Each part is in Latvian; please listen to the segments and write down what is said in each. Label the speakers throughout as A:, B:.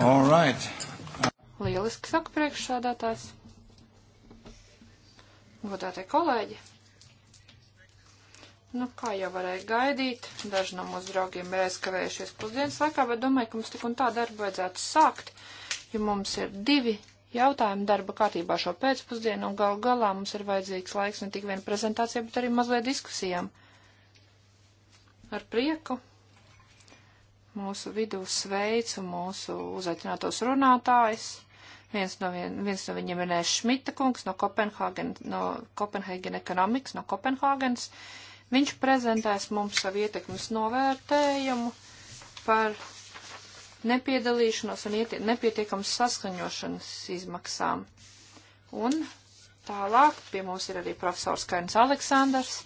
A: All right.
B: Lieliski saka priekšsādātājs. Godātie kolēģi. Nu, kā jau varēja gaidīt, daži no mūsu draugiem ir aizkavējušies pusdienas laikā, bet domāju, ka mums tik un tā darbu vajadzētu sākt, jo mums ir divi jautājumi darba kārtībā šo pēcpusdienu, un gal galā mums ir vajadzīgs laiks ne tik vien prezentācijai, bet arī mazliet diskusijām. Ar prieku mūsu vidū sveicu mūsu uzaicinātos runātājs. Viens no, vien, viens no viņiem ir Nēs Šmita kungs no Kopenhāgen, no Kopenhāgen Economics, no Kopenhāgenes. Viņš prezentēs mums savu ietekmes novērtējumu par nepiedalīšanos un ieti, nepietiekams saskaņošanas izmaksām. Un tālāk pie mums ir arī profesors Kains Aleksandrs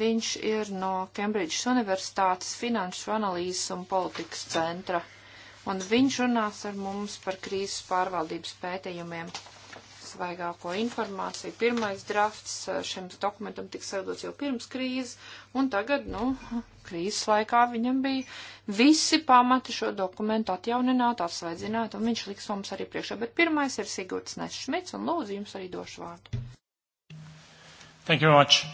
B: Viņš ir no Kembridžas Universitātes Finanšu analīzes un politikas centra, un viņš runās ar mums par krīzes pārvaldības pētījumiem. Svaigāko informāciju. Pirmais drafts eh, šim dokumentam tika sagatavots jau pirms krīzes, un tagad, nu, krīzes laikā viņam bija visi pamati šo dokumentu atjaunināt, atsvaidzināt, un viņš liks mums arī priekšā. Bet pirmais ir Sigurds Nešmits, un lūdzu jums arī došu vārdu. Thank you very much.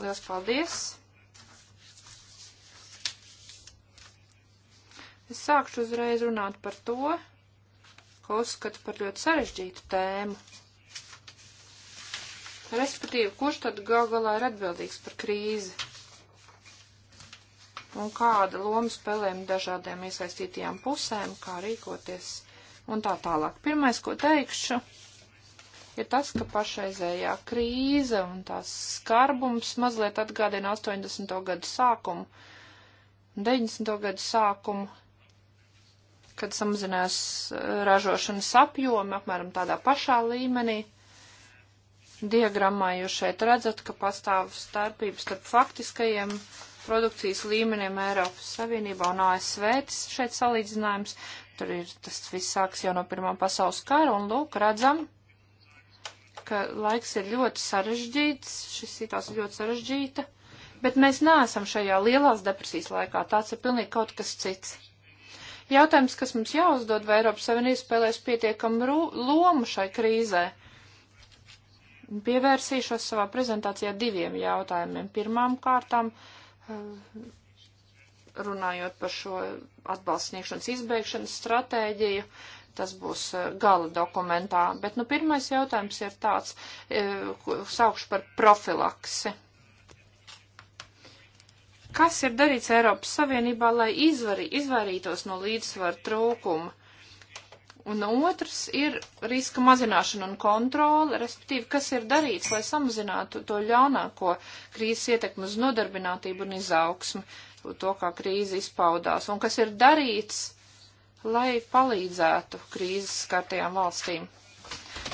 B: Liels paldies! Es sākšu uzreiz runāt par to, ko uzskatu par ļoti sarežģītu tēmu. Respektīvi, kurš tad gal galā ir atbildīgs par krīzi? Un kāda loma spēlēm dažādiem iesaistītajām pusēm, kā rīkoties un tā tālāk. Pirmais, ko teikšu ir tas, ka pašreizējā krīze un tās skarbums mazliet atgādina 80. gadu sākumu, 90. gadu sākumu, kad samazinās eh, ražošanas apjomi apmēram tādā pašā līmenī. Diagrammā jūs šeit redzat, ka pastāv starpības starp faktiskajiem produkcijas līmeniem Eiropas Savienībā un ASV. Tas šeit salīdzinājums, tur ir tas viss sāks jau no Pirmā pasaules kara un lūk, redzam, ka laiks ir ļoti sarežģīts, šis situācija ļoti sarežģīta, bet mēs neesam šajā lielās depresijas laikā, tāds ir pilnīgi kaut kas cits. Jautājums, kas mums jāuzdod, vai Eiropas Savienība spēlēs pietiekamu lomu šai krīzē? Pievērsīšos savā prezentācijā diviem jautājumiem. Pirmām kārtām, eh, runājot par šo atbalsts sniegšanas izbeigšanas stratēģiju, Tas būs eh, gala dokumentā. Bet, nu, pirmais jautājums ir tāds, eh, saukšu par profilaksi. Kas ir darīts Eiropas Savienībā, lai izvarī, izvairītos no līdzsvaru trūkuma? Un otrs ir riska mazināšana un kontrole, respektīvi, kas ir darīts, lai samazinātu to ļaunāko krīzes ietekmu uz nodarbinātību un izaugsmu, to, kā krīze izpaudās, un kas ir darīts, lai palīdzētu krīzes skartajām valstīm.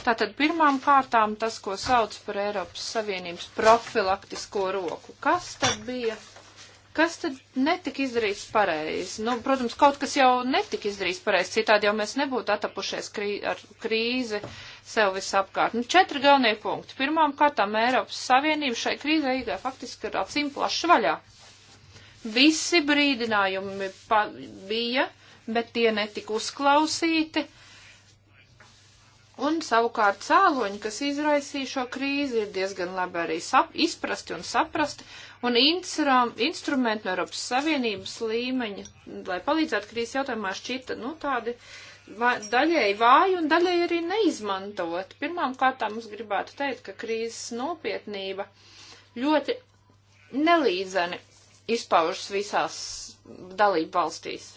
B: Tātad pirmām kārtām tas, ko sauc par Eiropas Savienības profilaktisko roku. Kas tad bija? Kas tad netika izdarīts pareizi? Nu, protams, kaut kas jau netika izdarīts pareizi, citādi jau mēs nebūtu atapušies krī ar krīzi sev visapkārt. Nu, četri galvenie punkti. Pirmām kārtām Eiropas Savienība šai krīzē iegāja faktiski ar acīm plaši vaļā. Visi brīdinājumi bija bet tie netika uzklausīti. Un savukārt cēloņi, kas izraisīja šo krīzi, ir diezgan labi arī sap, izprasti un saprasti, un instrum, instrumenti no Eiropas Savienības līmeņa, lai palīdzētu krīzes jautājumā, šķita, nu, tādi daļēji vāji un daļēji arī neizmantot. Pirmām kārtām mums gribētu teikt, ka krīzes nopietnība ļoti nelīdzeni izpaužas visās dalību valstīs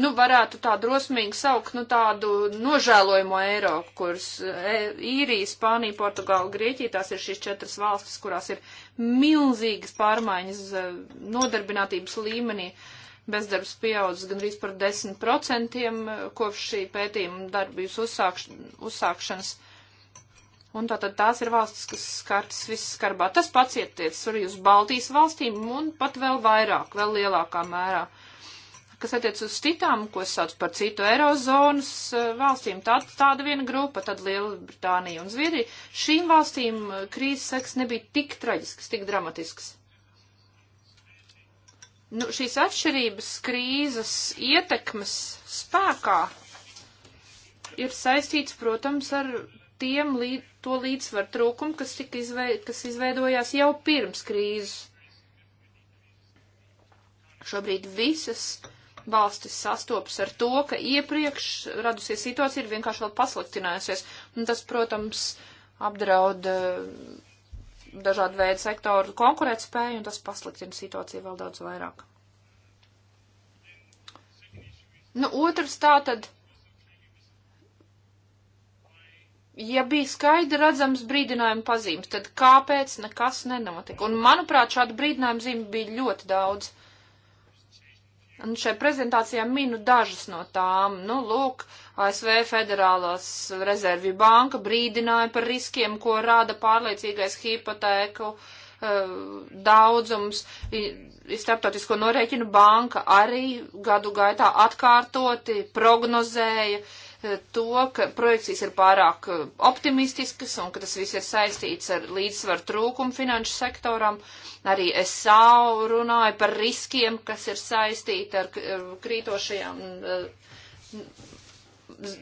B: nu, varētu tā drosmīgi saukt, nu, tādu nožēlojamo eiro, kuras e, īrija, Spānija, Portugāla, Grieķija, tās ir šīs četras valstis, kurās ir milzīgas pārmaiņas e, nodarbinātības līmenī. Bezdarbs pieaudzis gandrīz par 10% e, kopš šī pētījuma darbības uzsākš, uzsākšanas. Un tātad tās ir valstis, kas skartas visskarbā. Tas pats ietiec arī uz Baltijas valstīm un pat vēl vairāk, vēl lielākā mērā. Uh, kas attiec uz citām, ko sauc par citu Eirozonas eh, valstīm, tad tāda viena grupa, tad Lielbritānija un Zviedrija, šīm valstīm eh, krīzes seks nebija tik traģisks, tik dramatisks. Nu, šīs atšķirības krīzes ietekmes spēkā ir saistīts, protams, ar tiem līd, to līdzsvaru trūkumu, kas, izvei, kas izveidojās jau pirms krīzes. Šobrīd visas uh, valstis sastopas ar to, ka iepriekš radusies situācija ir vienkārši vēl pasliktinājusies. Un tas, protams, apdraud eh, dažādu veidu sektoru konkurētspēju, un tas pasliktina situāciju vēl daudz vairāk. Nu, otrs tā tad, ja bija skaidri redzams brīdinājuma pazīmes, tad kāpēc nekas nenotika? Un, manuprāt, šādu brīdinājumu zīmju bija ļoti daudz. Un šai prezentācijā minu dažas no tām. Nu, lūk, ASV Federālās rezervju banka brīdināja par riskiem, ko rāda pārliecīgais hipotēku uh, daudzums. Starptautisko norēķinu banka arī gadu gaitā atkārtoti prognozēja uh, to, ka projekcijas ir pārāk eh, optimistiskas un ka tas viss ir saistīts ar līdzsvaru trūkumu finanšu sektoram. Arī es savu runāju par riskiem, kas ir saistīti ar eh, krītošajām eh,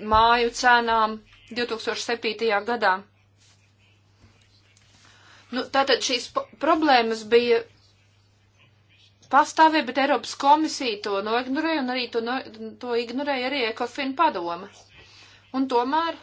B: māju cenām 2007. gadā. Nu, tātad šīs problēmas bija pastāvēja, bet Eiropas komisija to noignorēja un arī to, no, to ignorēja arī Ekofina padoma. Un tomēr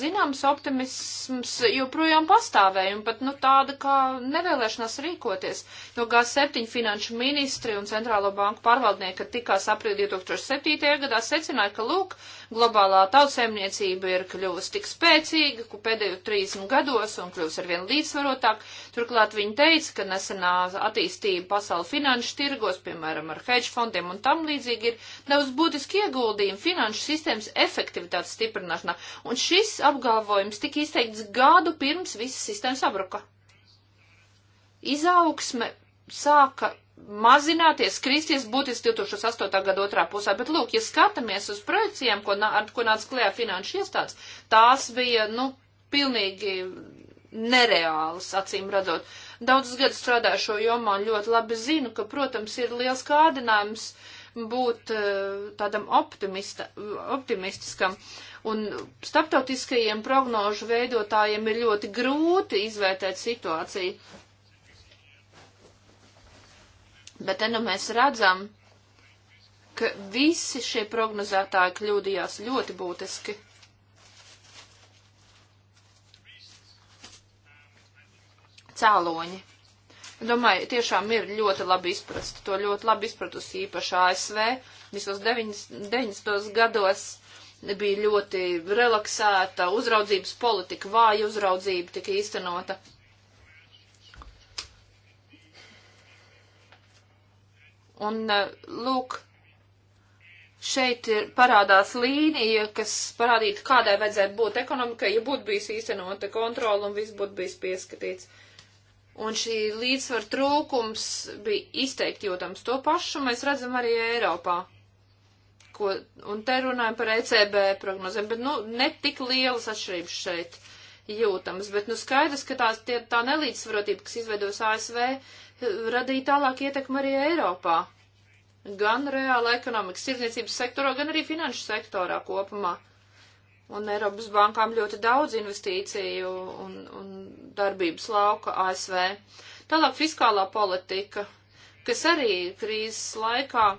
B: zināms optimisms joprojām pastāvēja un pat nu, tāda kā nevēlēšanās rīkoties. No G7 finanšu ministri un centrālo banku pārvaldnieki, kad tikās aprīlī 2007. gadā, secināja, ka lūk, globālā tautsēmniecība ir kļuvusi tik spēcīga, ka pēdējo 30 gados un kļuvusi arvien līdzsvarotāk. Turklāt viņi teica, ka nesenā attīstība pasaules finanšu tirgos, piemēram, ar hedge fondiem un tam līdzīgi, ir daudz būtiski ieguldījumi finanšu sistēmas efektivitātes stiprināšanā. Un šis apgalvojums tika izteikts gadu pirms visas sistēmas sabruka. Izaugsme sāka mazināties, kristies būtiski 2008. gada otrā pusē. Bet, lūk, ja skatāmies uz projekcijām, ko, nā, ko nāca klajā finanšu iestādes, tās bija, nu, pilnīgi nereālas, acīm redzot. Daudzus gadus strādāju šo jomā un ļoti labi zinu, ka, protams, ir liels kārdinājums būt eh, tādam optimistiskam. Un starptautiskajiem prognožu veidotājiem ir ļoti grūti izvērtēt situāciju Bet te nu mēs redzam, ka visi šie prognozētāji kļūdījās ļoti būtiski. Cēloņi. Domāju, tiešām ir ļoti labi izprast. To ļoti labi izpratusi īpaši ASV. Visos 90. gados bija ļoti relaksēta uzraudzības politika, vāja uzraudzība tika īstenota. Un, uh, lūk, šeit ir parādās līnija, kas parādītu, kādai vajadzētu būt ekonomikai, ja būtu bijis īstenota kontrola un viss būtu bijis pieskatīts. Un šī līdzsvar trūkums bija izteikti jūtams. To pašu mēs redzam arī Eiropā. Ko, un te runājam par ECB prognozēm, bet nu, ne tik lielas atšķirības šeit. Uh, jūtams. Bet, nu, skaidrs, ka tās, tie, tā nelīdzsvarotība, kas izveidos ASV, radīja tālāk ietekmi arī Eiropā. Gan reāla ekonomikas tirdzniecības sektorā, gan arī finanšu sektorā kopumā. Un Eiropas bankām ļoti daudz investīciju un, un darbības lauka ASV. Tālāk fiskālā politika, kas arī krīzes laikā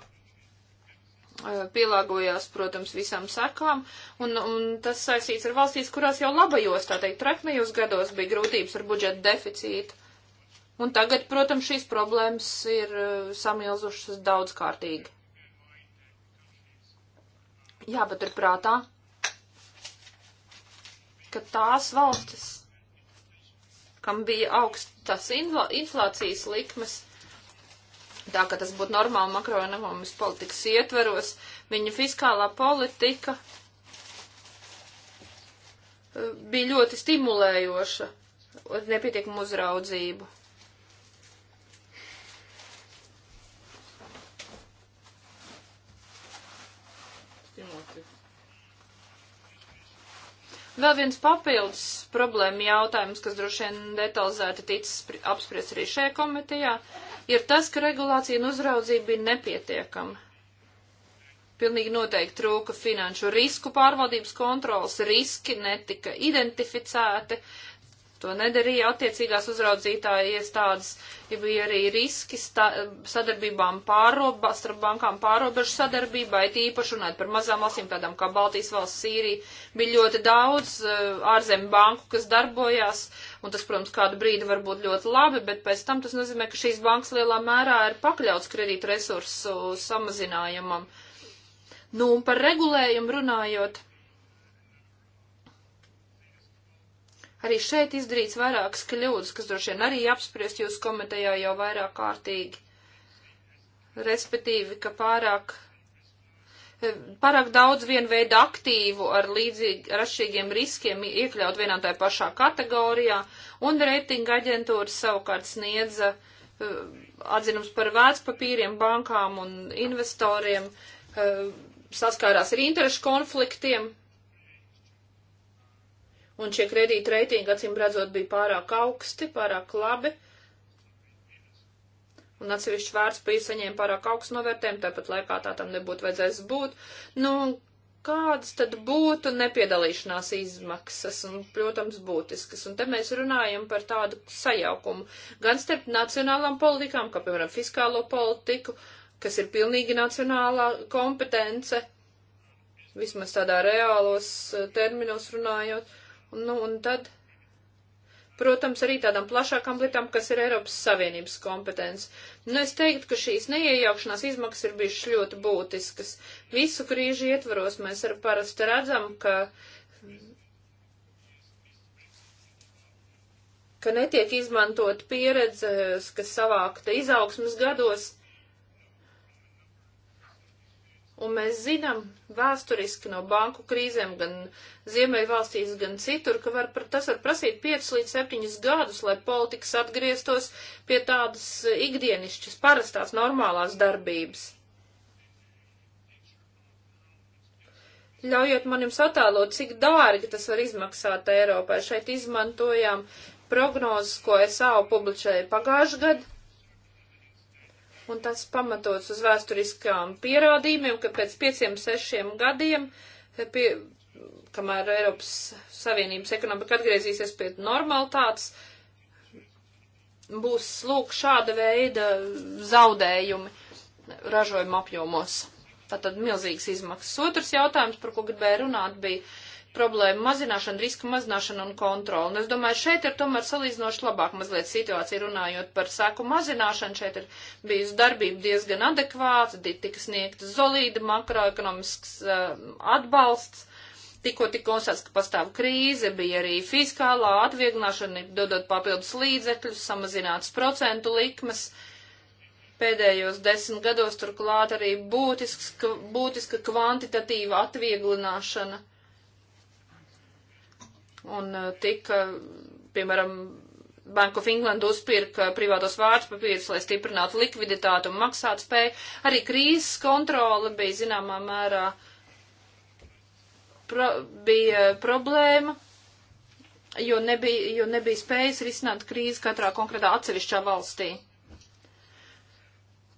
B: Eh, pielāgojās, protams, visām sakām, un, un tas saistīts ar valstīs, kurās jau labajos, tā teikt, traknajos gados bija grūtības ar budžeta deficītu. Un tagad, protams, šīs problēmas ir eh, samilzušas daudzkārtīgi. Jāpatur prātā, ka tās valstis, kam bija augstas inflācijas likmes, tā ka tas būtu normāli makroekonomikas politikas ietveros, viņa fiskālā politika eh, bija ļoti stimulējoša ar nepietiekumu uzraudzību. Vēl viens papildus problēma jautājums, kas droši vien detalizēti ticis apspriest arī šajā komitejā, ir tas, ka regulācija un uzraudzība bija nepietiekama. Pilnīgi noteikti trūka finanšu risku pārvaldības kontrolas, riski netika identificēti, To nedarīja attiecīgās uzraudzītāja iestādes, ja bija arī riski sta, sadarbībām pārroba, starp bankām pārobežu sadarbībai, tīpaši runājot par mazām valstīm, tādām kā Baltijas valsts, Sīrija, bija ļoti daudz eh, ārzemju banku, kas darbojās, un tas, protams, kādu brīdi var būt ļoti labi, bet pēc tam tas nozīmē, ka šīs bankas lielā mērā ir pakļauts kredītu resursu samazinājumam. Nu, un par regulējumu runājot. Arī šeit izdarīts vairākas kļūdas, kas droši vien arī apspriest jūs komitejā jau vairāk kārtīgi. Respektīvi, ka pārāk, eh, pārāk daudz vienveida aktīvu ar līdzīgi rašīgiem riskiem iekļaut vienā tajā pašā kategorijā, un reitinga aģentūra savukārt sniedza eh, atzinums par vērtspapīriem, bankām un investoriem, eh, saskārās ar interešu konfliktiem, un šie kredīta reitingi, acīm redzot, bija pārāk augsti, pārāk labi. Un atsevišķi vērtspapīri saņēma pārāk augstu novērtējumu, tāpat laikā tā tam nebūtu vajadzējis būt. Nu, kādas tad būtu nepiedalīšanās izmaksas, un, protams, būtiskas. Un te mēs runājam par tādu sajaukumu gan starp nacionālām politikām, kā piemēram fiskālo politiku, kas ir pilnīgi nacionālā kompetence, vismaz tādā reālos eh, terminos runājot, Nu, un tad, protams, arī tādām plašākām lietām, kas ir Eiropas Savienības kompetence. Nu, es teiktu, ka šīs neiejaukšanās izmaksas ir bijušas ļoti būtiskas. Visu krīžu ietvaros mēs ar parasti redzam, ka ka netiek izmantot pieredze, kas savākta izaugsmas gados, Un mēs zinām vēsturiski no banku krīzēm gan Ziemeļvalstīs, gan citur, ka var, tas var prasīt 5 līdz 7 gadus, lai politikas atgrieztos pie tādas ikdienišķas, parastās, normālās darbības. Ļaujiet man jums attēlot, cik dārgi tas var izmaksāt Eiropai. Šeit izmantojām prognozes, ko SAO publicēja pagājušajā gadā un tas pamatots uz vēsturiskām pierādījumiem, ka pēc pieciem, sešiem gadiem, pie, kamēr Eiropas Savienības ekonomika atgriezīsies pie normalitātes, būs lūk šāda veida zaudējumi ražojuma apjomos. Tātad milzīgas izmaksas. Otrs jautājums, par ko gribēju runāt, bija problēmu mazināšanu, riska mazināšanu un kontroli. Un es domāju, šeit ir tomēr salīdzinoši labāk mazliet situācija runājot par seku mazināšanu. Šeit ir bijusi darbība diezgan adekvāta, tika sniegta zolīda makroekonomisks uh, atbalsts. Tikko tik konstatēts, ka pastāv krīze, bija arī fiskālā atvieglināšana, dodot papildus līdzekļus, samazināts procentu likmes. Pēdējos desmit gados turklāt arī būtisks, būtiska kvantitatīva atvieglināšana. Uh, un uh, tika, piemēram, Bank of England uzpirka privātos vārtspapīrus, lai stiprinātu likviditātu un maksāt spēju. Arī krīzes kontrole bija zināmā mērā pro, bija problēma, jo nebija, jo nebija spējas risināt krīzi katrā konkrētā atsevišķā valstī.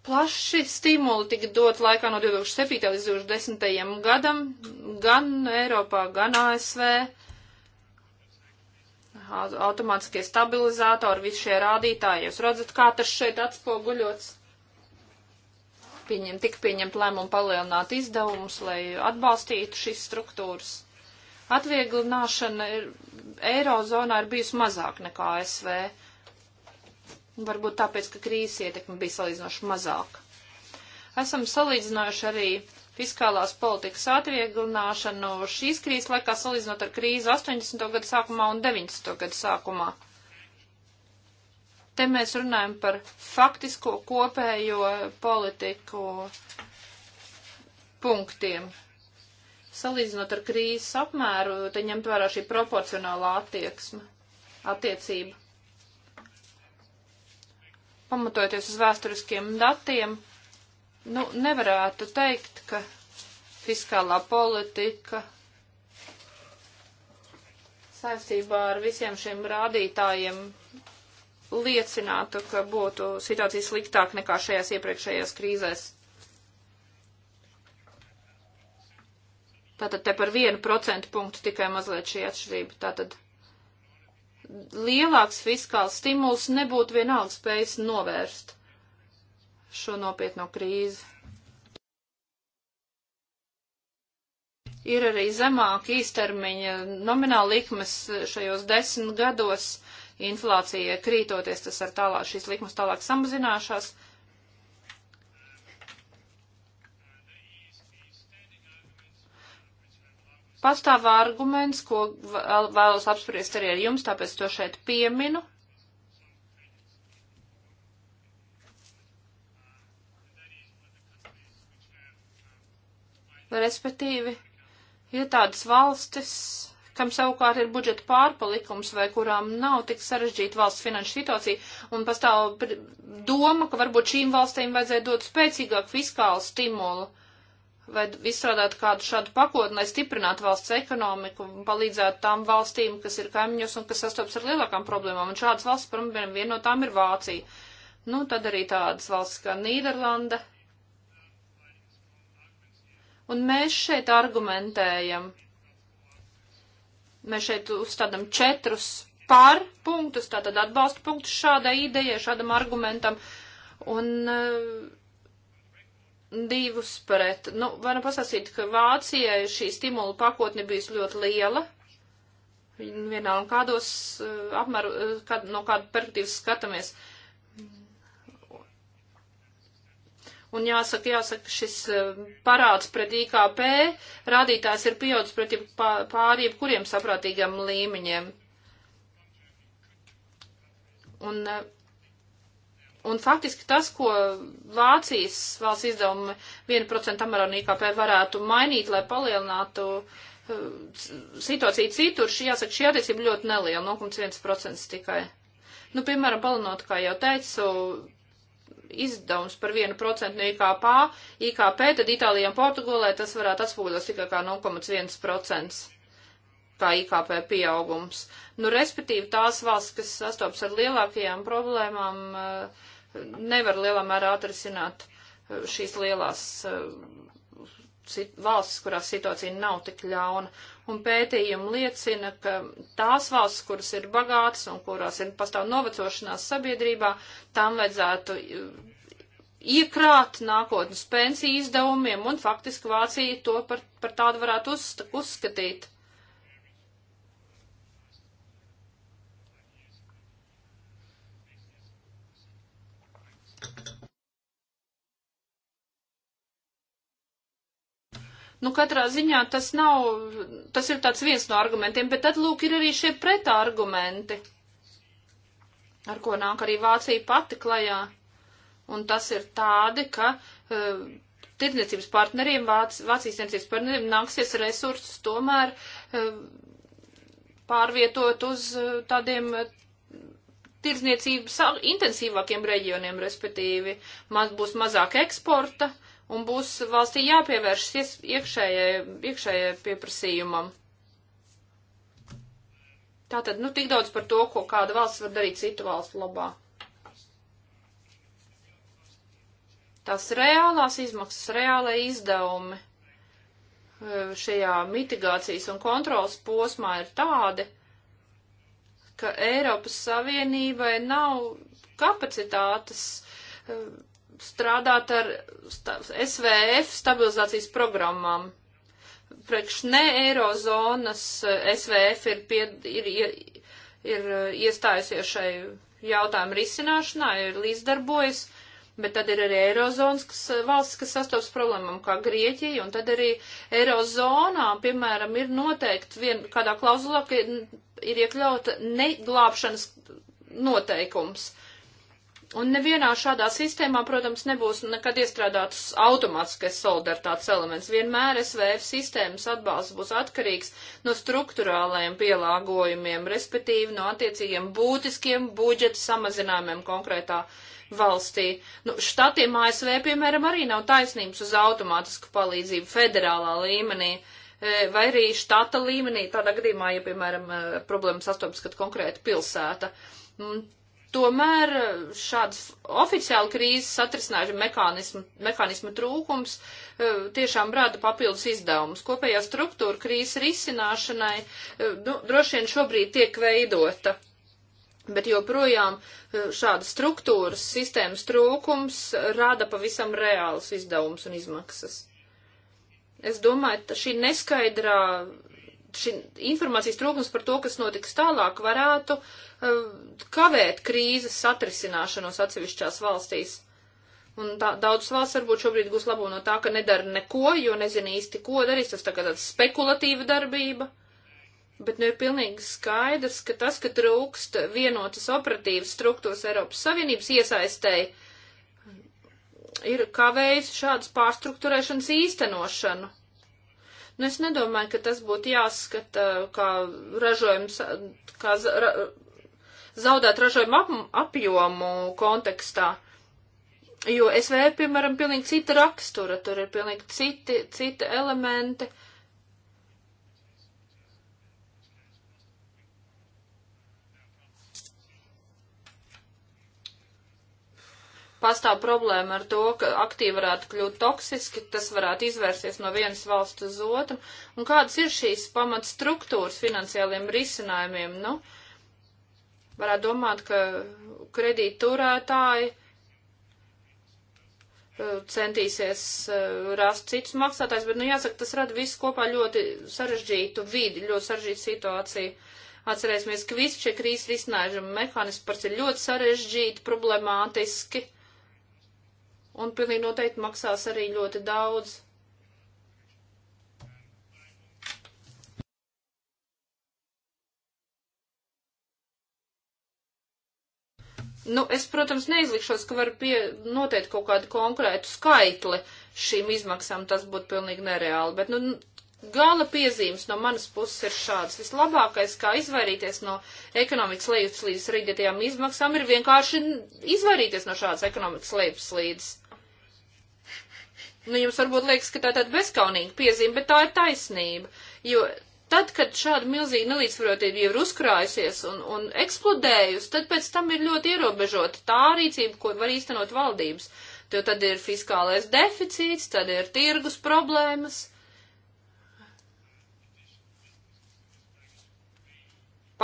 B: Plaši stimuli tika dot laikā no 2007. līdz 2010. gadam gan Eiropā, gan ASV automātiskie stabilizātori, visi šie rādītāji. Jūs redzat, kā tas šeit atspoguļots. Pieņem, tik pieņemt lēmumu palielināt izdevumus, lai atbalstītu šīs struktūras. Atvieglināšana ir, Eirozonā ir bijusi mazāk nekā ASV. Varbūt tāpēc, ka krīzes ietekme bija salīdzinoši mazāka. Esam salīdzinājuši arī fiskālās politikas atvieglināšanu no šīs krīzes laikā salīdzinot ar krīzi 80. gada sākumā un 90. gada sākumā. Te mēs runājam par faktisko kopējo politiku punktiem. Salīdzinot ar krīzes apmēru, te ņemt vērā šī proporcionālā attieksme, attiecība. Pamatojoties uz vēsturiskiem datiem, nu, nevarētu teikt, ka fiskālā politika saistībā ar visiem šiem rādītājiem liecinātu, ka būtu situācija sliktāk nekā šajās iepriekšējās krīzēs. Tātad te par vienu procentu punktu tikai mazliet šī atšķirība. Tātad lielāks fiskāls stimuls nebūtu vienalga spējis novērst šo nopietno krīzi. Ir arī zemāk īstermiņa nomināla likmes šajos desmit gados, inflācija krītoties, tas ar tālāk šīs likmes tālāk samazināšās. Pastāv arguments, ko vēlos apspriest arī ar jums, tāpēc to šeit pieminu. Nu, respektīvi, ir tādas valstis, kam savukārt ir budžeta pārpalikums vai kurām nav tik sarežģīta valsts finanšu situācija un pastāv doma, ka varbūt šīm valstīm vajadzēja dot spēcīgāku fiskālu stimulu vai izstrādāt kādu šādu pakotni, lai stiprinātu valsts ekonomiku un palīdzētu tām valstīm, kas ir kaimiņos un kas sastopas ar lielākām problēmām. Un šādas valsts, piemēram, viena no tām ir Vācija. Nu, tad arī tādas valsts kā Nīderlanda, Un mēs šeit argumentējam. Mēs šeit uzstādam četrus par punktus, tātad atbalstu punktus šādai idejai, šādam argumentam, un uh, divus pret. Nu, varam pasakīt, ka Vācijai šī stimulu pakotne bijusi ļoti liela. Vienalga, kādos uh, apmēru, uh, kād, no kāda perspektīvas skatāmies. Uh, Un jāsaka, jāsaka, šis eh, parāds pret IKP rādītājs ir pieaudzis pret pār jebkuriem saprātīgiem līmeņiem. Un, eh, un faktiski tas, ko Vācijas valsts izdevumi 1% amarā un IKP varētu mainīt, lai palielinātu eh, situāciju citur, šī, jāsaka, šī attiecība ļoti neliela, 0,1% tikai. Nu, piemēram, palielinot, kā jau teicu, izdevums par 1% no IKP, IKP, tad Itālijā un Portugālē tas varētu atspoguļoties tikai kā 0,1% kā IKP pieaugums. Nu, respektīvi, tās valsts, kas sastopas ar lielākajām problēmām, eh, nevar lielā mērā atrisināt eh, šīs lielās eh, valstis, kurās situācija nav tik ļauna un pētījumi liecina, ka tās valsts, kuras ir bagātas un kurās ir pastāv novecošanās sabiedrībā, tām vajadzētu uh, iekrāt nākotnes pensiju izdevumiem, un faktiski Vācija to par, par tādu varētu uzskatīt. Nu, katrā ziņā tas nav, tas ir tāds viens no argumentiem, bet tad, lūk, ir arī šie pretargumenti, ar ko nāk arī Vācija pati klajā. Un tas ir tādi, ka uh, tirdzniecības partneriem, Vāc, Vācijas tirdzniecības partneriem nāksies resursus tomēr uh, pārvietot uz uh, tādiem tirdzniecības intensīvākiem reģioniem, respektīvi maz, būs mazāk eksporta, uh, un būs valstī jāpievēršas iekšējai, iekšējai pieprasījumam. Tātad, nu, tik daudz par to, ko kāda valsts var darīt citu valstu labā. Tās reālās izmaksas, reālai izdevumi e, šajā mitigācijas un kontrolas posmā ir tādi, ka Eiropas Savienībai nav kapacitātes uh, strādāt ar SVF stabilizācijas programmām. Priekš ne eirozonas eh, SVF ir, pie, ir, ir, ir eh, iestājusies šai jautājumu risināšanā, ir līdzdarbojas, bet tad ir arī eirozonas kas, eh, valsts, kas sastopas problēmām, kā Grieķija, un tad arī eirozonā, piemēram, ir noteikti vien, kādā klauzulā, ka ir, ir iekļauta neglābšanas noteikums. Uh, Un nevienā šādā sistēmā, protams, nebūs nekad iestrādāts automātiskais solidaritātes elements. Vienmēr SVF sistēmas atbalsts būs atkarīgs no struktūrālajiem pielāgojumiem, respektīvi no attiecīgiem būtiskiem budžeta samazinājumiem konkrētā valstī. Nu, štatiem ASV, piemēram, arī nav taisnības uz automātisku palīdzību federālā līmenī e, vai arī štata līmenī, tādā gadījumā, ja, piemēram, e, problēma sastopas, kad konkrēta pilsēta Tomēr eh, šāds oficiāli krīzes atrisināšana mehānismu, mehānismu trūkums eh, tiešām rada papildus izdevumus. Kopējā struktūra krīzes risināšanai eh, nu, droši vien šobrīd tiek veidota. Bet joprojām šāda struktūras sistēmas trūkums rada pavisam reāls izdevums un izmaksas. Es domāju, ka šī neskaidrā šī informācijas trūkums par to, kas notiks tālāk, varētu uh, kavēt krīzes atrisināšanos atsevišķās valstīs. Un tā, daudzas valsts varbūt šobrīd gūs labu no tā, ka nedara neko, jo nezina īsti, ko darīs. Tas tagad tāds spekulatīva darbība. Bet nu ir pilnīgi skaidrs, ka tas, ka trūkst vienotas operatīvas struktūras Eiropas Savienības iesaistēji, ir kavējis šādas pārstruktūrēšanas īstenošanu. Nu, es nedomāju, ka tas būtu jāskata kā ražojums, kā ra, zaudēt ražojumu ap, apjomu kontekstā. Jo SVR, e, piemēram, pilnīgi cita rakstura, tur ir pilnīgi citi, citi elementi. Uh, pastāv problēma ar to, ka aktīvi varētu kļūt toksiski, tas varētu izvērsties no vienas valsts uz otru. Un kādas ir šīs pamatstruktūras finansiāliem risinājumiem? Nu, varētu domāt, ka kredītturētāji uh, centīsies uh, rast citus maksātājs, bet, nu, jāsaka, tas rada visu kopā ļoti sarežģītu vidi, ļoti sarežģītu situāciju. Atcerēsimies, ka visi šie krīzes risinājumi mehānismi pats ir ļoti sarežģīti, problemātiski un pilnīgi noteikti maksās arī ļoti daudz. Nu, es, protams, neizlikšos, ka varu pie, noteikt kaut kādu konkrētu skaitli šīm izmaksām, tas būtu pilnīgi nereāli, bet, nu, Gala piezīmes no manas puses ir šāds. Vislabākais, kā izvairīties no ekonomikas lejupslīdes rītdietajām izmaksām, ir vienkārši izvairīties no šādas ekonomikas lejupslīdes. Nu, jums varbūt liekas, ka tā tāda bezkaunīga piezīme, bet tā ir taisnība. Jo tad, kad šāda milzīga nelīdzsvarotība jau ir uzkrājusies un, un eksplodējusi, tad pēc tam ir ļoti ierobežota tā rīcība, ko var īstenot valdības. Jo tad ir fiskālais deficīts, tad ir tirgus problēmas.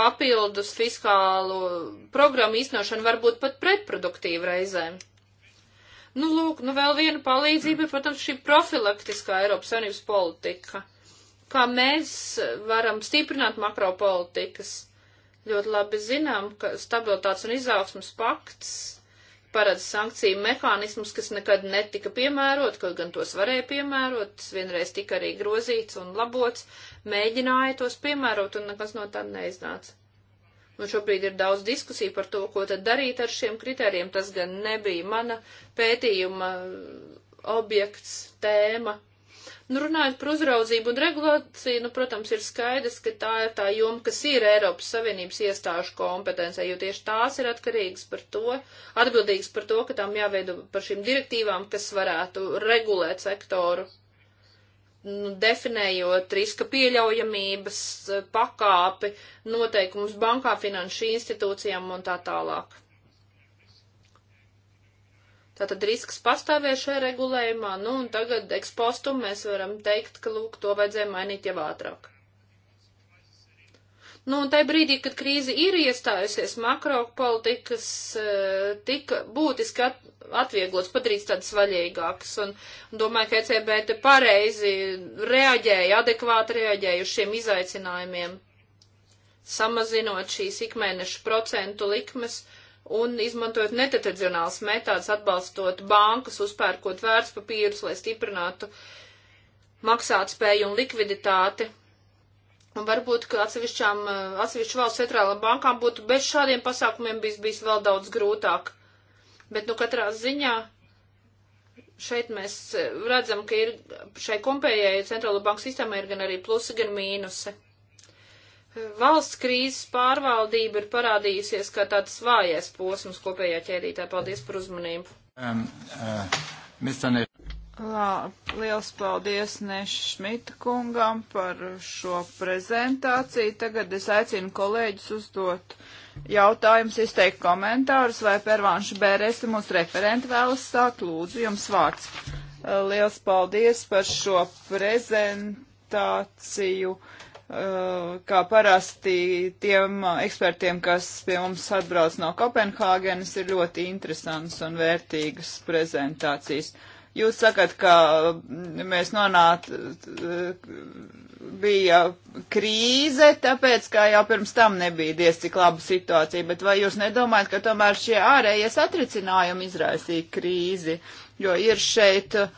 B: Papildus fiskālo programmu īstenošana var būt pat pretproduktīva reizēm. Nu, lūk, nu vēl viena palīdzība ir, protams, šī profilaktiskā Eiropas Savienības politika. Kā mēs varam stiprināt makropolitikas? Ļoti labi zinām, ka stabilitātes un izaugsmas pakts paredz sankciju mehānismus, kas nekad netika piemērot, kaut gan tos varēja piemērot, tas vienreiz tika arī grozīts un labots, mēģināja tos piemērot un nekas no tā neiznāca. Un šobrīd ir daudz diskusiju par to, ko tad darīt ar šiem kritērijiem. Tas gan nebija mana pētījuma uh, objekts, tēma. Nu, runājot par uzraudzību un regulāciju, nu, protams, ir skaidrs, ka tā ir tā joma, kas ir Eiropas Savienības iestāžu kompetencē, jo tieši tās ir atkarīgas par to, atbildīgas par to, ka tām jāveido par šīm direktīvām, kas varētu regulēt sektoru nu, definējot riska pieļaujamības eh, pakāpi, noteikumus bankā, finanšu institūcijām un tā tālāk. Tātad risks pastāvēja šajā regulējumā, nu un tagad ekspostu mēs varam teikt, ka lūk, to vajadzēja mainīt jau ātrāk. Nu, un tajā brīdī, kad krīze ir iestājusies, makropolitikas eh, tika būtiski at, atvieglots, padarīts tādas vaļīgākas, un, un domāju, ka ECB te pareizi reaģēja, adekvāti reaģēja uz šiem izaicinājumiem, samazinot šīs ikmēneša procentu likmes un izmantojot netradicionāls metāds, atbalstot bankas, uzpērkot vērtspapīrus, lai stiprinātu maksātspēju un likviditāti Un varbūt, ka atsevišķām, eh, atsevišķu valsts centrālām bankām būtu bez šādiem pasākumiem bijis, bijis vēl daudz grūtāk. Bet, nu, katrā ziņā šeit mēs eh, redzam, ka ir šai kompējai centrālo banku sistēmai ir gan arī plusi, gan mīnusi. Valsts krīzes pārvaldība ir parādījusies kā tāds vājais posms
A: kopējā ķēdītā. Paldies par uzmanību. Um, uh, Lā, liels paldies Nešmita kungam par šo prezentāciju. Tagad es aicinu kolēģis uzdot jautājumus, izteikt komentārus, vai Pervānša Bērēsa mūsu referenti vēlas sākt. Lūdzu, jums vārds. Liels paldies par šo prezentāciju. Uh, kā parasti tiem uh, ekspertiem, kas pie mums atbrauc no Kopenhāgenes, ir ļoti interesants un vērtīgas prezentācijas. Jūs sakat, ka mm, mēs nonāt mm, bija krīze, tāpēc, ka jau pirms tam nebija diez cik laba situācija, bet vai jūs nedomājat, ka tomēr šie ārējie satricinājumi izraisīja krīzi, jo ir šeit uh,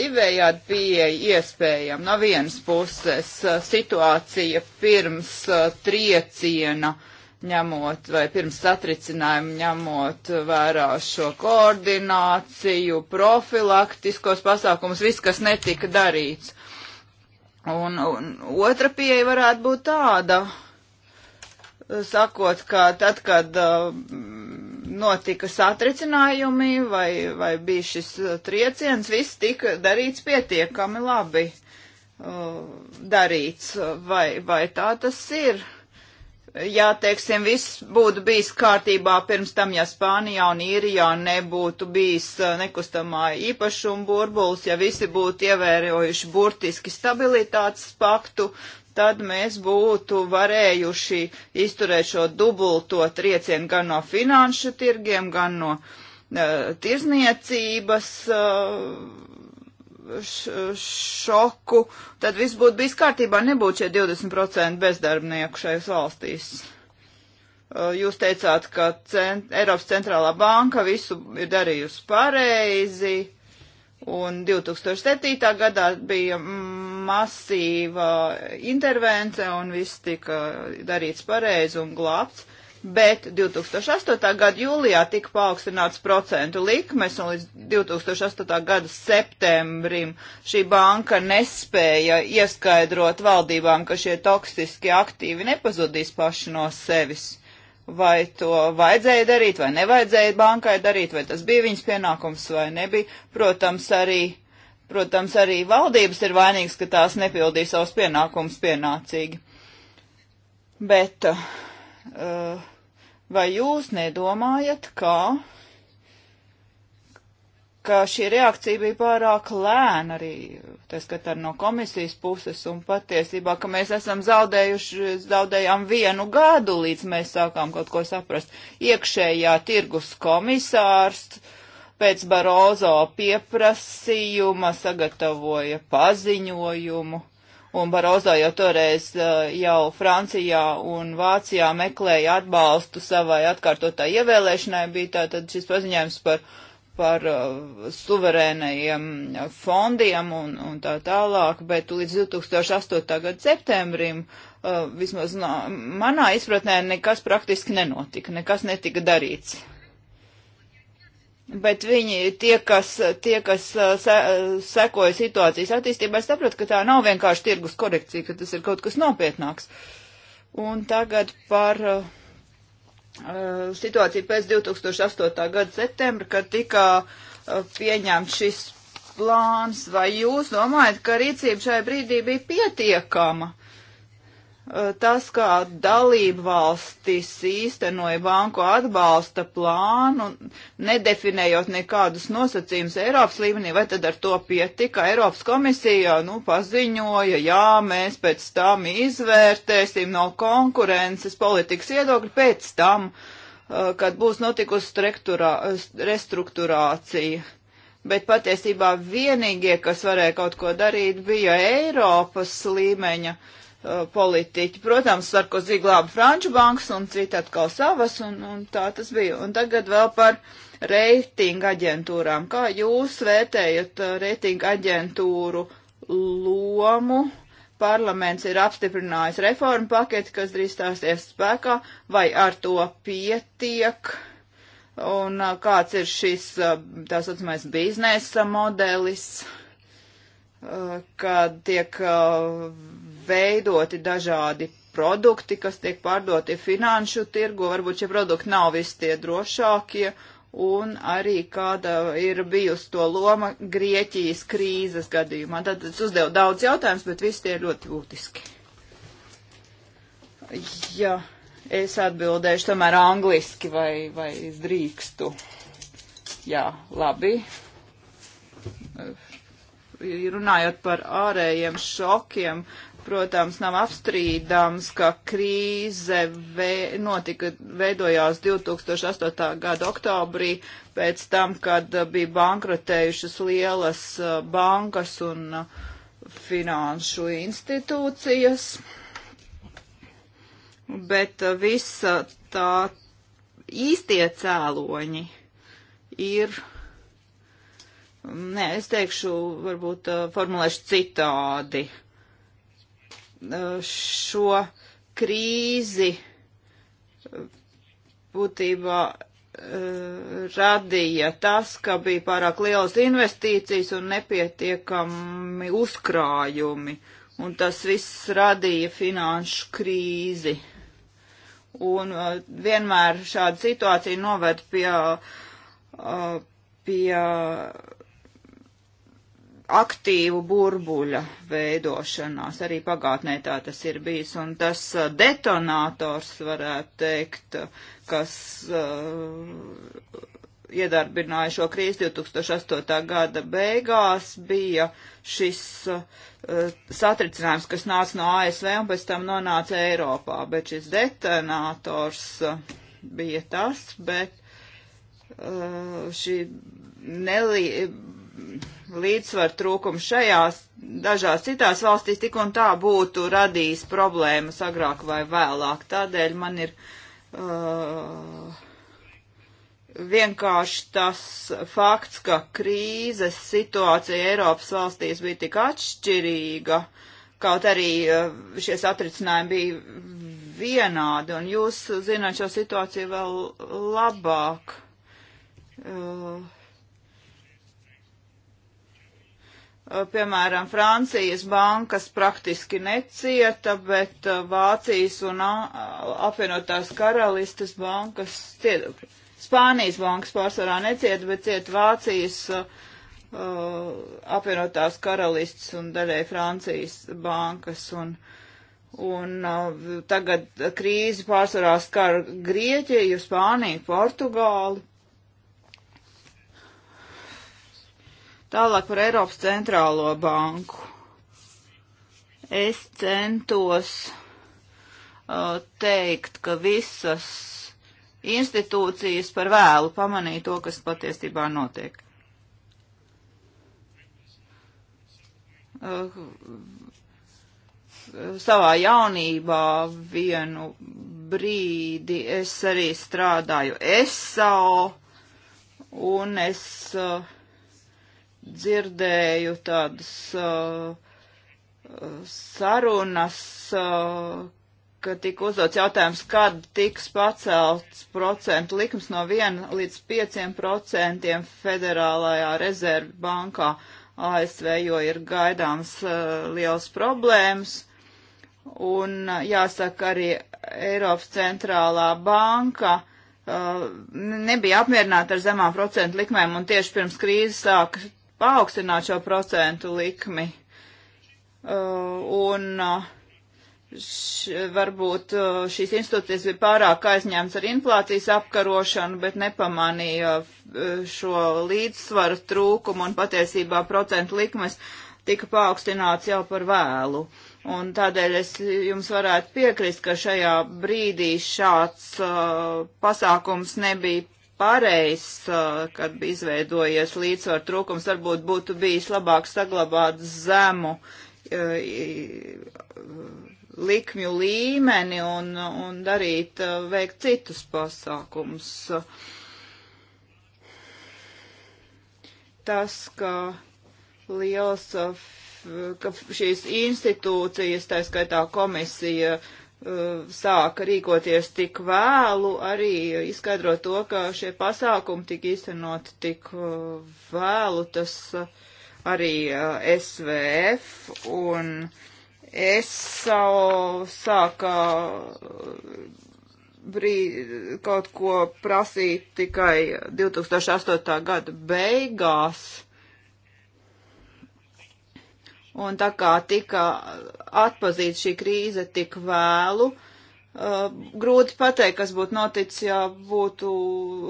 A: divējādi pieeja iespējama. No vienas puses situācija pirms uh, trieciena uh, ņemot vai pirms satricinājumu ņemot vērā šo koordināciju, profilaktiskos pasākumus, viss, kas netika darīts. Un, un otra pieeja varētu būt tāda, sakot, ka tad, kad uh, notika satricinājumi vai, vai bija šis uh, trieciens, viss tika darīts pietiekami labi uh, darīts, vai, vai tā tas ir? Ja, teiksim, viss būtu bijis kārtībā pirms tam, ja Spānijā un Īrijā nebūtu bijis uh, nekustamā īpašuma burbulis, ja visi būtu ievērojuši burtiski stabilitātes paktu, tad mēs būtu varējuši izturēt šo dubulto triecienu gan no finanšu tirgiem, gan no uh, tirzniecības uh, šoku, tad viss būtu bijis kārtībā, nebūtu šie 20% bezdarbnieku šajās valstīs. Jūs teicāt, ka cent, Eiropas centrālā banka visu ir darījusi pareizi, un 2007. gadā bija masīva intervence, un viss tika darīts pareizi un glābts bet 2008. gada jūlijā tika paaugstināts procentu likmes, un līdz 2008. gada septembrim šī banka nespēja ieskaidrot valdībām, ka šie toksiskie aktīvi nepazudīs paši no sevis. Vai to vajadzēja darīt, vai nevajadzēja bankai darīt, vai tas bija viņas pienākums, vai nebija. Protams, arī, protams, arī valdības ir vainīgas, ka tās nepildīja savus pienākumus pienācīgi. Bet uh, Eh, vai jūs nedomājat, ka, ka šī reakcija bija pārāk lēna arī, tas, ka tā no komisijas puses un patiesībā, ka mēs esam zaudējuši, zaudējām vienu gadu, līdz mēs sākām kaut ko saprast. Iekšējā tirgus komisārs pēc Barozo pieprasījuma sagatavoja paziņojumu un Barozo jau toreiz eh, jau Francijā un Vācijā meklēja atbalstu savai atkārtotā ievēlēšanai, bija tātad šis paziņojums par, par eh, suverēnajiem fondiem un, un tā tālāk, bet līdz 2008. gada septembrim eh, vismaz no, manā izpratnē nekas praktiski nenotika, nekas netika darīts. Bet viņi, tie, kas, tie, kas uh, se, uh, sekoja situācijas attīstībai, saprot, ka tā nav vienkārši tirgus korekcija, ka tas ir kaut kas nopietnāks. Un tagad par uh, uh situāciju pēc 2008. gada septembra, kad tika uh, pieņemts šis plāns. Vai jūs domājat, ka rīcība šai brīdī bija pietiekama? Eh, tas, kā dalību valstis īstenoja banku atbalsta plānu, nedefinējot nekādus nosacījumus Eiropas līmenī, vai tad ar to pietika? Eiropas komisija nu, paziņoja, jā, mēs pēc tam izvērtēsim no konkurences politikas viedokļa pēc tam, eh, kad būs notikusi restruktūrācija bet patiesībā vienīgie, kas varēja kaut ko darīt, bija Eiropas līmeņa Uh, politiķi. Protams, Sarkozy glāba Franču bankas un citi atkal savas, un, un tā tas bija. Un tagad vēl par reitinga aģentūrām. Kā jūs vērtējat uh, reitinga aģentūru lomu? Parlaments ir apstiprinājis reformu paketi, kas drīz stāsies spēkā, vai ar to pietiek? Un uh, kāds ir šis tā saucamais biznesa modelis, kad tiek veidoti dažādi produkti, kas tiek pārdoti finanšu tirgu, varbūt šie produkti nav visi tie drošākie, un arī kāda ir bijusi to loma Grieķijas krīzes gadījumā. Tad es uzdevu daudz jautājumus, bet visi tie ir ļoti būtiski. Jā, es atbildēšu tomēr angliski, vai, vai es drīkstu. Jā, labi. Runājot par ārējiem šokiem, protams, nav apstrīdams, ka krīze ve notika, veidojās 2008. gada oktobrī pēc tam, kad bija bankrotējušas lielas uh, bankas un uh, finanšu institūcijas. Bet uh, visa tā īstie cēloņi ir. Nē, es teikšu, varbūt formulēšu citādi. Uh, šo krīzi būtībā eh, radīja tas, ka bija pārāk lielas investīcijas un nepietiekami uzkrājumi, un tas viss radīja finanšu krīzi. Un eh, vienmēr šāda situācija noved pie, eh, pie aktīvu burbuļa veidošanās. Arī pagātnē tā tas ir bijis. Un tas uh, detonators, varētu teikt, kas uh, iedarbināja šo krīzi 2008. gada beigās, bija šis uh, satricinājums, kas nāca no ASV un pēc tam nonāca Eiropā. Bet šis detonators uh, bija tas, bet uh, šī nelīdzība līdzsvar trūkums šajās dažās citās valstīs tik un tā būtu radījis problēmas agrāk vai vēlāk. Tādēļ man ir uh, vienkārši tas fakts, ka krīzes situācija Eiropas valstīs bija tik atšķirīga, kaut arī uh, šie satricinājumi bija vienādi, un jūs zināt šo situāciju vēl labāk. Uh, Eh, piemēram, Francijas bankas praktiski necieta, bet eh, Vācijas un apvienotās karalistes bankas cieta. Spānijas bankas pārsvarā necieta, bet cieta Vācijas, uh, apvienotās karalistes un daļai Francijas bankas. Un, un uh, tagad krīzi pārsvarā skar Grieķiju, Spāniju, Portugāli. Tālāk par Eiropas centrālo banku. Es centos uh, teikt, ka visas institūcijas par vēlu pamanīja to, kas patiesībā notiek. Uh, savā jaunībā vienu brīdi es arī strādāju ESO, un es uh, dzirdēju tādas uh, sarunas, uh, ka tika uzdots jautājums, kad tiks pacelts procentu likums no 1 līdz 5 procentiem federālajā rezervi bankā ASV, jo ir gaidāms uh, liels problēmas. Un uh, jāsaka arī Eiropas centrālā banka uh, nebija apmierināta ar zemām procentu likmēm un tieši pirms krīzes sāka paaugstināt šo procentu likmi. Uh, un uh, š, varbūt uh, šīs institūcijas bija pārāk aizņemts ar inflācijas apkarošanu, bet nepamanīja uh, šo līdzsvaru trūkumu un patiesībā procentu likmes tika paaugstināts jau par vēlu. Un tādēļ es jums varētu piekrist, ka šajā brīdī šāds uh, pasākums nebija pareizs, kad bija izveidojies līdzsvar trūkums, varbūt būtu bijis labāk saglabāt zemu likmju līmeni un, un darīt, veikt citus pasākums. Tas, ka liels, ka šīs institūcijas, tā skaitā komisija, Uh, sāka rīkoties tik vēlu, arī izskaidrot to, ka šie pasākumi tika īstenoti tik uh, vēlu, tas uh, arī SVF un ESO sāka brīd, kaut ko prasīt tikai 2008. gada beigās Un tā kā tika atpazīta šī krīze tik vēlu, uh, grūti pateikt, kas būtu noticis, ja būtu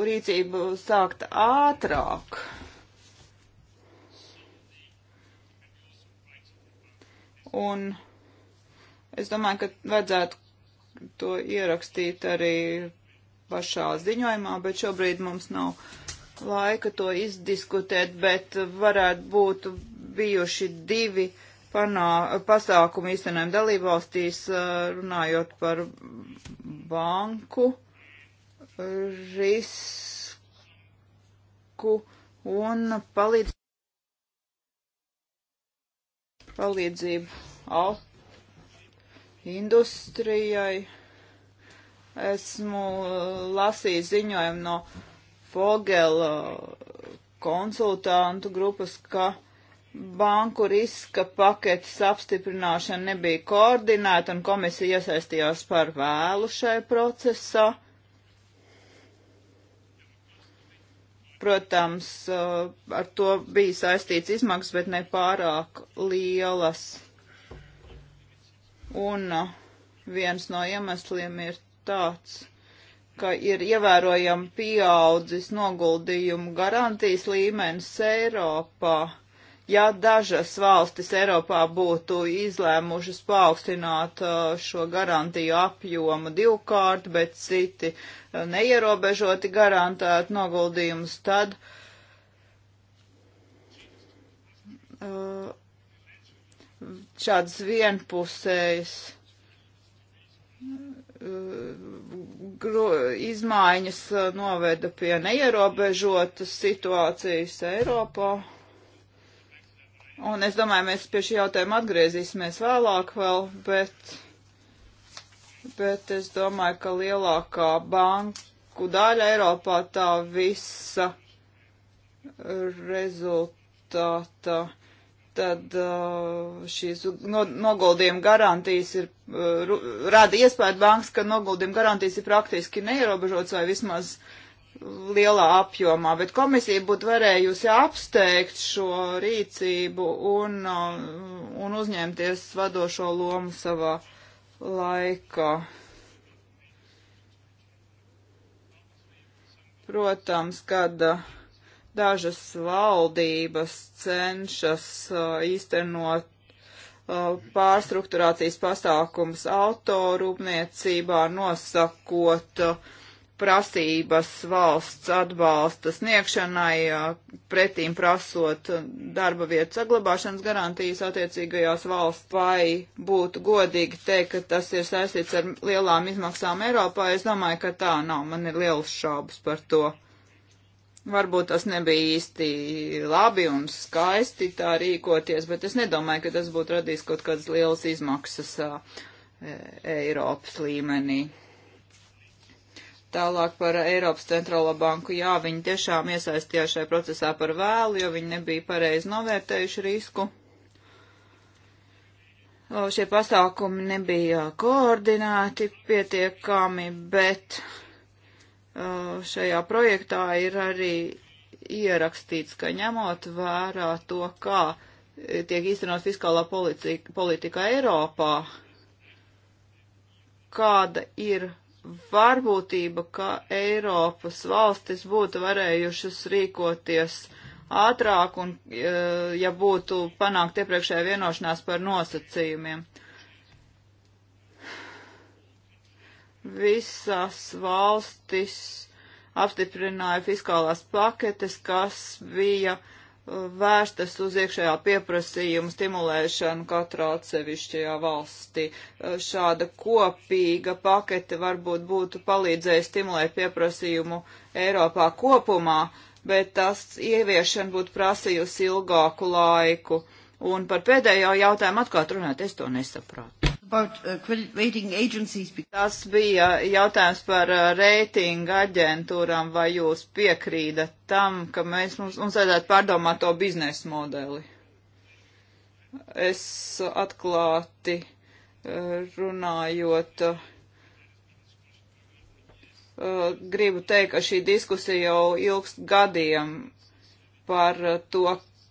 A: rīcība sākta ātrāk. Un es domāju, ka vajadzētu to ierakstīt arī pašā ziņojumā, bet šobrīd mums nav laika to izdiskutēt, bet varētu būt bijuši divi panā, pasākumi īstenojumi dalībvalstīs, runājot par banku risku un palīdz, palīdzību industrijai. Esmu lasījis ziņojumu no Fogela konsultantu grupas, ka uh, banku riska paketes apstiprināšana nebija koordinēta un komisija iesaistījās par vēlu šajā procesā. Protams, eh, ar to bija saistīts izmaksas, bet ne pārāk lielas. Un eh, viens no iemesliem ir tāds, ka ir ievērojami pieaudzis noguldījumu garantijas līmenis Eiropā Ja dažas valstis Eiropā būtu izlēmušas paaugstināt uh, šo garantiju apjomu divkārt, bet citi uh, neierobežoti garantēt noguldījumus, tad uh, šāds vienpusējs izmaiņas noveda pie neierobežotas situācijas Eiropā. Un es domāju, mēs pie šī jautājuma atgriezīsimies vēlāk vēl, bet, bet es domāju, ka lielākā banku daļa Eiropā tā visa rezultāta tad uh, šīs noguldījuma garantijas ir, uh, rada iespēju bankas, ka noguldījuma garantijas ir praktiski neierobežotas vai vismaz uh, lielā apjomā, bet komisija būtu varējusi apsteigt šo rīcību un, uh, un uzņemties vadošo lomu savā laikā. Protams, kad uh, dažas valdības cenšas uh, īstenot pārstruktūrācijas pasākums autorūpniecībā, nosakot uh, prasības valsts atbalsta sniegšanai, pretīm prasot darba vietu saglabāšanas garantijas attiecīgajās valsts, vai būtu godīgi teikt, ka tas ir saistīts ar lielām izmaksām Eiropā, es domāju, ka tā nav, man ir liels šaubas par to. Varbūt tas nebija īsti labi un skaisti tā rīkoties, bet es nedomāju, ka tas būtu radījis kaut kādas lielas izmaksas Eiropas līmenī. Tālāk par Eiropas centrālo banku. Jā, viņi tiešām iesaistījās šajā procesā par vēlu, jo viņi nebija pareizi novērtējuši risku. O, šie pasākumi nebija koordinēti pietiekami, bet o, šajā projektā ir arī ierakstīts, ka ņemot vērā to, kā tiek īstenot fiskālā politika, politika Eiropā, kāda ir varbūtība, ka Eiropas valstis būtu varējušas rīkoties ātrāk un e, ja būtu panākt iepriekšējā vienošanās par nosacījumiem. Visas valstis apstiprināja fiskālās paketes, kas bija uh, vērstas uz iekšējā pieprasījuma stimulēšanu katrā atsevišķajā valstī. Šāda kopīga pakete varbūt būtu palīdzēja stimulēt pieprasījumu Eiropā kopumā, bet tas ieviešana būtu prasījusi ilgāku laiku. Un par pēdējo jautājumu atkārt runāt, es to nesaprātu. About, uh, Tas bija jautājums par uh, reitinga aģentūram, vai jūs piekrīdat tam, ka mēs mums, mums vajadzētu pārdomāt to biznesa modeli. Es atklāti uh, runājot. Uh, gribu teikt, ka šī diskusija jau ilgst gadiem par to,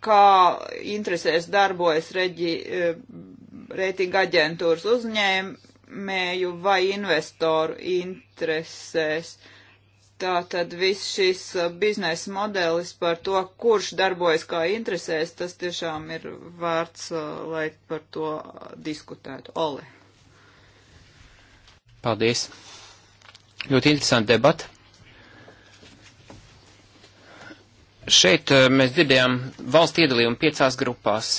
A: kā interesēs darbojas reģi, uh, reitinga aģentūras uzņēmēju vai investoru interesēs. Tātad viss šis uh, biznesa modelis par to, kurš darbojas kā interesēs, tas tiešām ir vērts, uh, lai par to diskutētu. Ole.
C: Paldies. Ļoti interesanti debata. Šeit uh, mēs dzirdējām valsts iedalījumu piecās grupās.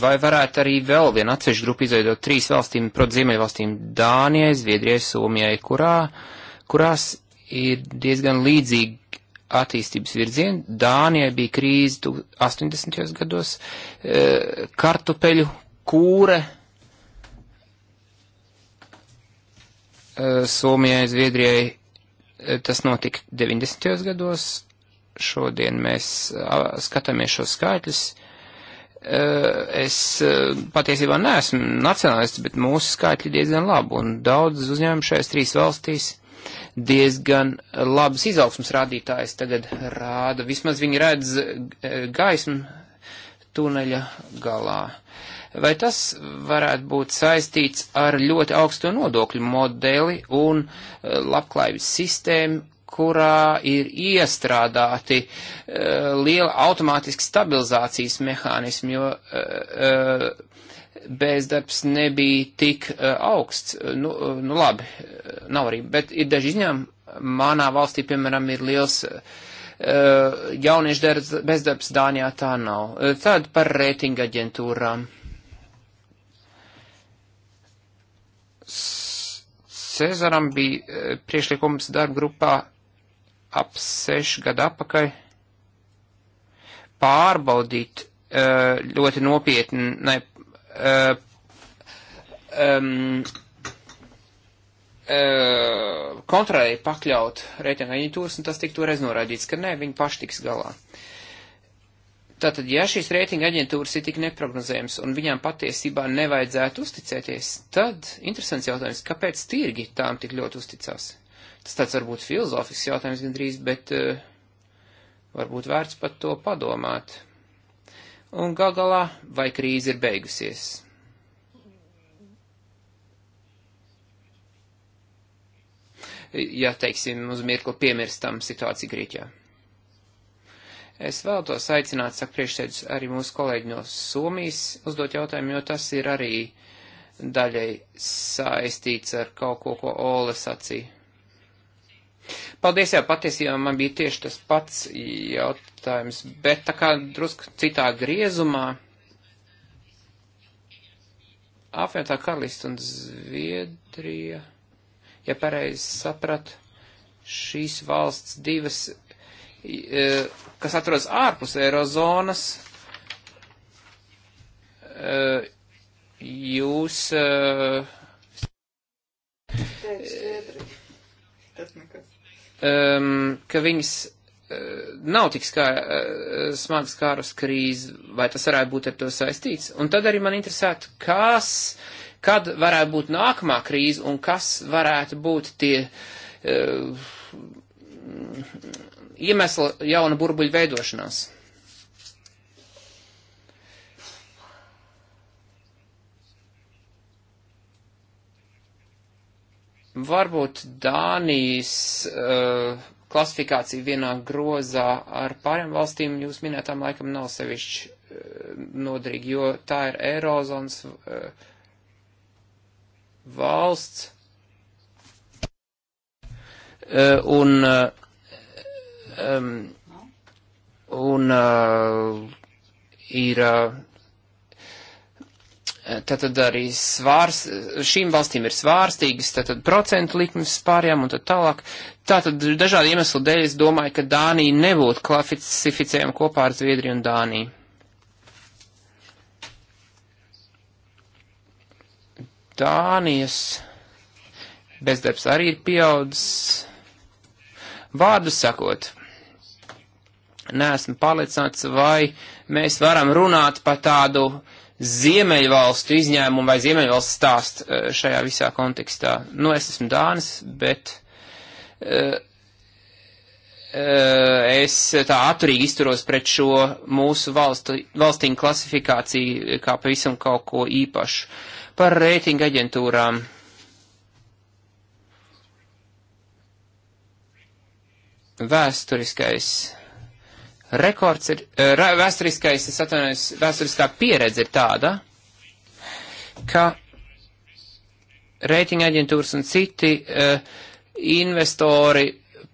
C: Vai varētu arī vēl vienu atsevišķu grupu izveidot trīs valstīm, proti Ziemeļvalstīm - Dānijai, Zviedrijai, Somijai, kurā, kurās ir diezgan līdzīgi attīstības virzieni. Dānijai bija krīze 80. gados, e, kartupeļu kūre, e, Somijai, Zviedrijai e, tas notika 90. gados. Šodien mēs skatāmies šos skaitļus. Uh, Eh, es eh, patiesībā neesmu nacionālists, bet mūsu skaitļi diezgan labi, un daudz uzņēmumu šajās trīs valstīs diezgan labas izaugsmas rādītājas tagad rāda. Vismaz viņi redz eh, gaismu tuneļa galā. Vai tas varētu būt saistīts ar ļoti augsto nodokļu modeli un labklājības sistēmu kurā ir iestrādāti uh, liela automātiska stabilizācijas mehānismi, jo uh, uh, bezdarbs nebija tik uh, augsts. Nu, uh, nu labi, nav arī, bet ir daži izņēmumi. Manā valstī, piemēram, ir liels uh, jauniešu darbs, bezdarbs, Dānijā tā nav. Uh, tad par reitinga aģentūrām. Cezaram bija priekšlikums darba grupā ap sešu gadu apakaļ pārbaudīt eh, ļoti nopietni ne, um, eh, eh, kontrolēji pakļaut reitinga aģentūras, un tas tika toreiz norādīts, ka nē, viņi paši tiks galā. Tātad, ja šīs reitinga aģentūras ir tik neprognozējums un viņām patiesībā nevajadzētu uzticēties, tad interesants jautājums, kāpēc tirgi tām tik ļoti uzticās? Tas tāds varbūt filozofisks jautājums gandrīz, bet uh, varbūt vērts pat to padomāt. Un gal galā, vai krīze ir beigusies? Ja, teiksim, uz mirkli piemirstam situāciju Grieķijā. Es vēlētos aicināt, saka priekšsēdus, arī mūsu kolēģi no Somijas uzdot jautājumu, jo tas ir arī daļai saistīts ar kaut ko, ko Ola sacīja Paldies, jā, patiesībā man bija tieši tas pats jautājums, bet tā kā drusku citā griezumā. Apvienotā karalista un Zviedrija, ja pareizi sapratu, šīs valsts divas, e, kas atrodas ārpus Eirozonas, e, jūs. E,
A: Teicu, Zviedrija. Tas nekas
C: um, ka viņas uh, nav tik skā, uh, smagi skārus krīzi, vai tas varētu būt ar to saistīts. Un tad arī man interesētu, kas, kad varētu būt nākamā krīze un kas varētu būt tie uh, iemesli jauna burbuļu veidošanās. Varbūt Dānijas uh, klasifikācija vienā grozā ar pārējām valstīm jūs minētām laikam nav sevišķi uh, eh, nodrīgi, jo tā ir Eirozonas uh, valsts. Uh, un um, un uh, ir uh, Tātad eh, arī svārs, šīm valstīm ir svārstīgas, tātad procentu likmes pārējām un tā tālāk. Tātad dažādu iemeslu dēļ es domāju, ka Dānija nebūtu klasificējama kopā ar Zviedriju un Dāniju. Dānijas bezdarbs arī ir pieaudzis. Vārdu sakot, neesmu pārliecināts, vai mēs varam runāt par tādu Ziemeļvalstu izņēmumu vai Ziemeļvalstu stāstu eh, šajā visā kontekstā. Nu, es esmu Dānis, bet uh, es tā atturīgi izturos pret šo mūsu valstu, valstīņu klasifikāciju kā pavisam kaut ko īpašu. Par reitingu aģentūrām. Vēsturiskais Rekords ir, eh, vēsturiskais, es atvainojos, vēsturiskā pieredze ir tāda, ka reitinga aģentūras un citi uh, investori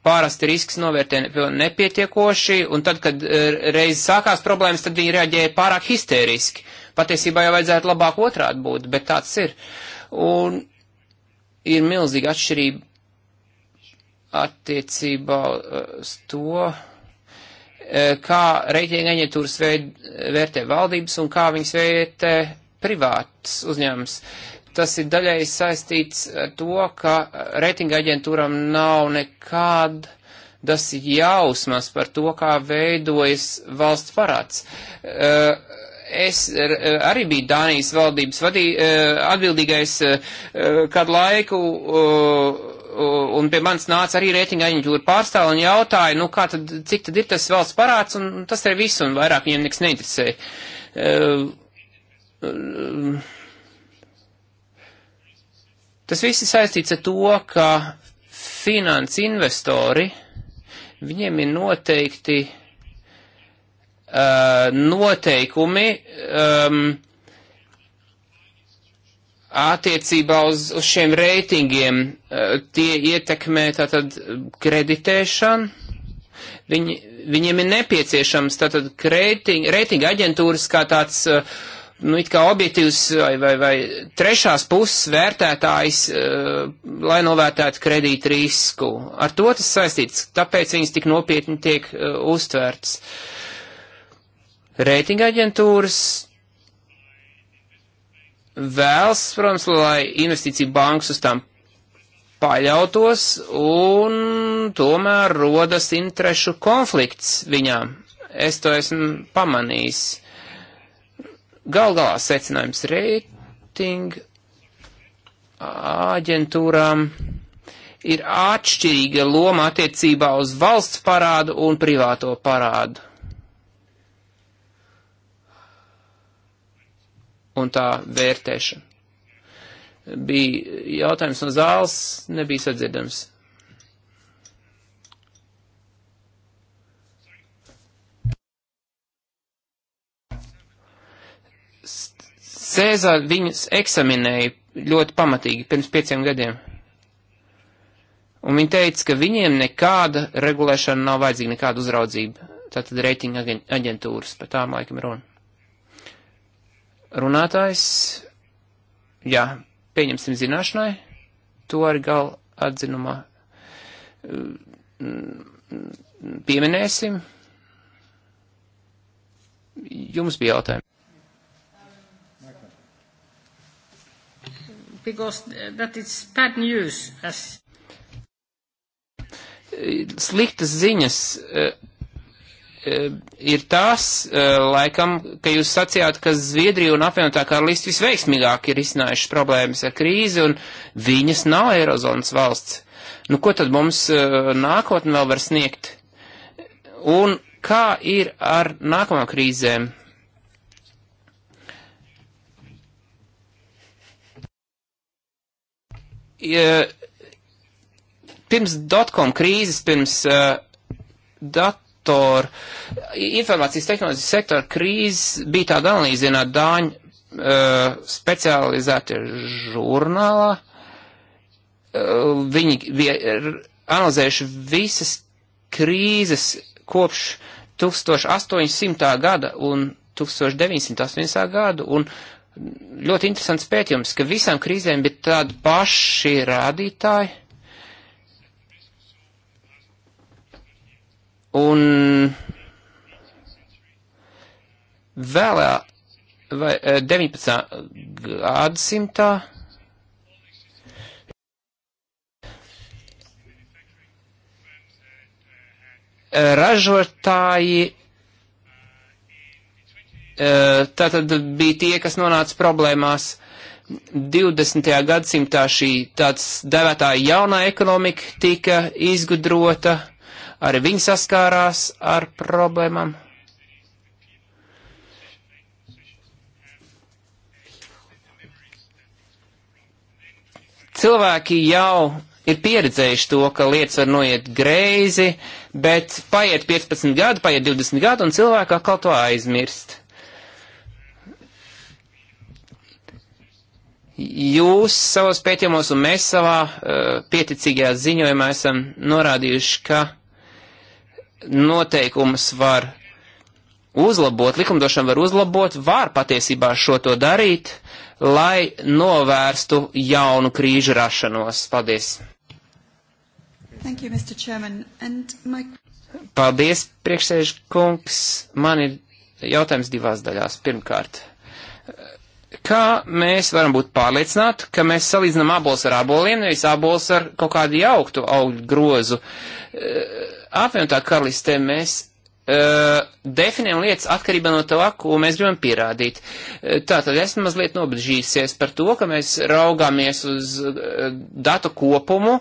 C: parasti risks novērtē nepietiekoši, un tad, kad uh, reiz sākās problēmas, tad viņi reaģēja pārāk histēriski. Patiesībā jau vajadzētu labāk otrādi būt, bet tāds ir. Un ir milzīga atšķirība attiecībā uz to. Uh, E, kā reitinga aģentūras vērtē valdības un kā viņas vērtē privāts uzņēmums. Tas ir daļai saistīts ar to, ka reitinga aģentūram nav nekāda tas jausmas par to, kā veidojas valsts parāds. E, es arī biju Dānijas valdības vadī, e, atbildīgais kādu laiku un pie manis nāca arī rētinga aģentūra pārstāv un jautāja, nu kā tad, cik tad ir tas valsts parāds, un tas ir viss, un vairāk viņiem nekas neinteresē. Ehm, tas viss ir saistīts ar to, ka finanses investori, viņiem ir noteikti uh, noteikumi, um, attiecībā uz, uz šiem reitingiem eh, tie ietekmē tātad kreditēšanu. Viņi, viņiem ir nepieciešams tātad reiting, reitinga aģentūras kā tāds, eh, nu, it kā objektīvs vai, vai, vai trešās puses vērtētājs, eh, lai novērtētu kredīt risku. Ar to tas saistīts, tāpēc viņas tik nopietni tiek uztvērts. Reitinga aģentūras vēlas, protams, lai investīcija bankas uz tām paļautos, un tomēr rodas interešu konflikts viņām. Es to esmu pamanījis. Gal galā secinājums reitinga aģentūrām ir atšķirīga loma attiecībā uz valsts parādu un privāto parādu. un tā vērtēšana. Bija jautājums no zāles, nebija sadzirdams. Cēzāri viņus eksaminēja ļoti pamatīgi pirms pieciem gadiem. Un viņi teica, ka viņiem nekāda regulēšana nav vajadzīga, nekāda uzraudzība. Tātad reitinga aģentūras, par tām laikam runa runātājs, jā, pieņemsim zināšanai, to arī gal atzinumā mm, pieminēsim. Jums bija jautājumi.
B: Because that is bad news. As...
C: Sliktas ziņas eh, Eh, ir tas, eh, laikam, ka jūs sacījāt, ka Zviedrija un apvienotā karalista visveiksmīgāk ir izcinājušas problēmas ar krīzi, un viņas nav Eirozonas valsts. Nu, ko tad mums eh, nākotnē vēl var sniegt? Un kā ir ar nākamām krīzēm? Ja, pirms dotkom krīzes, pirms uh, dat, sektora, informācijas tehnoloģijas sektora krīzes bija tāda analīzēnā Dāņu uh, specializēti žurnālā. Uh, viņi bija uh, analizējuši visas krīzes kopš 1800. gada un 1980. gadu, un ļoti interesants pētījums, ka visām krīzēm bija tādi paši rādītāji, Un vēlā vai, 19. Eh, gadsimtā ražotāji eh, tātad bija tie, kas nonāca problēmās 20. gadsimtā šī tāds devētā jaunā ekonomika tika izgudrota Arī viņi saskārās ar problēmām. Cilvēki jau ir pieredzējuši to, ka lietas var noiet greizi, bet paiet 15 gadi, paiet 20 gadi, un cilvēki atkal to aizmirst. Jūs savos pētījumos un mēs savā uh, pieticīgajā ziņojumā esam norādījuši, ka noteikumus var uzlabot, likumdošana var uzlabot, var patiesībā šo to darīt, lai novērstu jaunu krīžu rašanos. Paldies!
A: Thank you, Mr. Chairman. And my...
C: Paldies, priekšsēž kungs. Man ir jautājums divās daļās. Pirmkārt, kā mēs varam būt pārliecināti, ka mēs salīdzinām abols ar aboliem, nevis abols ar kaut kādu jauktu augļu grozu? Uh, apvienotā karalistē mēs Uh, definējam lietas atkarībā no tā, ko mēs gribam pierādīt. Uh, Tātad esmu mazliet nobežīsies par to, ka mēs raugāmies uz uh, datu kopumu,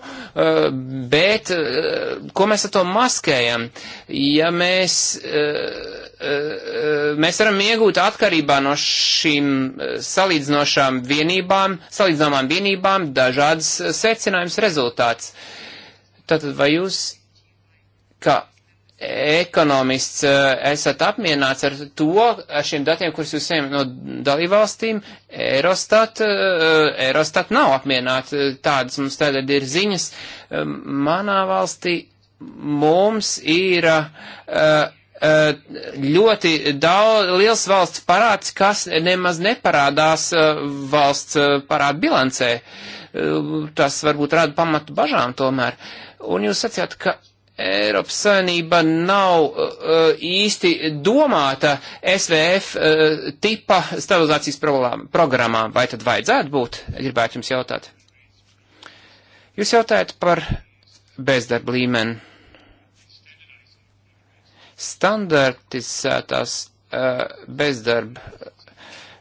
C: bet ko mēs ar to maskējam? Ja mēs, mēs varam iegūt atkarībā no šīm salīdzinošām vienībām, salīdzināmām vienībām dažādas secinājums rezultāts. Tātad vai jūs ka ekonomists eh, esat apmierināts ar to, ar šiem datiem, kurus jūs saņemat no dalībvalstīm, Eurostat, eh, Eurostat nav apmierināta, tādas mums tagad ir ziņas. Eh, manā valstī mums ir ļoti daudz, liels valsts parāds, kas nemaz neparādās valsts parāda bilancē. Tas varbūt rada pamatu bažām tomēr. Un jūs sacījāt, ka Eiropas Savienība nav uh, īsti domāta SVF uh, tipa stabilizācijas programmām. Vai tad vajadzētu būt? Gribētu jums jautāt. Jūs jautājat par bezdarba līmeni. Standartizētās uh, bezdarba,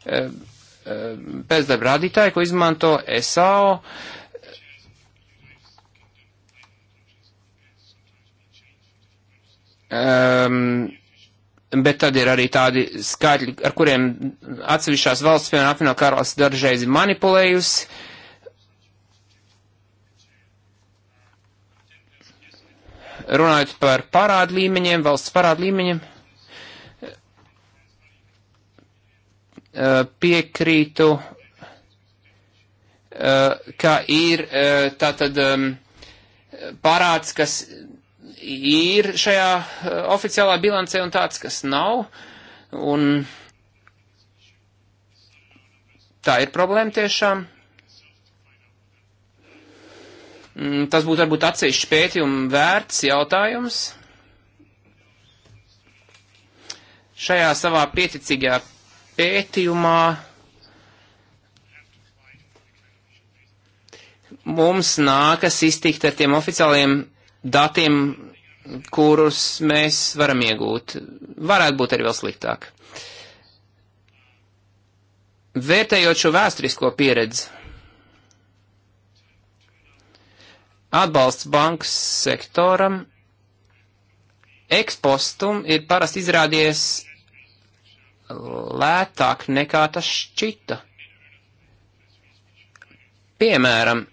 C: uh, uh bezdarba rādītāji, ko izmanto SAO, uh, Um, bet tad ir arī tādi skaitļi, ar kuriem atsevišķās valsts, piemēram, apvienot karalists dažreiz ir manipulējusi. Runājot par parādu līmeņiem, valsts parādu līmeņiem, eh, piekrītu, eh, ka ir eh, tātad ehm, parāds, kas ir šajā uh, oficiālā bilancē un tāds, kas nav. Un tā ir problēma tiešām. Mm, tas būtu varbūt atsevišķi pētījumu vērts jautājums. Šajā savā pieticīgajā pētījumā mums nākas iztikt ar tiem oficiāliem datiem kurus mēs varam iegūt. Varētu būt arī vēl sliktāk. Vērtējot šo vēsturisko pieredzi, atbalsts bankas sektoram ekspostum ir parasti izrādies lētāk nekā tas šķita. Piemēram,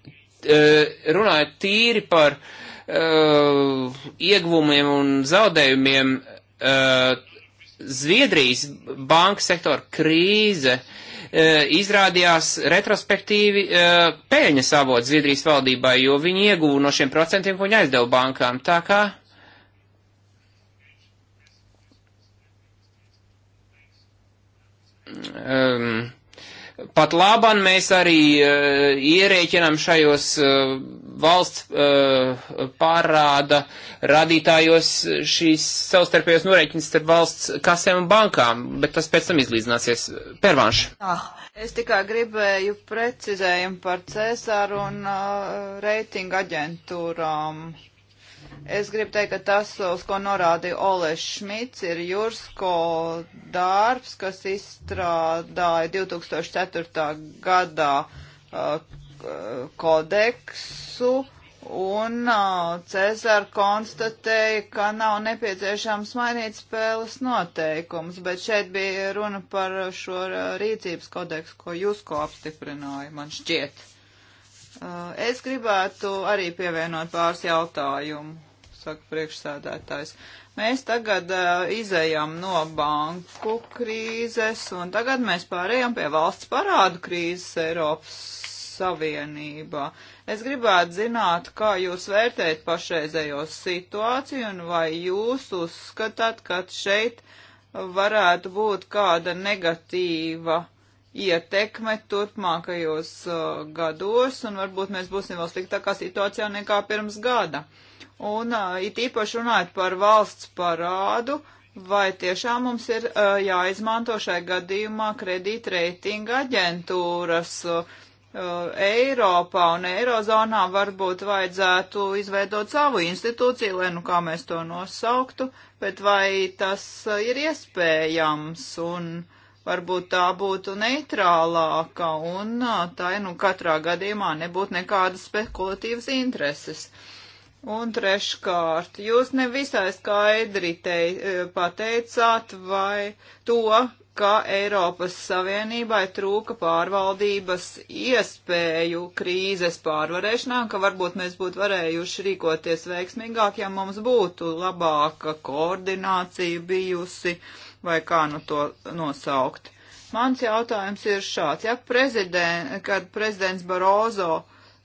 C: eh, runājot tīri par uh, uh, ieguvumiem un zaudējumiem uh, Zviedrijas banka sektora krīze uh, izrādījās retrospektīvi uh, pēļņa savot Zviedrijas valdībai, jo viņi ieguva no šiem procentiem, ko viņi aizdeva bankām. Tā kā um, pat labam mēs arī uh, ierēķinām šajos uh, valsts eh, pārāda radītājos šīs savstarpējos norēķins starp valsts kasēm un bankām, bet tas pēc tam izlīdzināsies. Pervānš.
A: Ah, es tikai gribēju precizējumu par Cēsāru un uh, eh, reitinga aģentūrām. Es gribu teikt, ka tas, uz ko norādīja Oles Šmits, ir Jursko darbs, kas izstrādāja 2004. gadā uh, kodeksu, un Cezara konstatēja, ka nav nepieciešams mainīt spēles noteikumus, bet šeit bija runa par šo rīcības kodeksu, ko jūs ko apstiprināja, man šķiet. Es gribētu arī pievienot pāris jautājumu, saka priekšsēdētājs. Mēs tagad uh, izējām no banku krīzes, un tagad mēs pārējām pie valsts parādu krīzes Eiropas Savienībā. Es gribētu zināt, kā jūs vērtējat pašreizējo situāciju un vai jūs uzskatāt, ka šeit varētu būt kāda negatīva ietekme turpmākajos uh, gados, un varbūt mēs būsim vēl sliktākā situācijā nekā pirms gada. Un uh, it īpaši runājot par valsts parādu, vai tiešām mums ir uh, jāizmanto šai gadījumā kredītreitinga aģentūras uh, Eh, Eiropā un Eirozonā varbūt vajadzētu izveidot savu institūciju, lai nu kā mēs to nosauktu, bet vai tas eh, ir iespējams un varbūt tā būtu neitrālāka un eh, tā nu katrā gadījumā nebūtu nekādas spekulatīvas intereses. Un treškārt, jūs nevisai skaidri te, pateicāt vai to, ka Eiropas Savienībai trūka pārvaldības iespēju krīzes pārvarēšanā, ka varbūt mēs būtu varējuši rīkoties veiksmīgāk, ja mums būtu labāka koordinācija bijusi, vai kā nu to nosaukt. Mans jautājums ir šāds. Ja prezident, kad prezidents Barozo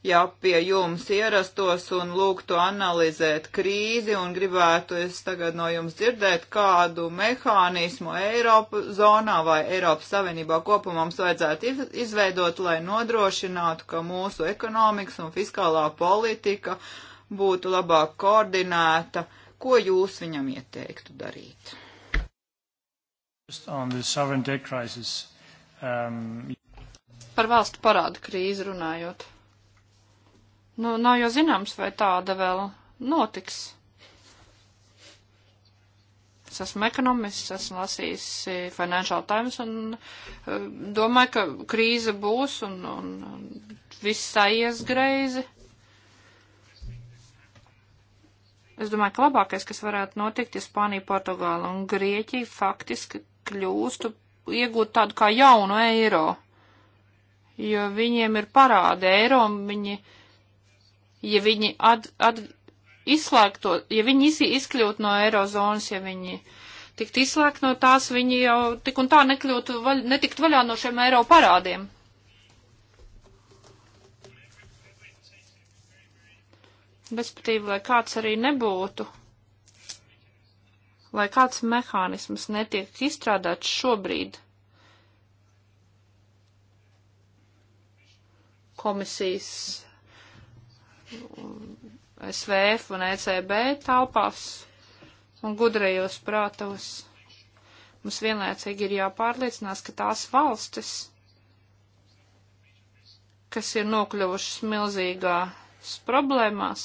A: ja pie jums ierastos un lūgtu analizēt krīzi un gribētu es tagad no jums dzirdēt kādu mehānismu Eiropas zonā vai Eiropas Savienībā kopumā mums vajadzētu izveidot, lai nodrošinātu, ka mūsu ekonomikas un fiskālā politika būtu labāk koordinēta. Ko jūs viņam ieteiktu darīt? Um...
B: Par valstu parādu krīzi runājot. Nu, nav jau zināms, vai tāda vēl notiks. Es esmu ekonomists, esmu lasījis eh, Financial Times un eh, domāju, ka krīze būs un, un viss aizies greizi. Es domāju, ka labākais, kas varētu notikt, ja Spānija, Portugāla un Grieķija faktiski kļūstu, iegūtu tādu kā jaunu eiro, jo viņiem ir parādi eiro un viņi ja viņi at, at, izslēgto, ja viņi izkļūtu no eirozonas, ja viņi tiktu izslēgt no tās, viņi jau tik un tā nekļūtu, vaļ, netikt vaļā no šiem eiro parādiem. Bezpatība, lai kāds arī nebūtu, lai kāds mehānisms netiek izstrādāts šobrīd. Komisijas SVF un ECB telpās un gudrajos prātos. Mums vienlaicīgi ir jāpārliecinās, ka tās valstis, kas ir nokļuvušas milzīgās problēmās,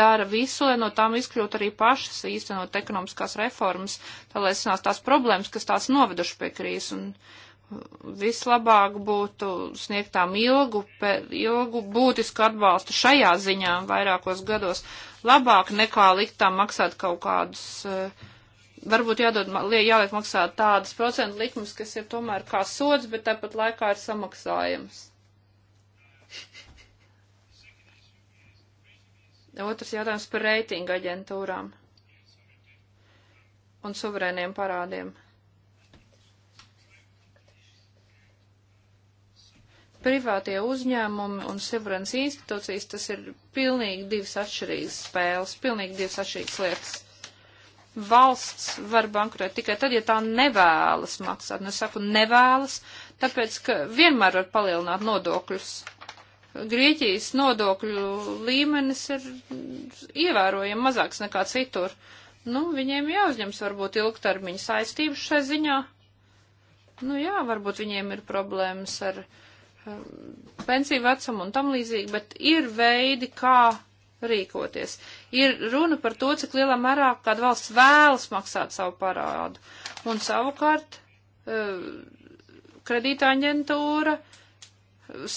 B: dara visu, lai no tām izkļūtu arī pašas īstenot ekonomiskās reformas, tā lai sanās tās problēmas, kas tās noveduši pie krīzes. Un vislabāk būtu sniegtām ilgu, ilgu būtisku atbalstu šajā ziņā vairākos gados, labāk nekā liktām maksāt kaut kādus, eh, varbūt jādod, jāliek maksāt tādas procentu likmes, kas ir tomēr kā sods, bet tāpat laikā ir samaksājams. Otrs jautājums par reitinga aģentūrām un suverēniem parādiem. privātie uzņēmumi un suverēnas institūcijas, tas ir pilnīgi divas atšķirīgas spēles, pilnīgi divas atšķirīgas lietas. Valsts var bankrot tikai tad, ja tā nevēlas maksāt. Nu, es saku nevēlas, tāpēc, ka vienmēr var palielināt nodokļus. Grieķijas nodokļu līmenis ir ievērojami mazāks nekā citur. Nu, viņiem jāuzņems varbūt ilgtermiņa saistības šai ziņā. Nu jā, varbūt viņiem ir problēmas ar uh, Um, pensiju vecumu un tam līdzīgi, bet ir veidi, kā rīkoties. Ir runa par to, cik lielā mērā kāda valsts vēlas maksāt savu parādu. Un savukārt uh, kredīta aģentūra uh,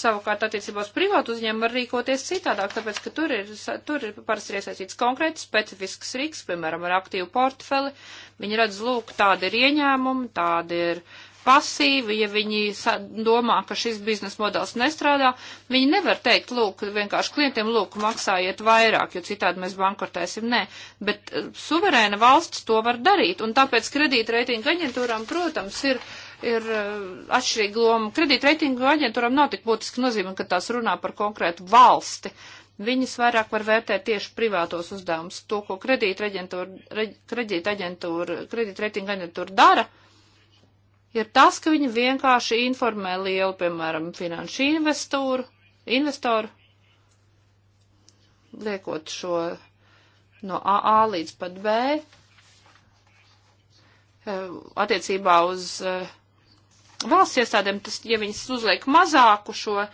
B: savukārt attiecībā uz privātu uzņēmumu var rīkoties citādāk, tāpēc, ka tur ir, tur ir parasti iesaistīts konkrēti specifisks rīks, piemēram, ar aktīvu portfeli. Viņi redz, lūk, tādi ir ieņēmumi, tādi ir uh, pasīvi, ja viņi domā, ka šis biznesa modelis nestrādā, viņi nevar teikt, lūk, vienkārši klientiem, lūk, maksājiet vairāk, jo citādi mēs bankrotēsim. Nē, bet e, suverēna valsts to var darīt, un tāpēc kredītreitinga aģentūrām, protams, ir ir e, atšķirīga loma. Kredītreitingu aģentūram nav tik būtiski nozīme, ka tās runā par konkrētu valsti. Viņas vairāk var vērtēt tieši privātos uzdevumus. To, ko kredītaģentūra, kredītaģentūra, kredītreitinga aģentūra dara, uh, ir tas, ka viņi vienkārši informē lielu, piemēram, finanšu investoru, investoru liekot šo no AA līdz pat B eh, attiecībā uz eh, valsts iestādēm, tas, ja viņas uzliek mazāku šo eh,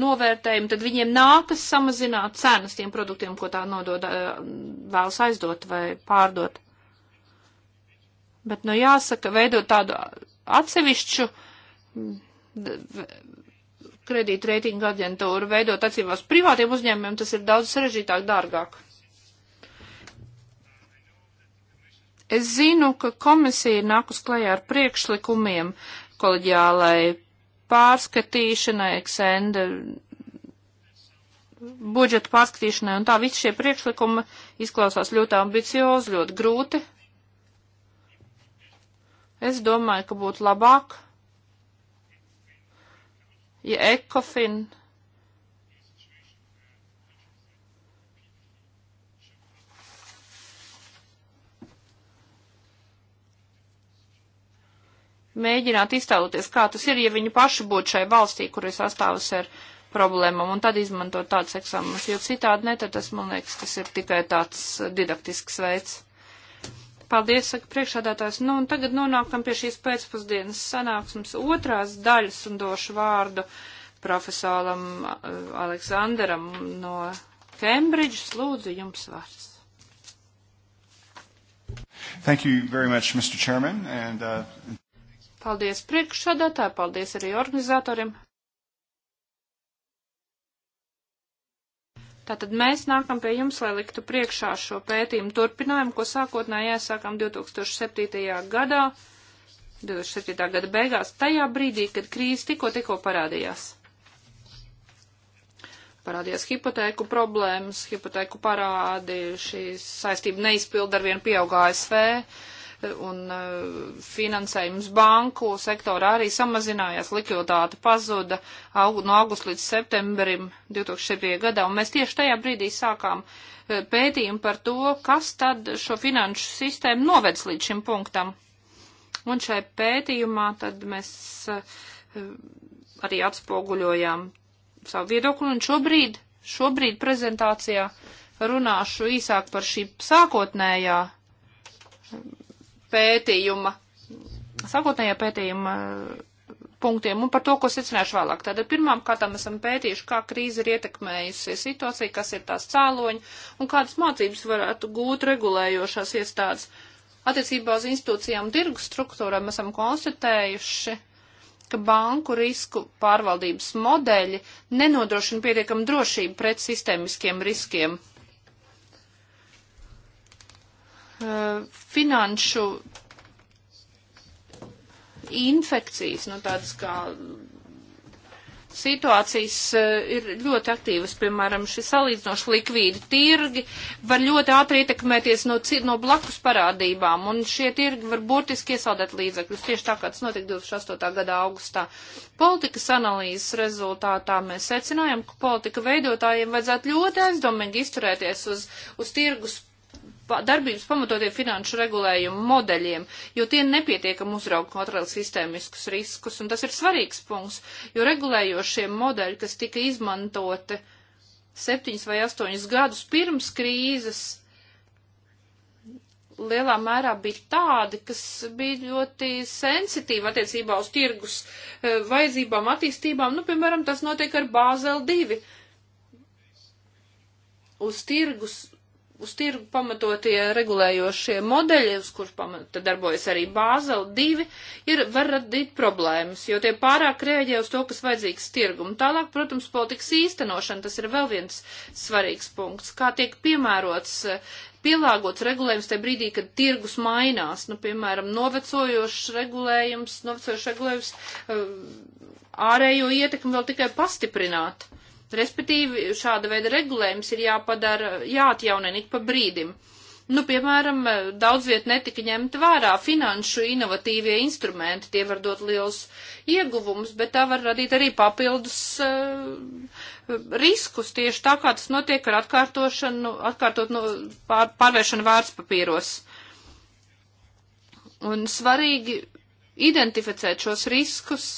B: novērtējumu, tad viņiem nākas samazināt cenas tiem produktiem, ko tā nodod, vēlas aizdot vai pārdot. Bet, nu, jāsaka, veidot tādu atsevišķu mm, kredītu reitingu aģentūru, veidot atsevišķos privātiem uzņēmumiem, tas ir daudz sarežģītāk, dārgāk. Es zinu, ka komisija ir nākus klajā ar priekšlikumiem koleģiālai pārskatīšanai, eksenda budžeta pārskatīšanai, un tā visi šie priekšlikumi izklausās ļoti ambiciozi, ļoti grūti. Es domāju, ka būtu labāk, ja ECOFIN mēģināt iztēloties, kā tas ir, ja viņi paši būtu šai valstī, kur ir sastāvs ar problēmām, un tad izmantot tādus eksāmenus, jo citādi ne, tad tas, man liekas, tas ir tikai tāds didaktisks veids. Paldies, saka priekšādātājs. Nu, un tagad nonākam pie šīs pēcpusdienas sanāksmes otrās daļas un došu vārdu profesoram uh, eh, Aleksandaram no Kembridžas. Lūdzu, jums vārds.
A: Thank you very much, Mr. Chairman, and, uh...
B: Paldies priekšsādātāji, paldies arī organizatoriem. Tātad mēs nākam pie jums, lai liktu priekšā šo pētījumu turpinājumu, ko sākotnēji iesākām 2007. gadā, 2007. gada beigās, tajā brīdī, kad krīze tikko tikko parādījās. Parādījās hipotēku problēmas, hipotēku parādi, šīs saistība neizpilda ar vienu pieaugā ASV un e, finansējums banku sektorā arī samazinājās, likviditāte pazuda aug, no augusta līdz septembrim 2007. gadā, un mēs tieši tajā brīdī sākām e, pētījumu par to, kas tad šo finanšu sistēmu novedz līdz šim punktam. Un šai pētījumā tad mēs e, arī atspoguļojām savu viedokli, un šobrīd, šobrīd prezentācijā runāšu īsāk par šī sākotnējā pētījuma, sākotnējā pētījuma eh, punktiem un par to, ko secināšu vēlāk. Tātad pirmām kārtām esam pētījuši, kā krīze ir ietekmējusi situāciju, kas ir tās cēloņi un kādas mācības varētu gūt regulējošās iestādes. Attiecībā uz institūcijām tirgus struktūram esam konstatējuši, ka banku risku pārvaldības modeļi nenodrošina pietiekam drošību pret sistēmiskiem riskiem. Eh, finanšu infekcijas, nu tādas kā situācijas eh, ir ļoti aktīvas, piemēram, šis salīdzinoši likvīdi tirgi var ļoti ātri ietekmēties no, no blakus parādībām, un šie tirgi var burtiski iesaldēt līdzekļus, tieši tā kā tas notika 28. gada augustā. Politikas analīzes rezultātā mēs secinājām, ka politika veidotājiem vajadzētu ļoti aizdomīgi izturēties uz, uz tirgus darbības pamatotie finanšu regulējumu modeļiem, jo tie nepietiekam uzrauga kontroli sistēmiskus riskus, un tas ir svarīgs punkts, jo regulējošie modeļi, kas tika izmantoti septiņus vai astoņus gadus pirms krīzes, lielā mērā bija tādi, kas bija ļoti sensitīvi attiecībā uz tirgus e, vajadzībām, attīstībām. Nu, piemēram, tas notiek ar Bāzeli 2. Uz tirgus uz tirgu pamatotie regulējošie modeļi, uz kur pamata darbojas arī Bāzela 2, ir, var radīt problēmas, jo tie pārāk rēģē uz to, kas vajadzīgs tirgumu. Tālāk, protams, politikas īstenošana, tas ir vēl viens svarīgs punkts, kā tiek piemērots, pielāgots regulējums tajā brīdī, kad tirgus mainās, nu, piemēram, novecojošs regulējums, novecojošs regulējums uh, ārējo ietekmi vēl tikai pastiprināt. Uh, Respektīvi, šāda veida regulējums ir jāpadara, jāatjaunina ik pa brīdim. Nu, piemēram, daudz viet netika ņemta vērā finanšu inovatīvie instrumenti, tie var dot liels ieguvums, bet tā var radīt arī papildus uh, riskus, tieši tā kā tas notiek ar atkārtošanu, atkārtot no, pār, pārvēršanu vārdspapīros. Un svarīgi identificēt šos riskus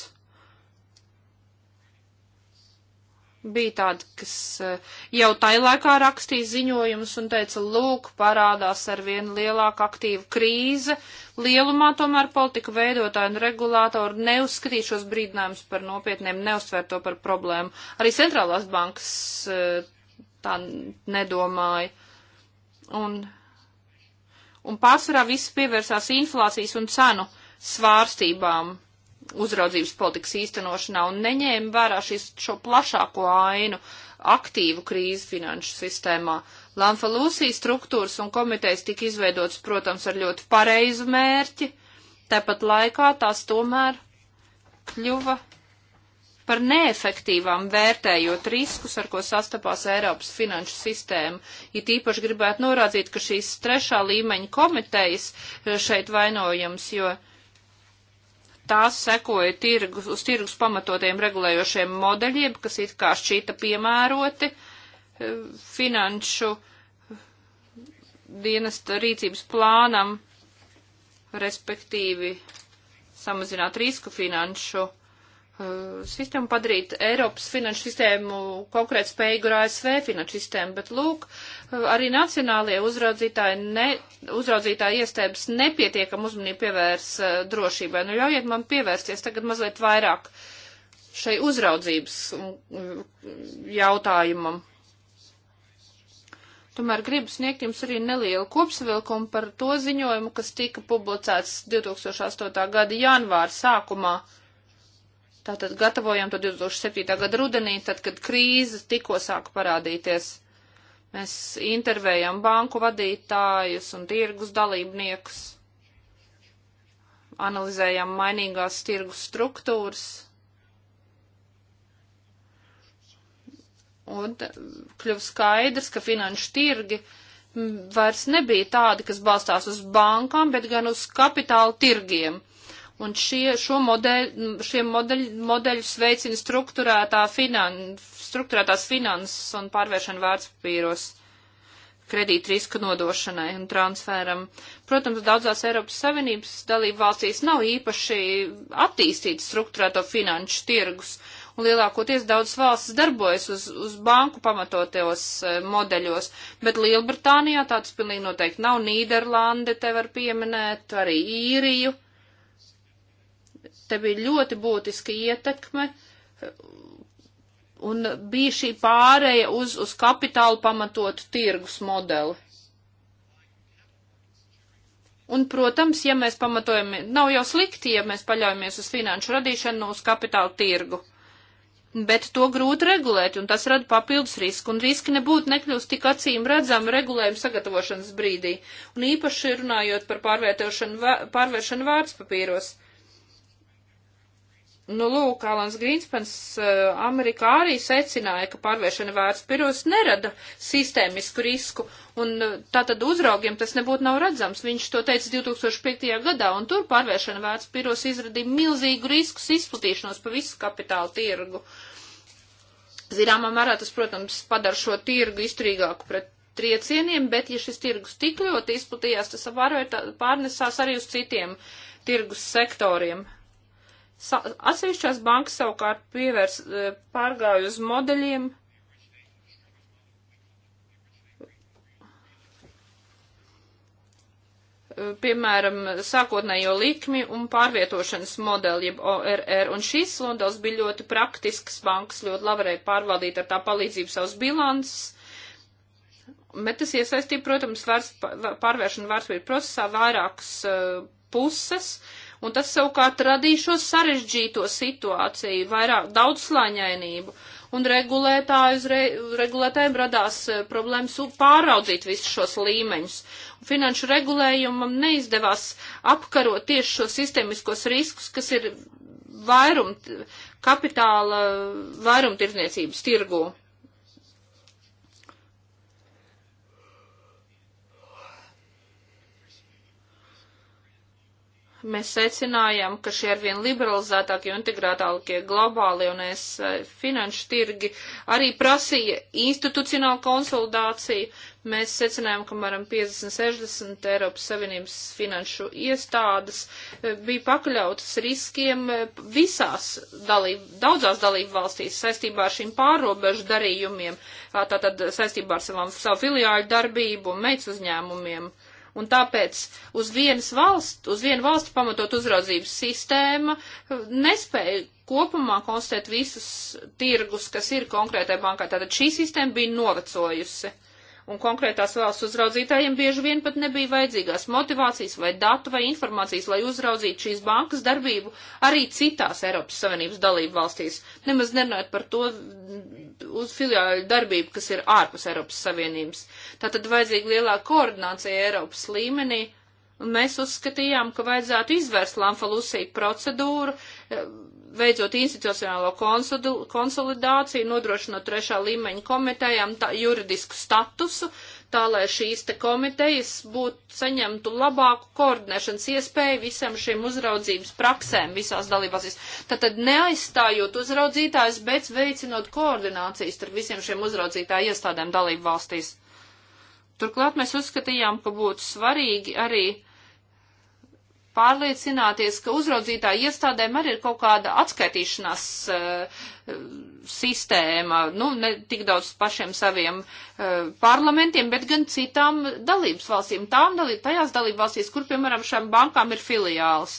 B: bija tādi, kas eh, jau tajā laikā rakstīja ziņojumus un teica, lūk, parādās ar vien lielāku aktīvu krīze. Lielumā tomēr politika veidotāji un regulātori neuzskatīja šos brīdinājumus par nopietniem, neuztver to par problēmu. Arī centrālās bankas eh, tā nedomāja. Un, un pārsvarā viss pievērsās inflācijas un cenu svārstībām uzraudzības politikas īstenošanā un neņēma vērā šis, šo plašāko ainu aktīvu krīzi finanšu sistēmā. Lamfalūsijas struktūras un komitejas tika izveidotas, protams, ar ļoti pareizu mērķi, tāpat laikā tās tomēr kļuva par neefektīvām vērtējot riskus, ar ko sastapās Eiropas finanšu sistēma. It īpaši gribētu norādīt, ka šīs trešā līmeņa komitejas eh, šeit vainojams, jo uh, tās sekoja tirgus, uz tirgus pamatotiem regulējošiem modeļiem, kas it kā šķīta piemēroti eh, finanšu eh, dienesta rīcības plānam, respektīvi samazināt risku finanšu Uh, sistēmu padarīt Eiropas finanšu sistēmu konkrēt spējīgu ar ASV finanšu sistēmu, bet lūk, uh, arī nacionālie uzraudzītāji, ne, uzraudzītāji iestēbas nepietiekam uzmanību pievērs uh, drošībai. Nu, ļaujiet man pievērsties tagad mazliet vairāk šai uzraudzības mm, mm, jautājumam. Tomēr gribu sniegt jums arī nelielu kopsavilkumu par to ziņojumu, kas tika publicēts 2008. gada janvāra sākumā. Uh, Tātad gatavojam to 2007. gada rudenī, tad, kad krīze tikko sāka parādīties. Mēs intervējam banku vadītājus un tirgus dalībniekus, analizējam mainīgās tirgus struktūras. Un kļuva skaidrs, ka finanšu tirgi vairs nebija tādi, kas balstās uz bankām, bet gan uz kapitāla tirgiem. Un šie, šo modeļu, šie modeļu, modeļus veicina struktūrētā finan, struktūrētās finanses un pārvēršana vērtspapīros kredīt riska nodošanai un transferam. Protams, daudzās Eiropas Savienības dalību valstīs nav īpaši attīstīts struktūrēto finanšu tirgus, un lielākoties daudz valsts darbojas uz, uz banku pamatotajos e, modeļos, bet Lielbritānijā tāds pilnīgi noteikti nav. Nīderlande te var pieminēt, arī īriju Te bija ļoti būtiska ietekme un bija šī pārēja uz, uz kapitālu pamatotu tirgus modeli. Un, protams, ja mēs pamatojam, nav jau slikti, ja mēs paļaujamies uz finanšu radīšanu, uz kapitālu tirgu. Bet to grūti regulēt, un tas rada papildus risku, un riski nebūtu nekļūst tik acīm redzami regulējuma sagatavošanas brīdī, un īpaši runājot par pārvēršanu vērtspapīros. Nu, lūk, Alans Grīnspens uh, eh, Amerikā arī secināja, ka pārvēršana vērts piros nerada sistēmisku risku, un uh, tātad uzraugiem tas nebūtu nav redzams. Viņš to teica 2005. gadā, un tur pārvēršana vērts piros izradīja milzīgu risku izplatīšanos pa visu kapitālu tirgu. Zināmā mērā tas, protams, padara šo tirgu izturīgāku pret triecieniem, bet ja šis tirgus tik ļoti izplatījās, tas pārnesās arī uz citiem tirgus sektoriem. Atsevišķās bankas savukārt pievērs, e, pārgāju uz modeļiem, e, piemēram, sākotnējo likmi un pārvietošanas modeli, jeb ORR, un šis modelis bija ļoti praktisks, bankas ļoti labi varēja pārvaldīt ar tā palīdzību savus bilances, bet tas iesaistīja, protams, vērs, pārvēršana vērtspapīra procesā vairākas uh, puses, uh, un tas savukārt radīja šo sarežģīto situāciju, vairāk daudzslāņainību, un re, regulētājiem radās e, problēmas pāraudzīt visus šos līmeņus. Finanšu regulējumam neizdevās apkarot tieši šo sistemiskos riskus, kas ir vairum kapitāla vairumtirdzniecības tirgū. Mēs secinājām, ka šie arvien liberalizētākie un integrētākie globālie un es eh, finanšu tirgi arī prasīja institucionālu konsolidāciju. Mēs secinājām, ka apmēram 50-60 Eiropas Savienības finanšu iestādes eh, bija pakļautas riskiem eh, visās dalību, daudzās dalību valstīs saistībā ar šīm pārobežu darījumiem, tātad saistībā ar savām, savu filiāļu darbību un meicu uzņēmumiem un tāpēc uz vienas valsts, uz vienu valstu pamatot uzraudzības sistēma nespēja kopumā konstatēt visus tirgus, kas ir konkrētai bankai. Tātad šī sistēma bija novecojusi un konkrētās valsts uzraudzītājiem bieži vien pat nebija vajadzīgās motivācijas vai datu vai informācijas, lai uzraudzītu šīs bankas darbību arī citās Eiropas Savienības dalību valstīs. Nemaz nerunājot par to uz filiāļu darbību, kas ir ārpus Eiropas Savienības. Tātad vajadzīga lielāka koordinācija Eiropas līmenī. Un mēs uzskatījām, ka vajadzētu izvērst Lamfalusī procedūru, veicot institucionālo konsolidāciju, nodrošinot trešā līmeņa komitejām tā, juridisku statusu, tā lai šīs te komitejas būtu saņemtu labāku koordinēšanas iespēju visam šim uzraudzības praksēm visās dalībvalstīs. Tātad neaizstājot uzraudzītājs, bet veicinot koordinācijas ar visiem šiem uzraudzītāju iestādēm dalībvalstīs. Turklāt mēs uzskatījām, ka būtu svarīgi arī uh, pārliecināties, ka uzraudzītāji iestādēm arī ir kaut kāda atskaitīšanās uh, sistēma, nu, ne tik daudz pašiem saviem uh, parlamentiem, bet gan citām dalības valstīm, tām dalība, tajās dalība valstīs, kur, piemēram, šām bankām ir filiāls.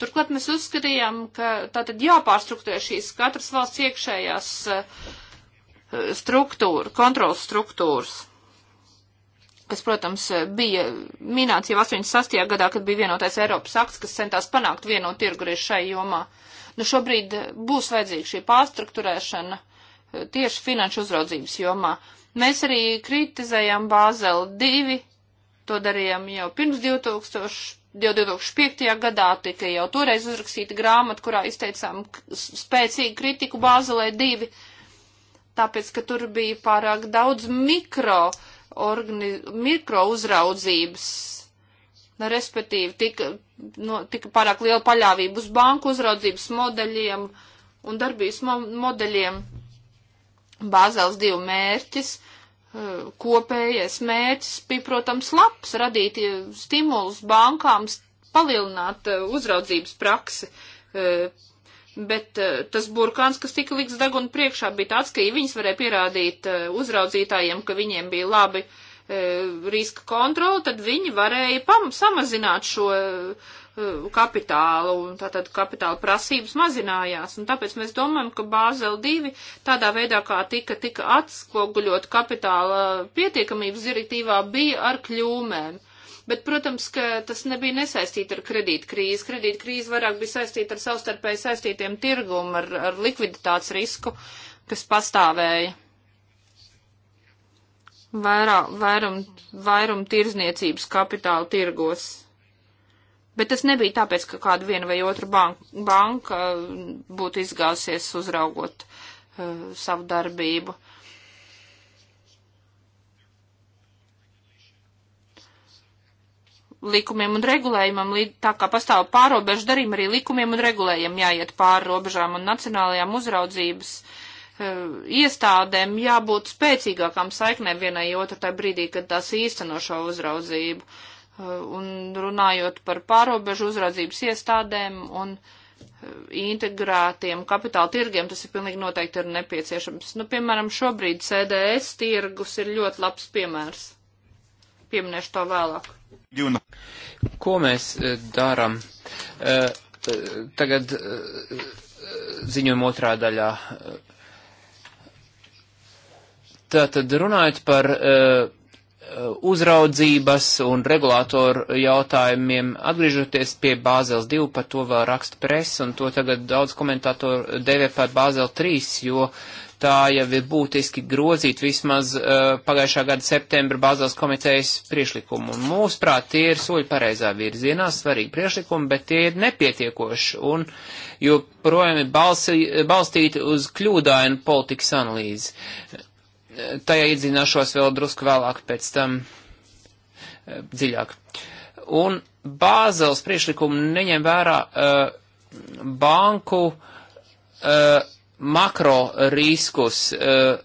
B: Turklāt mēs uzskatījām, ka tātad jāpārstruktūrē šīs katras valsts iekšējās uh, struktūra, kontrolas struktūras kas, protams, bija minēts jau 86. gadā, kad bija vienotais Eiropas akts, kas centās panākt vienotu tirgu arī šai jomā. Nu, šobrīd būs vajadzīga šī pārstruktūrēšana eh, tieši finanšu uzraudzības jomā. Mēs arī kritizējām Bāzeli 2, to darījām jau pirms 2000, 2005. gadā, tika jau toreiz uzrakstīta grāmata, kurā izteicām spēcīgu kritiku Bāzelē 2 tāpēc, ka tur bija pārāk daudz mikro organiz... mikrouzraudzības, respektīvi tika, no, tika pārāk liela paļāvība uz banku uzraudzības modeļiem un darbības mo modeļiem. Bāzēls divu mērķis, eh, kopējais mērķis bija, protams, labs, radīt eh, stimulus bankām, palielināt eh, uzraudzības praksi Bet uh, tas burkāns, kas tika liks deguna priekšā, bija tāds, ka ja viņas varēja pierādīt uh, uzraudzītājiem, ka viņiem bija labi uh, riska kontroli, tad viņi varēja pam samazināt šo kapitālu, un tātad kapitāla prasības mazinājās, un tāpēc mēs domājam, ka Bāzela 2 tādā veidā, kā tika, tika atspoguļot kapitāla pietiekamības direktīvā, bija ar kļūmēm. Bet, protams, ka tas nebija nesaistīti ar kredītkrīzi. Kredītkrīze vairāk bija saistīta ar savstarpēji saistītiem tirgumu, ar, ar likviditātes risku, kas pastāvēja vairāk, vairum, vairum tirzniecības kapitāla tirgos. Bet tas nebija tāpēc, ka kāda viena vai otra banka, banka būtu izgāzusies uzraugot uh, savu darbību. likumiem un regulējumam, tā kā pastāv pārobežu darījumi, arī likumiem un regulējumam jāiet pāri robežām un nacionālajām uzraudzības uh, iestādēm jābūt spēcīgākām saiknēm vienai otru tajā brīdī, kad tās īsteno šo uzraudzību. Uh, un runājot par pārobežu uzraudzības iestādēm un uh, integrētiem kapitāla tirgiem, tas ir pilnīgi noteikti ir nepieciešams. Nu, piemēram, šobrīd CDS tirgus ir ļoti labs piemērs. Pieminēšu to vēlāk.
C: Ko mēs eh, darām? Eh, tagad eh, ziņojuma otrā daļā. Tātad runājot par uzraudzības un regulātoru jautājumiem, atgriežoties pie Bāzels 2, par to vēl raksta presa, un to tagad daudz komentātoru devē par Bāzel 3, jo uh, tā jau ir būtiski grozīt vismaz uh, pagājušā gada septembra bāzās komitejas priešlikumu. Un mūsuprāt, tie ir soļi pareizā virzienā, svarīgi priešlikumi, bet tie ir nepietiekoši un joprojām ir balsi, balstīti uz kļūdainu politikas analīzi. Tajā iedzināšos vēl drusku vēlāk pēc tam uh, dziļāk. Un Bāzels priešlikumu neņem vērā uh, banku uh, makro riskus. Eh,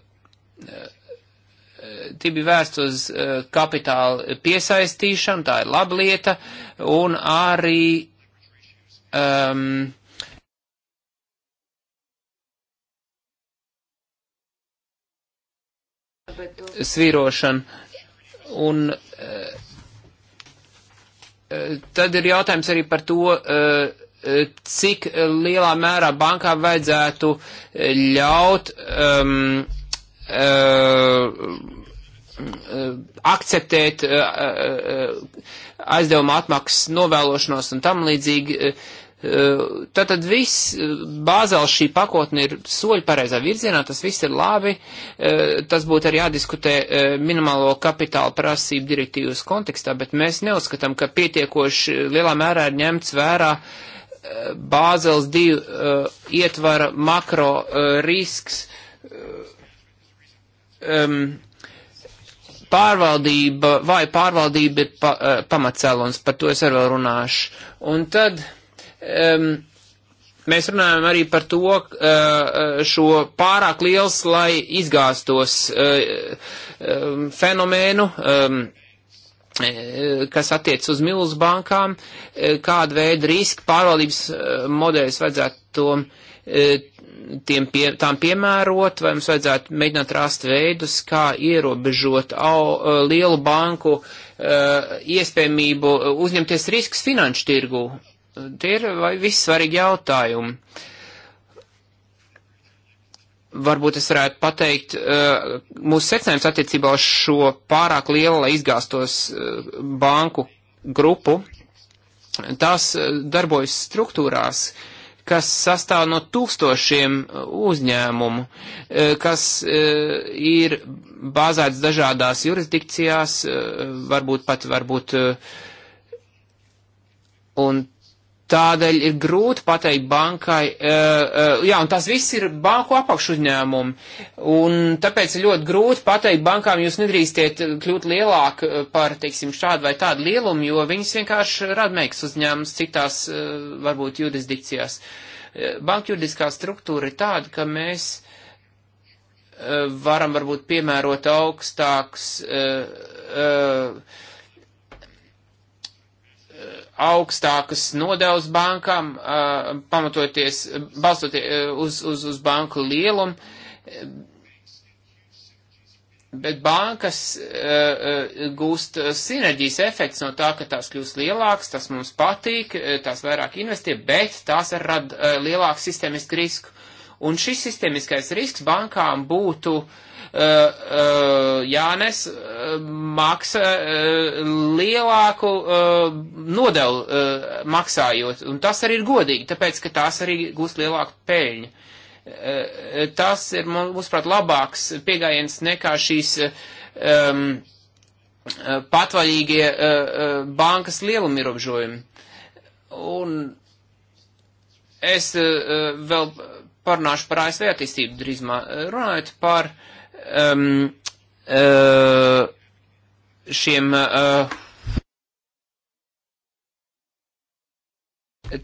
C: eh, tie bija vērst uz eh, kapitāla piesaistīšanu, tā ir laba lieta, un arī um, svīrošana. Un uh, tad ir jautājums arī par to, uh, cik lielā mērā bankām vajadzētu ļaut um, uh, akceptēt uh, uh, aizdevuma atmaksas novēlošanos un tam līdzīgi. Uh, Tātad viss bāzēl šī pakotne ir soļi pareizā virzienā, tas viss ir labi, uh, tas būtu arī jādiskutē uh, minimālo kapitāla prasību direktīvas kontekstā, bet mēs neuzskatām, ka pietiekoši lielā mērā ir ņemts vērā uh, Bāzels 2 uh, eh, ietvara makro uh, risks. Um, pārvaldība vai pārvaldība ir pa, uh, pamatcēlons, par to es arī vēl runāšu. Un tad um, mēs runājam arī par to uh, šo pārāk liels, lai izgāstos uh, um, fenomēnu. Um, Eh, kas attiec uz milzu bankām, eh, kāda veida riska pārvaldības eh, modeļus vajadzētu tom, tiem pie, tām piemērot, vai mums vajadzētu mēģināt rast veidus, kā ierobežot au, lielu banku iespējamību uzņemties risks finanšu tirgu. Tie ir visi svarīgi jautājumi. Uh, varbūt es varētu pateikt, eh, mūsu secinājums attiecībā uz šo pārāk lielu, lai izgāstos eh, banku grupu, tās eh, darbojas struktūrās, kas sastāv no tūkstošiem uzņēmumu, kas ir bāzēts dažādās jurisdikcijās, varbūt pat, varbūt, un Tādēļ ir grūti pateikt bankai, uh, uh, jā, un tas viss ir banku apakšuzņēmumi, un tāpēc ir ļoti grūti pateikt bankām, jūs nedrīkstiet kļūt lielāk par, teiksim, šādu vai tādu lielumu, jo viņas vienkārši radmeiks uzņēmums citās, uh, varbūt, jurisdikcijās. Banka juridiskā struktūra ir tāda, ka mēs uh, varam varbūt piemērot augstāks. Uh, uh, augstākas nodevas bankām, uh, pamatoties, balstoties uh, uz, uz, uz banku lielumu, bet bankas uh, gūst sinerģijas efekts no tā, ka tās kļūst lielākas, tas mums patīk, tās vairāk investē, bet tās rada lielāku sistēmisku risku. Un šis sistēmiskais risks bankām būtu uh, Eh, eh, Jānes eh, maksa lielāku nodevu maksājot, un tas arī ir godīgi, tāpēc, ka tās arī gūst lielāku peļņu. Tas ir, mūsuprāt, labāks piegājiens nekā šīs um, patvaļīgie uh, bankas lielumi ierobežojumi. Un es uh, vēl parunāšu par ASV attīstību drīzumā, runājot par uh, um, uh, šiem uh,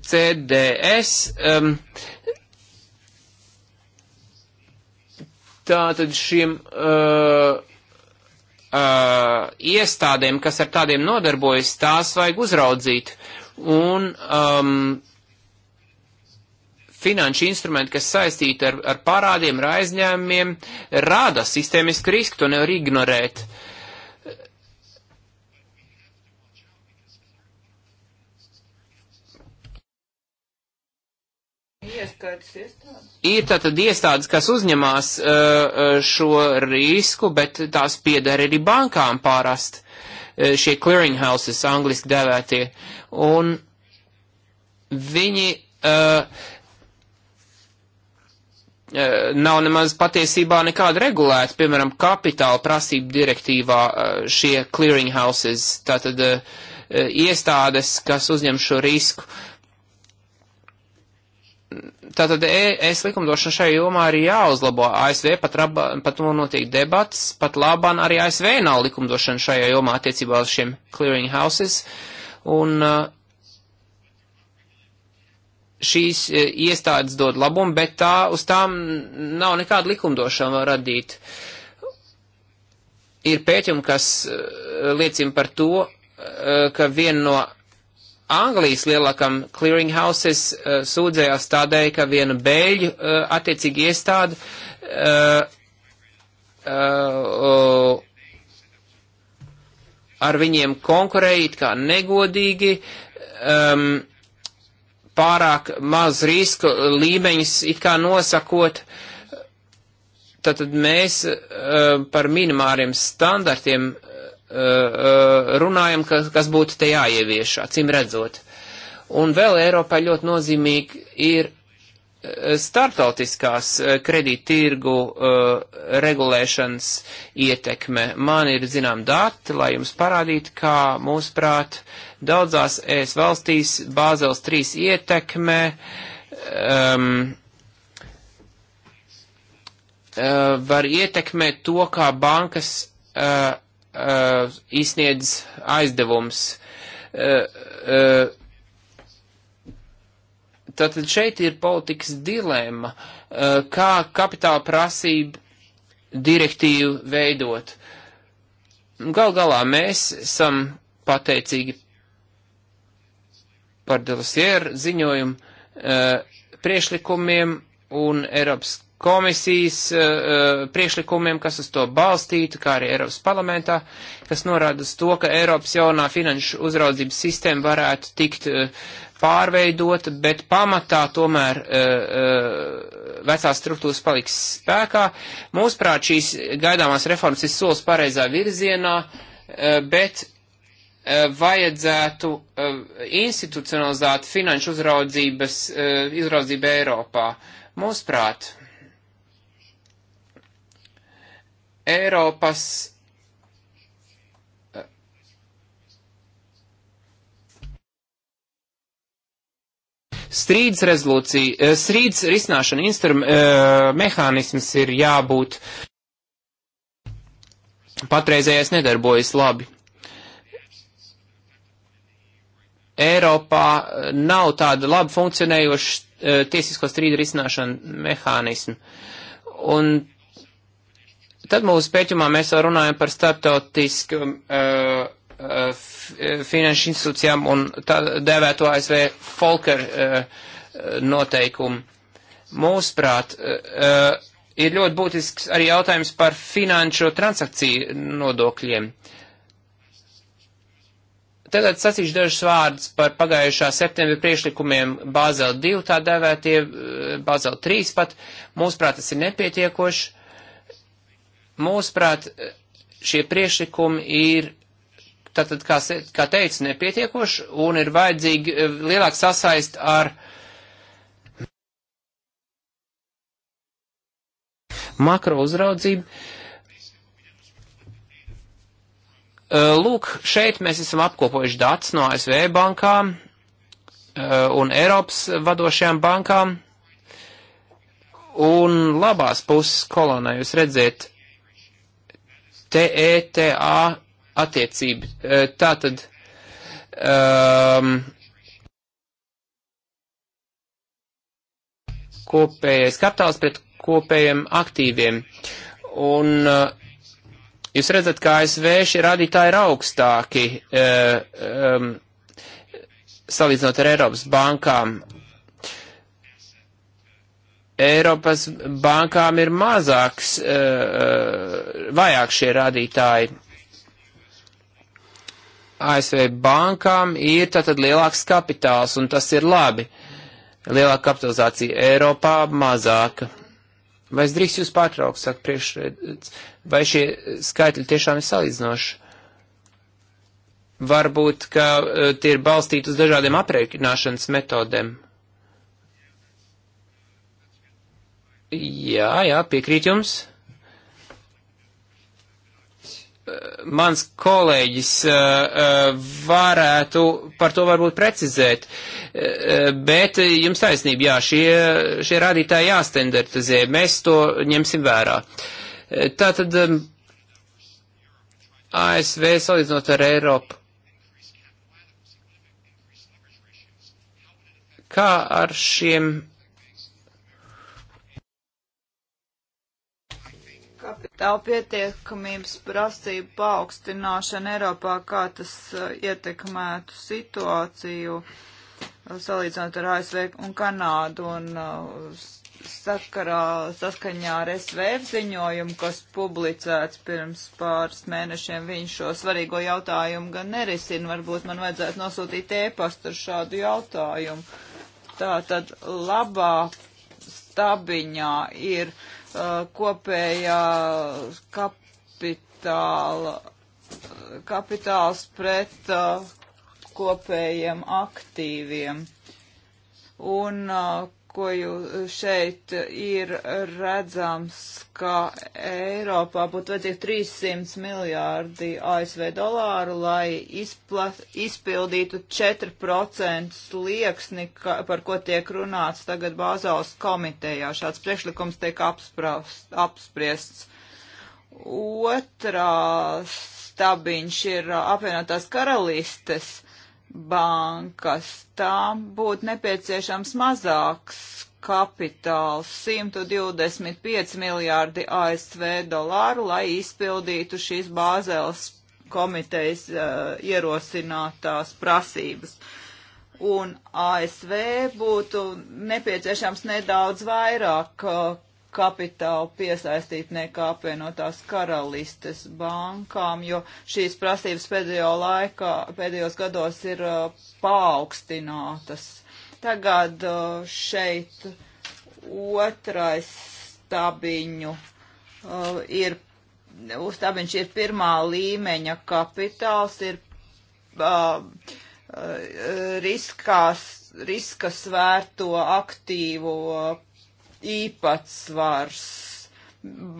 C: CDS. Um, tātad šiem uh, uh, iestādēm, kas ar tādiem nodarbojas, tās vajag uzraudzīt. Un um, finanšu instrumenti, kas saistīti ar, ar parādiem, ar aizņēmumiem, rada sistēmisku risku, to nevar ignorēt. Ir tātad iestādes, kas uzņemās uh, uh šo risku, bet tās piedara arī bankām pārast uh, šie clearinghouses, angliski dēvētie. Un viņi uh, Eh, nav nemaz patiesībā nekāda regulēta, piemēram, kapitāla prasība direktīvā eh, šie clearing houses, tātad eh, iestādes, kas uzņem šo risku. Tātad e- es likumdošanu šajā jomā arī jāuzlabo. ASV pat, raba, pat nu notiek debats, pat labāk arī ASV nav likumdošana šajā jomā attiecībā uz šiem clearing houses. Un uh, šīs e, iestādes dod labumu, bet tā, uz tām nav nekāda likumdošana radīta. Ir pētījumi, kas e, liecina par to, e, ka viena no Anglijas lielākam clearinghouses sūdzējās tādēļ, ka viena bēļu attiecīgi iestāde ar viņiem konkurēja it kā negodīgi. Um, pārāk maz riska līmeņus it kā nosakot, tad mēs eh, par minimāriem standartiem eh, eh, runājam, kas būtu te jāievieš, acīm redzot. Un vēl Eiropai ļoti nozīmīgi ir startautiskās eh, kredīttirgu uh, eh, regulēšanas ietekme. Man ir zinām dati, lai jums parādītu, kā mūsuprāt daudzās ES valstīs Bāzels 3 ietekme um, uh, var ietekmēt to, kā bankas uh, uh, izsniedz aizdevums. Uh, uh, Tātad šeit ir politikas dilema, eh, kā kapitāla prasība direktīvu veidot. Gal galā mēs esam pateicīgi par Delasieru ziņojumu eh, priešlikumiem un Eiropas komisijas uh, eh, priekšlikumiem, kas uz to balstītu, kā arī Eiropas parlamentā, kas norāda uz to, ka Eiropas jaunā finanšu uzraudzības sistēma varētu tikt uh, pārveidota, bet pamatā tomēr e, e, vecās struktūras paliks spēkā. Mūsuprāt, šīs gaidāmās reformas ir solis pareizā virzienā, e, bet vajadzētu institucionalizēt finanšu uzraudzības izraudzību Eiropā. Mūsuprāt, Eiropas Strīds rezolūcija, eh, strīds risināšana instrum, eh, mehānisms ir jābūt. Patreizējais nedarbojas labi. Eiropā eh, nav tāda labi funkcionējoša tiesisko strīdu risināšana mehānismu. Un tad mūsu pētījumā mēs jau runājam par starptautisku uh, Uh, finanšu institūcijām un tā dēvēto ASV Folker uh, noteikumu. Mūsuprāt, uh, ir ļoti būtisks arī jautājums par finanšu transakciju nodokļiem. Tagad sacīšu dažus vārdus par pagājušā septembra priešlikumiem Bāzel 2, tā dēvētie, Bāzel 3 pat. Mūsuprāt, tas ir nepietiekoši. Mūsuprāt, šie priešlikumi ir tātad, kā, kā teicu, nepietiekoši un ir vajadzīgi eh, lielāk sasaist ar makro uzraudzību. Eh, lūk, šeit mēs esam apkopojuši datus no ASV bankām eh, un Eiropas vadošajām bankām. Un labās puses kolonā jūs redzēt TETA attiecība. Eh, tātad. Um, kopējais kapitāls pret kopējiem aktīviem. Un uh, jūs redzat, ka ASV šie rādītāji ir augstāki uh, um, salīdzinot ar Eiropas bankām. Eiropas bankām ir mazāks, uh, vajāk šie rādītāji. ASV bankām ir tātad lielāks kapitāls, un tas ir labi. Lielāka kapitalizācija Eiropā mazāka. Vai es drīkst jūs pārtraukt, saka priekšredz, vai šie skaitļi tiešām ir salīdzinoši? Varbūt, ka uh, tie ir balstīti uz dažādiem aprēķināšanas metodēm. Jā, jā, piekrīt jums mans kolēģis eh, eh, varētu par to varbūt precizēt, eh, bet jums taisnība, jā, šie, šie rādītāji jāstandartizē, mēs to ņemsim vērā. Tātad ASV salīdzinot ar Eiropu. Kā ar šiem
A: kapitāla pietiekamības prasību paaugstināšana Eiropā, kā tas uh, ietekmētu situāciju uh, salīdzinot ar ASV un Kanādu un uh, sakarā, saskaņā ar SVF ziņojumu, kas publicēts pirms pāris mēnešiem, viņš šo svarīgo jautājumu gan nerisina. Varbūt man vajadzētu nosūtīt ēpastu ar šādu jautājumu. Tā tad labā stabiņā ir uh, Uh, kopējā kapitāla, kapitāls pret uh, kopējiem aktīviem. Un uh, ko jūs šeit ir redzams, ka Eiropā būtu vajadzīgi 300 miljārdi ASV dolāru, lai izplat, izpildītu 4% lieksni, ka, par ko tiek runāts tagad Bāzāles komitejā. Šāds priekšlikums tiek apspraust, apspriests. Otrā stabiņš ir apvienotās karalistes bankas. Tām būtu nepieciešams mazāks kapitāls 125 miljārdi ASV dolāru, lai izpildītu šīs bāzēlas komitejas uh, ierosinātās prasības. Un ASV būtu nepieciešams nedaudz vairāk uh, kapitālu piesaistīt nekā apvienotās karalistes bankām, jo šīs prasības pēdējo laikā, pēdējos gados ir uh, paaugstinātas. Tagad uh, šeit otrais stabiņu uh, ir, stabiņš ir pirmā līmeņa kapitāls, ir uh, uh, riskās, riska svērto aktīvu uh, īpatsvars.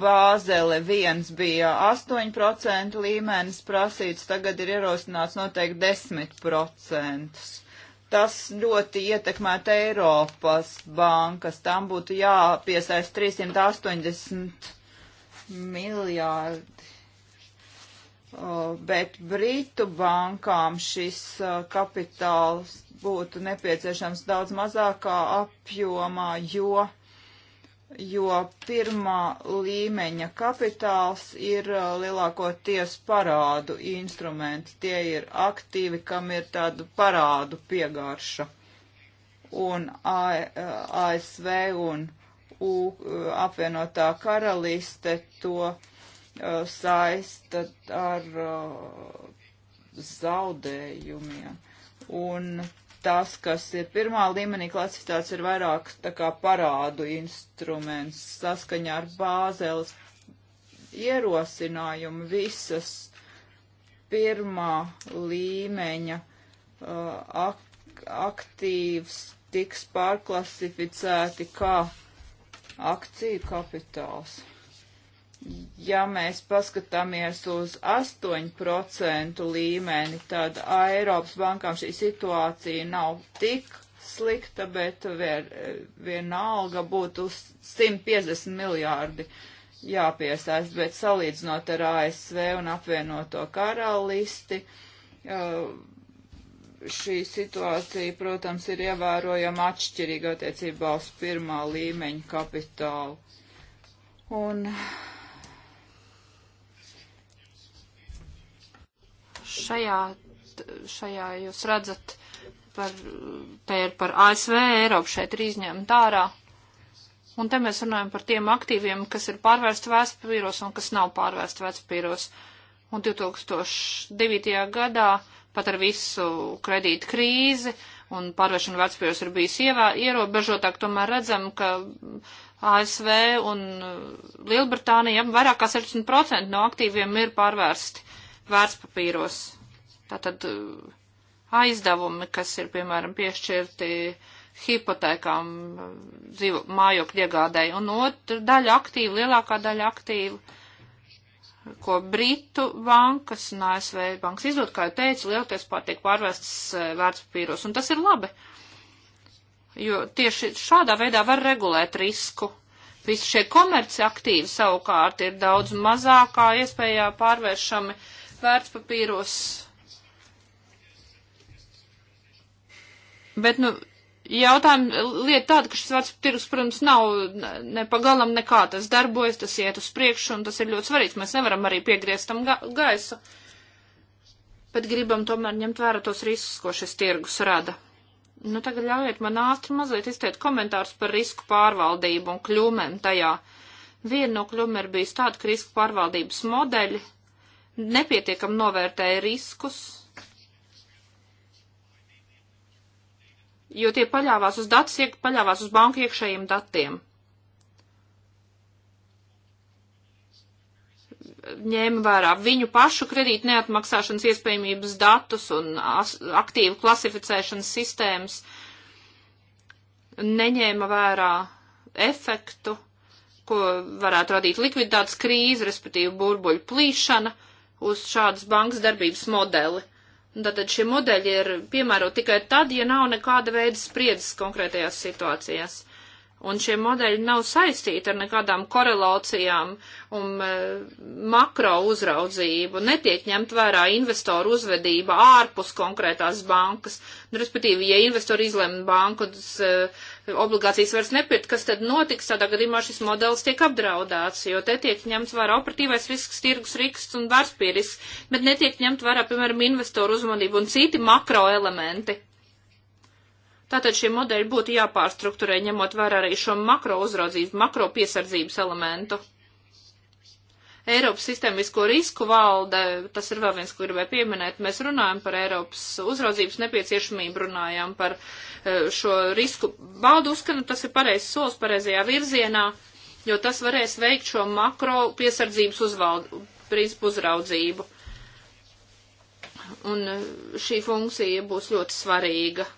A: Bāzele 1 bija 8% līmenis prasīts, tagad ir ierosināts noteikti 10%. Tas ļoti ietekmētu Eiropas bankas. Tam būtu jāpiesaist 380 miljārdi. Bet Britu bankām šis kapitāls būtu nepieciešams daudz mazākā apjomā, jo jo pirmā līmeņa kapitāls ir uh, lielākoties parādu instrumenti. Tie ir aktīvi, kam ir tāda parādu piegārša. Un ASV uh, un U, uh, apvienotā karaliste to saista ar zaudējumiem. Un tas, kas ir pirmā līmenī klasificēts, ir vairāk tā kā parādu instruments saskaņā ar bāzeles ierosinājumu visas pirmā līmeņa uh, ak aktīvs tiks pārklasificēti kā akciju kapitāls ja mēs paskatāmies uz 8% līmeni, tad Eiropas bankām šī situācija nav tik slikta, bet vien, vienalga būtu 150 miljārdi jāpiesaist, bet salīdzinot ar ASV un apvienoto karalisti, uh, šī situācija, protams, ir ievērojama atšķirīga attiecībā uz pirmā līmeņa kapitālu. Un
B: šajā, šajā jūs redzat par, pēr par ASV, Eiropu šeit ir izņemta ārā. Un te mēs runājam par tiem aktīviem, kas ir pārvērsti vēstpapīros un kas nav pārvērsti vēstpapīros. Un 2009. gadā pat ar visu kredītu krīzi un pārvēršanu vecpējos ir bijis ievā, ierobežotāk, tomēr redzam, ka ASV un Lielbritānija vairāk kā 60% no aktīviem ir pārvērsti vērtspapīros. Tātad uh, aizdevumi, kas ir, piemēram, piešķirti hipotēkām uh, dzīvo, mājokļu iegādēji, un otra daļa aktīva, lielākā daļa aktīva, ko Britu bankas un ASV bankas izdod, kā jau teicu, lielties pārtiek pārvestas uh, vērtspapīros, un tas ir labi, jo tieši šādā veidā var regulēt risku. Visi šie komerci aktīvi savukārt ir daudz mazākā iespējā pārvēršami uh, vērtspapīros. Bet, nu, jautājuma lieta tāda, ka šis vārds tirgus, protams, nav nepagalam ne nekā tas darbojas, tas iet uz priekšu un tas ir ļoti svarīgs. Mēs nevaram arī piegriezt tam ga gaisu, bet gribam tomēr ņemt vērā tos riskus, ko šis tirgus rada. Nu, tagad ļaujiet man ātri mazliet izteikt komentārus par risku pārvaldību un kļūmēm tajā. Viena no kļūmēm ir bijis tāda, ka risku pārvaldības modeļi nepietiekam novērtēja riskus, jo tie paļāvās uz datus, paļāvās uz banku iekšējiem datiem. ņēma vērā viņu pašu kredītu neatmaksāšanas iespējamības datus un aktīvu klasificēšanas sistēmas, neņēma vērā efektu, ko varētu radīt likviditātes krīze, respektīvi burbuļu plīšana – uz šādas bankas darbības modeli. Tātad šie modeļi ir piemēroti tikai tad, ja nav nekāda veida spriedzes konkrētajās situācijās. Un šie modeļi nav saistīti ar nekādām korelācijām un e, makro uzraudzību. Netiek ņemt vērā investoru uzvedība ārpus konkrētās bankas. Nu, respektīvi, ja investori izlemj banku e, obligācijas vairs nepirkt, kas tad notiks? Tādā gadījumā šis modelis tiek apdraudēts, jo te tiek ņemts vērā operatīvais risks, tirgus risks un vērtspierisks, bet netiek ņemt vērā, piemēram, investoru uzmanību un citi makro elementi. Tātad šie modeļi būtu jāpārstruktūrē, ņemot vērā arī šo makro uzraudzību, makro piesardzības elementu. Eiropas sistēmisko risku valde, tas ir vēl viens, ko gribēju pieminēt, mēs runājam par Eiropas uzraudzības nepieciešamību, runājam par e, šo risku baudu uzskatu, tas ir pareizs solis pareizajā virzienā, jo tas varēs veikt šo makro piesardzības uzvaldu, principu uzraudzību. Un e, šī funkcija būs ļoti svarīga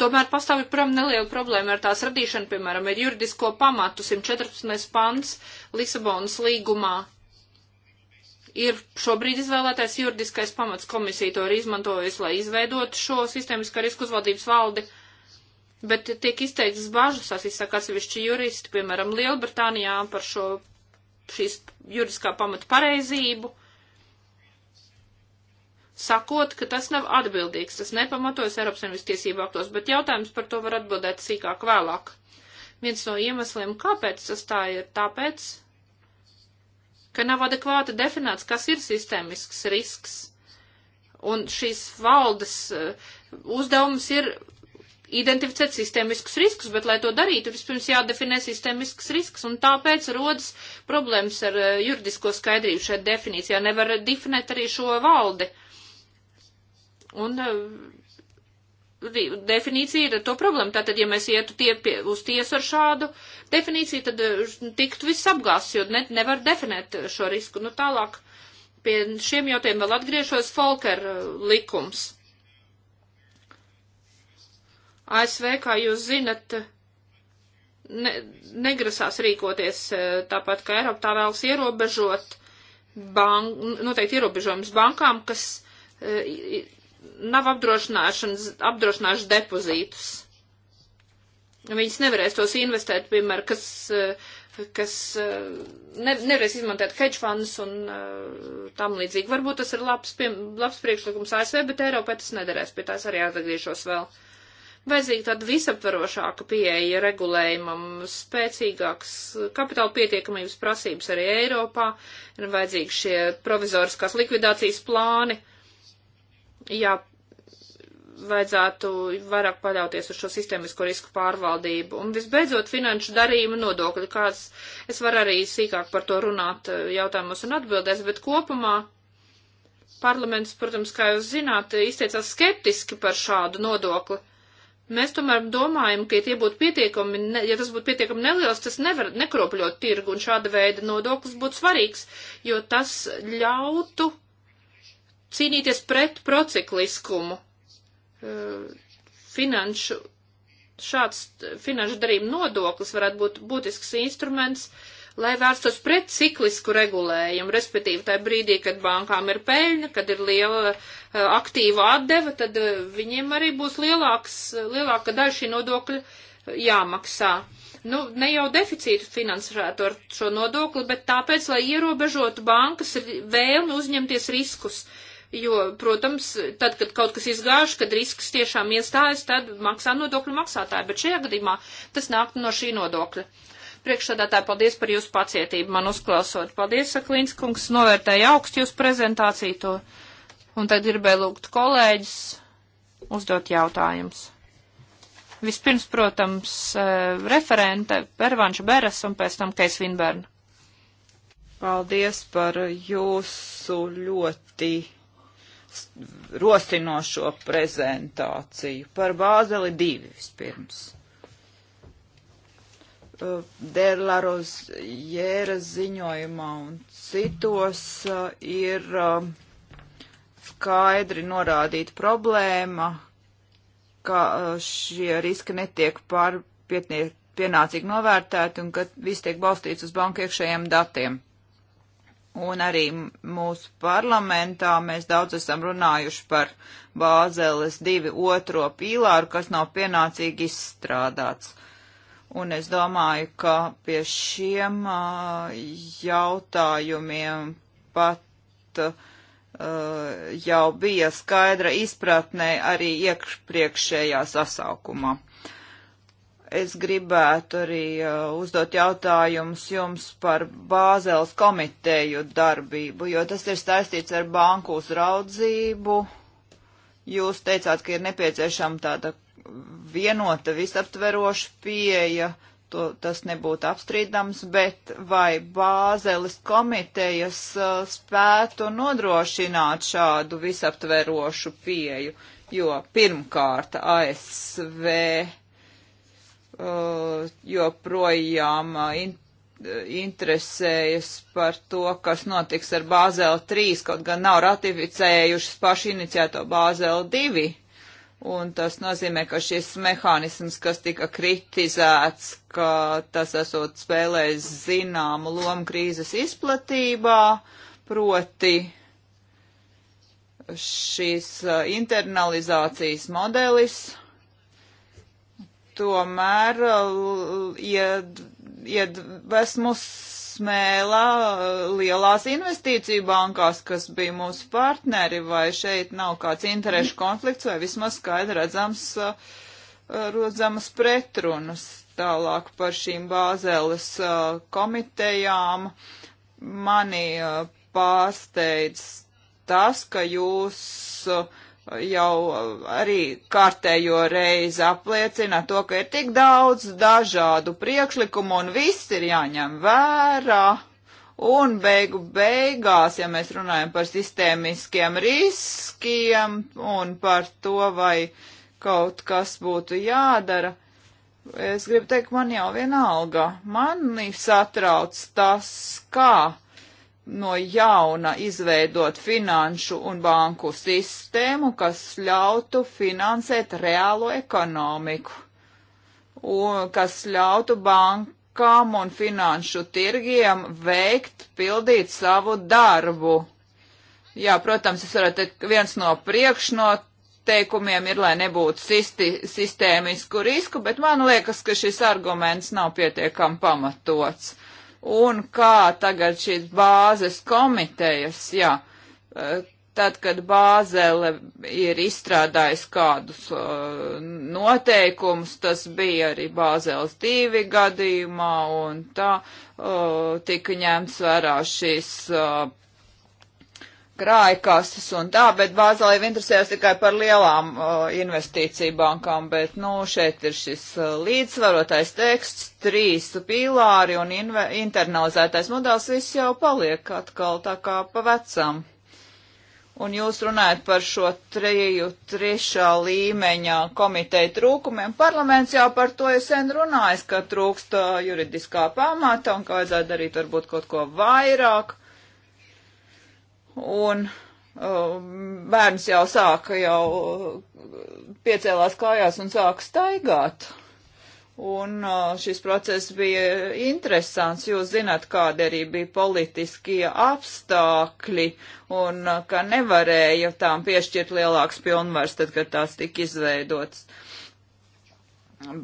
B: Tomēr pastāv, protams, neliela problēma ar tās radīšanu, piemēram, ar juridisko pamatu 114. pants Lisabonas līgumā. Ir šobrīd izvēlētais juridiskais pamats komisija to ir izmantojusi, lai izveidotu šo sistēmiskā riska uzvaldības valdi, bet tiek izteiktas bažas, tas izsaka atsevišķi juristi, piemēram, Lielbritānijā par šo šīs juridiskā pamata pareizību sakot, ka tas nav atbildīgs, tas nepamatojas Eiropas Savienības tiesību aktos, bet jautājums par to var atbildēt sīkāk vēlāk. Viens no iemesliem, kāpēc tas tā ir, tāpēc, ka nav adekvāti definēts, kas ir sistēmisks risks. Un šīs valdes eh, uzdevums ir identificēt sistēmiskus riskus, bet, lai to darītu, vispirms jādefinē sistēmisks risks, un tāpēc rodas problēmas ar eh, juridisko skaidrību šeit definīcijā. Nevar definēt arī šo valdi. Un eh, definīcija ir to problēma. Tātad, ja mēs ietu tie pie, uz tiesu ar šādu definīciju, tad eh, tiktu viss apgāsts, jo ne, nevar definēt šo risku. Nu, tālāk pie šiem jautājumiem vēl atgriežos Folker eh, likums. ASV, kā jūs zinat, ne, negrasās rīkoties tāpat, kā Eiropa tā vēlas ierobežot bank, noteikti ierobežojums bankām, kas nav apdrošinājuši depozītus. Viņas nevarēs tos investēt, piemēram, kas, eh, kas eh, ne, nevarēs izmantot hedge funds un eh, tam līdzīgi. Varbūt tas ir labs, pie, labs priekšlikums ASV, bet Eiropai tas nederēs, pie tās arī atgriežos vēl. Vajadzīga tāda visaptvarošāka pieeja regulējumam, spēcīgāks kapitāla pietiekamības prasības arī Eiropā, ir vajadzīgi šie provizoriskās likvidācijas plāni jā, vajadzētu vairāk paļauties uz šo sistēmisko risku pārvaldību. Un visbeidzot, finanšu darījuma nodokļi, kāds es varu arī sīkāk par to runāt eh, jautājumos un atbildēs, bet kopumā parlaments, protams, kā jūs zināt, izteicās skeptiski par šādu nodokli. Mēs tomēr domājam, ka ja tie būtu pietiekami, ne, ja tas būtu pietiekami neliels, tas nevar nekropļot tirgu, un šāda veida nodoklis būtu svarīgs, jo tas ļautu uh, cīnīties pret procikliskumu. E, finanšu, šāds finanšu darījuma nodoklis varētu būt būtisks instruments, lai vērstos pret ciklisku regulējumu, respektīvi tajā brīdī, kad bankām ir peļņa, kad ir liela e, aktīva atdeva, tad e, viņiem arī būs lielāks, lielāka daļa šī nodokļa jāmaksā nu, ne jau deficītu finansētu ar šo nodokli, bet tāpēc, lai ierobežotu bankas vēlmi uzņemties riskus jo, protams, tad, kad kaut kas izgāž, kad risks tiešām iestājas, tad maksā nodokļu maksātāji, bet šajā gadījumā tas nāk no šī nodokļa. Priekšsādātāji, paldies par jūsu pacietību man uzklausot. Paldies, Saklīns kungs, novērtēja augstu jūsu prezentāciju to. Un tad gribēju lūgt kolēģis uzdot jautājumus. Vispirms, protams, eh, referente Pervanša Beres un pēc tam Keis Vinberna.
A: Paldies par jūsu ļoti rosinošo prezentāciju par Bāzeli 2 vispirms. Uh, Derlaros Jēras ziņojumā un citos uh, ir uh, skaidri norādīta problēma, ka šie riski netiek pārpietnieki pienācīgi novērtēti un ka viss tiek balstīts uz banku iekšējiem datiem. Un arī mūsu parlamentā mēs daudz esam runājuši par Bāzeles divi otro pīlāru, kas nav pienācīgi izstrādāts. Un es domāju, ka pie šiem jautājumiem pat uh, jau bija skaidra izpratnē arī iepriekšējā sasaukumā. Es gribētu arī uh, uzdot jautājumus jums par Bāzēlas komiteju darbību, jo tas ir saistīts ar banku uzraudzību. Jūs teicāt, ka ir nepieciešama tāda vienota, visaptveroša pieeja, to, tas nebūtu apstrīdams, bet vai Bāzeles komitejas uh, spētu nodrošināt šādu visaptverošu pieeju, jo pirmkārt ASV Uh, joprojām uh, in, uh, interesējas par to, kas notiks ar Bāzeli 3, kaut gan nav ratificējušas paši iniciēto Bāzeli 2. Un tas nozīmē, ka šis mehānisms, kas tika kritizēts, ka tas esot spēlējis zināmu lomu krīzes izplatībā, proti šīs internalizācijas modelis, tomēr uh, ied, iedvesmu smēlā uh, lielās investīciju bankās, kas bija mūsu partneri, vai šeit nav kāds interešu konflikts, vai vismaz skaidri redzams, uh, rodzamas pretrunas tālāk par šīm bāzēles komitejām. Mani pārsteidz tas, ka jūs uh, jau arī kārtējo reizi apliecina to, ka ir tik daudz dažādu priekšlikumu un viss ir jāņem vērā. Un beigu beigās, ja mēs runājam par sistēmiskiem riskiem un par to, vai kaut kas būtu jādara, es gribu teikt, man jau vienalga. Mani satrauc tas, kā no jauna izveidot finanšu un banku sistēmu, kas ļautu finansēt reālo ekonomiku, un kas ļautu bankām un finanšu tirgiem veikt, pildīt savu darbu. Jā, protams, es varētu teikt, viens no priekšnot teikumiem ir, lai nebūtu sisti, sistēmisku risku, bet man liekas, ka šis arguments nav pietiekami pamatots un kā tagad šīs bāzes komitejas, jā, e, tad, kad Bāzele ir izstrādājis kādus uh, noteikumus, tas bija arī Bāzeles divi gadījumā, un tā uh, tika ņemts vērā šīs uh, krājkases un tā, bet Bāzelē interesējas tikai par lielām uh, investīciju bankām, bet, nu, šeit ir šis uh, līdzsvarotais teksts, trīs pīlāri un internalizētais modelis, viss jau paliek atkal tā kā pa vecam. Un jūs runājat par šo treju, trešā līmeņa komiteju trūkumiem. Parlaments jau par to ir sen runājis, ka trūkst uh, juridiskā pamata un ka vajadzētu darīt varbūt kaut ko vairāk un um, bērns jau sāka jau piecēlās kājās un sāka staigāt. Un uh, šis process bija interesants. Jūs zināt, kāda arī bija politiskie apstākļi un uh, ka nevarēja tām piešķirt lielāks pilnvars, tad, kad tās tika izveidotas.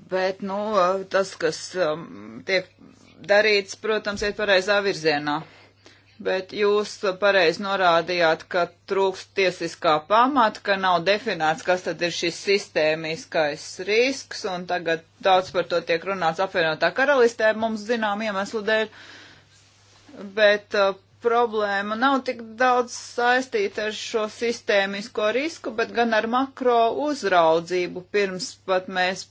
A: Bet, nu, uh, tas, kas um, tiek darīts, protams, iet pareizā virzienā bet jūs pareizi norādījāt, ka trūkst tiesiskā pamata, ka nav definēts, kas tad ir šis sistēmiskais risks, un tagad daudz par to tiek runāts apvienotā karalistē mums zinām iemeslu dēļ, bet uh, problēma nav tik daudz saistīta ar šo sistēmisko risku, bet gan ar makro uzraudzību pirms pat mēs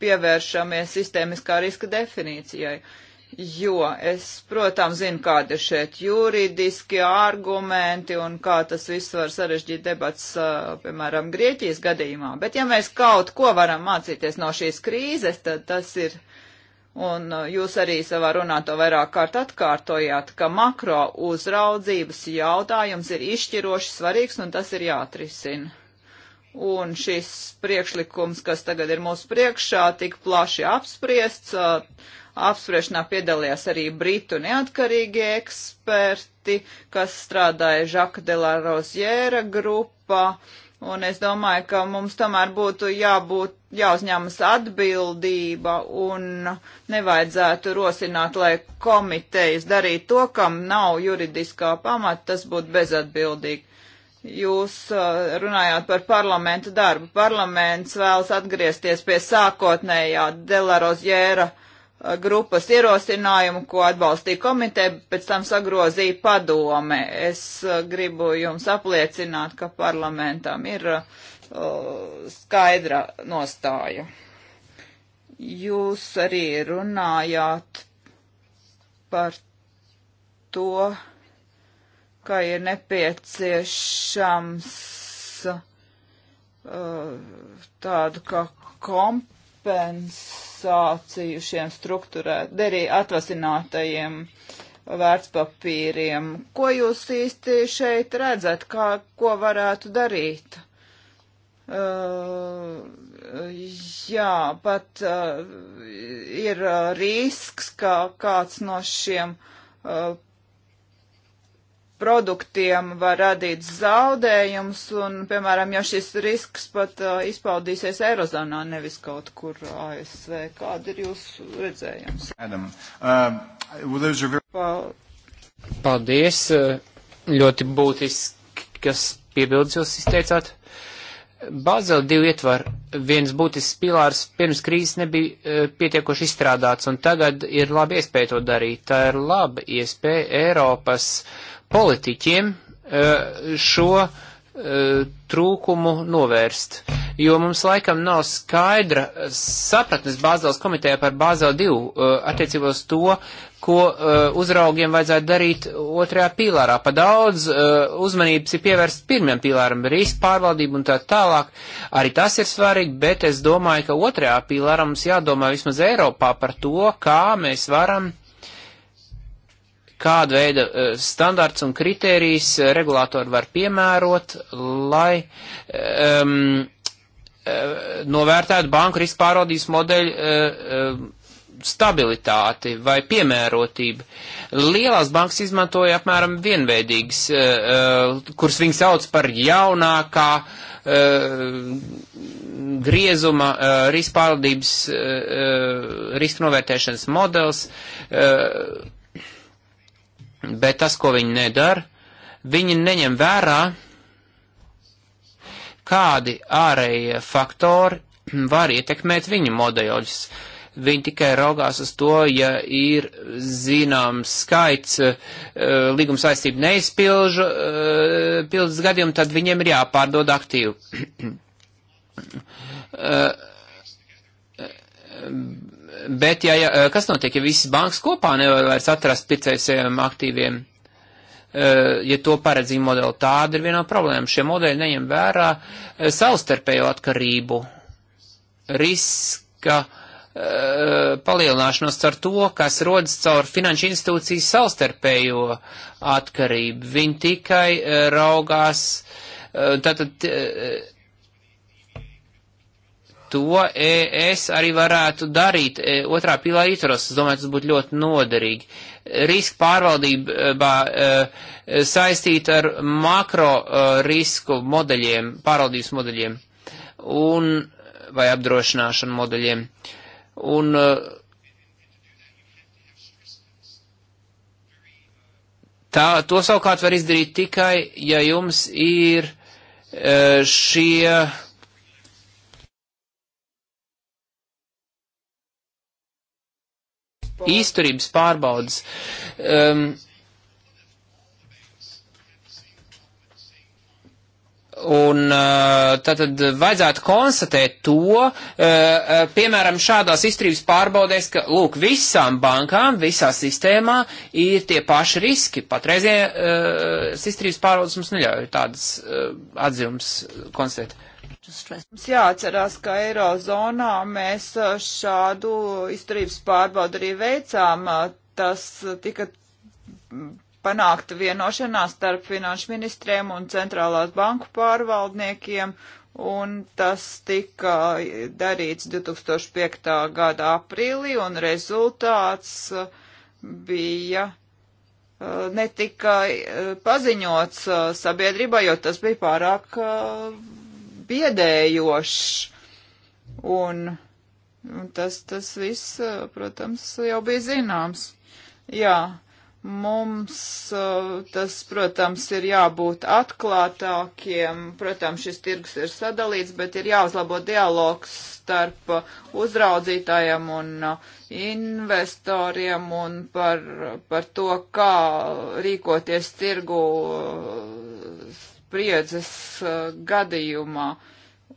A: pievēršamies sistēmiskā riska definīcijai. Uh, jo es, protams, zinu, kāda ir šeit juridiski argumenti un kā tas viss var sarežģīt debats, piemēram, Grieķijas gadījumā. Bet ja mēs kaut ko varam mācīties no šīs krīzes, tad tas ir. Un jūs arī savā runā to vairāk kārt atkārtojāt, ka makro uzraudzības jautājums ir izšķiroši svarīgs un tas ir jāatrisina. Un šis priekšlikums, kas tagad ir mūsu priekšā, tik plaši apspriests. Apspriešanā piedalījās arī britu neatkarīgie eksperti, kas strādāja Žaka de la Rozjēra grupā. Un es domāju, ka mums tomēr būtu jābūt, jāuzņemas atbildība un nevajadzētu rosināt, lai komitejas darītu to, kam nav juridiskā pamata, tas būtu bezatbildīgi. Jūs uh, runājāt par parlamentu darbu. Parlaments vēlas atgriezties pie sākotnējā Delarozjēra uh, grupas ierosinājumu, ko atbalstīja komiteja, pēc tam sagrozīja padome. Es uh, gribu jums apliecināt, ka parlamentam ir uh, skaidra nostāja. Jūs arī runājāt par to, uh, ka ir nepieciešams uh, tādu kā kompensāciju šiem struktūrēt, derī atvasinātajiem vērtspapīriem. Ko jūs īsti šeit redzat, kā, ko varētu darīt? Uh, jā, pat uh, ir risks, ka kāds no šiem uh, produktiem var radīt zaudējums, un, piemēram, ja šis risks pat uh, izpaudīsies Eirozonā, nevis kaut kur uh, ASV, kāda
C: ir jūsu redzējums? Adam, um, uh, well, your... Paldies, ļoti būtiski, kas piebildes jūs izteicāt. Bāzeli divi ietvar, viens būtisks pilārs pirms krīzes nebija e, pietiekoši izstrādāts, un tagad ir laba iespēja to darīt. Tā ir laba iespēja Eiropas politiķiem eh, šo eh, trūkumu novērst. Jo mums laikam nav skaidra eh, sapratnes Bāzēlas komitejā par Bāzēlu 2 attiecībos to, ko uzraugiem vajadzētu darīt otrajā pīlārā. Pa daudz uzmanības ir pievērst pirmajam pīlāram, riska pārvaldību un tā tālāk. Arī tas ir svarīgi, bet es domāju, ka otrajā pīlārā mums jādomā vismaz Eiropā par to, kā mēs varam uh, kāda veida eh, standarts un kritērijs eh, regulātori var piemērot, lai um, novērtētu banku riska pārvaldības modeļu um, stabilitāti vai piemērotību. Lielās bankas izmantoja apmēram vienveidīgas, uh, kuras viņi sauc par jaunākā uh, griezuma uh, riska pārvaldības, riska novērtēšanas modelis bet tas, ko viņi nedara, viņi neņem vērā, kādi ārējie faktori var ietekmēt viņu modeļus. Viņi tikai raugās uz to, ja ir zināms skaits uh, eh, līguma saistību neizpilžu uh, eh, gadījumu, tad viņiem ir jāpārdod aktīvi. uh, Bet, ja, ja, eh, kas notiek, ja visas bankas kopā nevar vairs atrast pircējiem aktīviem? Eh, ja to paredzīja modeli, tāda ir viena problēma. Šie modeļi neņem vērā eh, savstarpējo atkarību, riska palielināšanos ar to, kas rodas caur finanšu institūciju savstarpējo atkarību. Viņi tikai raugās, tātad to e, es arī varētu darīt e, otrā pilā ietvaros. Es domāju, tas būtu ļoti noderīgi. Riska pārvaldībā e, saistīta ar makro risku modeļiem, pārvaldības modeļiem un, vai apdrošināšanu modeļiem. Un, tā, to savukārt var izdarīt tikai, ja jums ir šie īsturības pārbaudas. Um, Un uh, tātad vajadzētu konstatēt to, uh, uh, piemēram, šādās izturības pārbaudēs, ka, lūk, visām bankām, visā sistēmā ir tie paši riski. Patreizie izturības pārbaudas mums neļauj tādas atzīmes konstatēt.
A: Mums jāatcerās, ka Eirozonā mēs šādu izturības pārbaudu arī veicām. Tas tika panākta vienošanās starp finanšu ministriem un centrālās banku pārvaldniekiem, un tas tika darīts 2005. gada aprīlī, un rezultāts bija netika paziņots sabiedrībā, jo tas bija pārāk biedējošs. Un, un tas, tas viss, eh, protams, jau bija zināms. Jā, mums eh, tas, protams, ir jābūt atklātākiem. Protams, šis tirgus ir sadalīts, bet ir jāuzlabo dialogs starp eh, uzraudzītājiem un investoriem un par, par to, kā rīkoties tirgu spriedzes uh, gadījumā.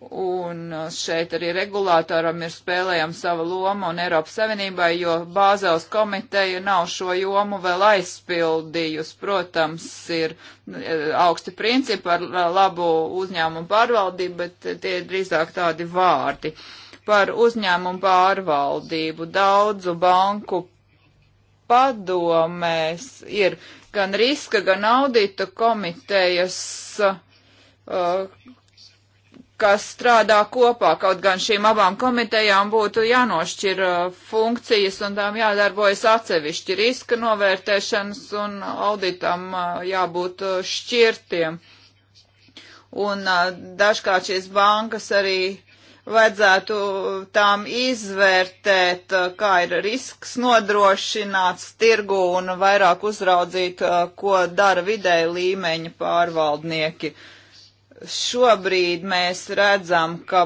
A: Un uh, šeit arī regulātoram ir spēlējama sava loma un Eiropas Savienībai, jo Bāzels komiteja nav šo jomu vēl aizpildījusi. Protams, ir uh, augsti principi ar uh, labu uzņēmumu pārvaldību, bet tie ir drīzāk tādi vārdi. Par uzņēmumu pārvaldību daudzu banku padomēs ir gan riska, gan audita komitejas, uh, kas strādā kopā. Kaut gan šīm abām komitejām būtu jānošķir uh, funkcijas un tām jādarbojas atsevišķi. Riska novērtēšanas un auditam uh, jābūt šķirtiem. Un dažkārt šīs bankas arī uh, vajadzētu tām izvērtēt, uh, kā ir risks nodrošināts tirgu un vairāk uzraudzīt, uh, ko dara vidēja līmeņa pārvaldnieki. Šobrīd mēs redzam, ka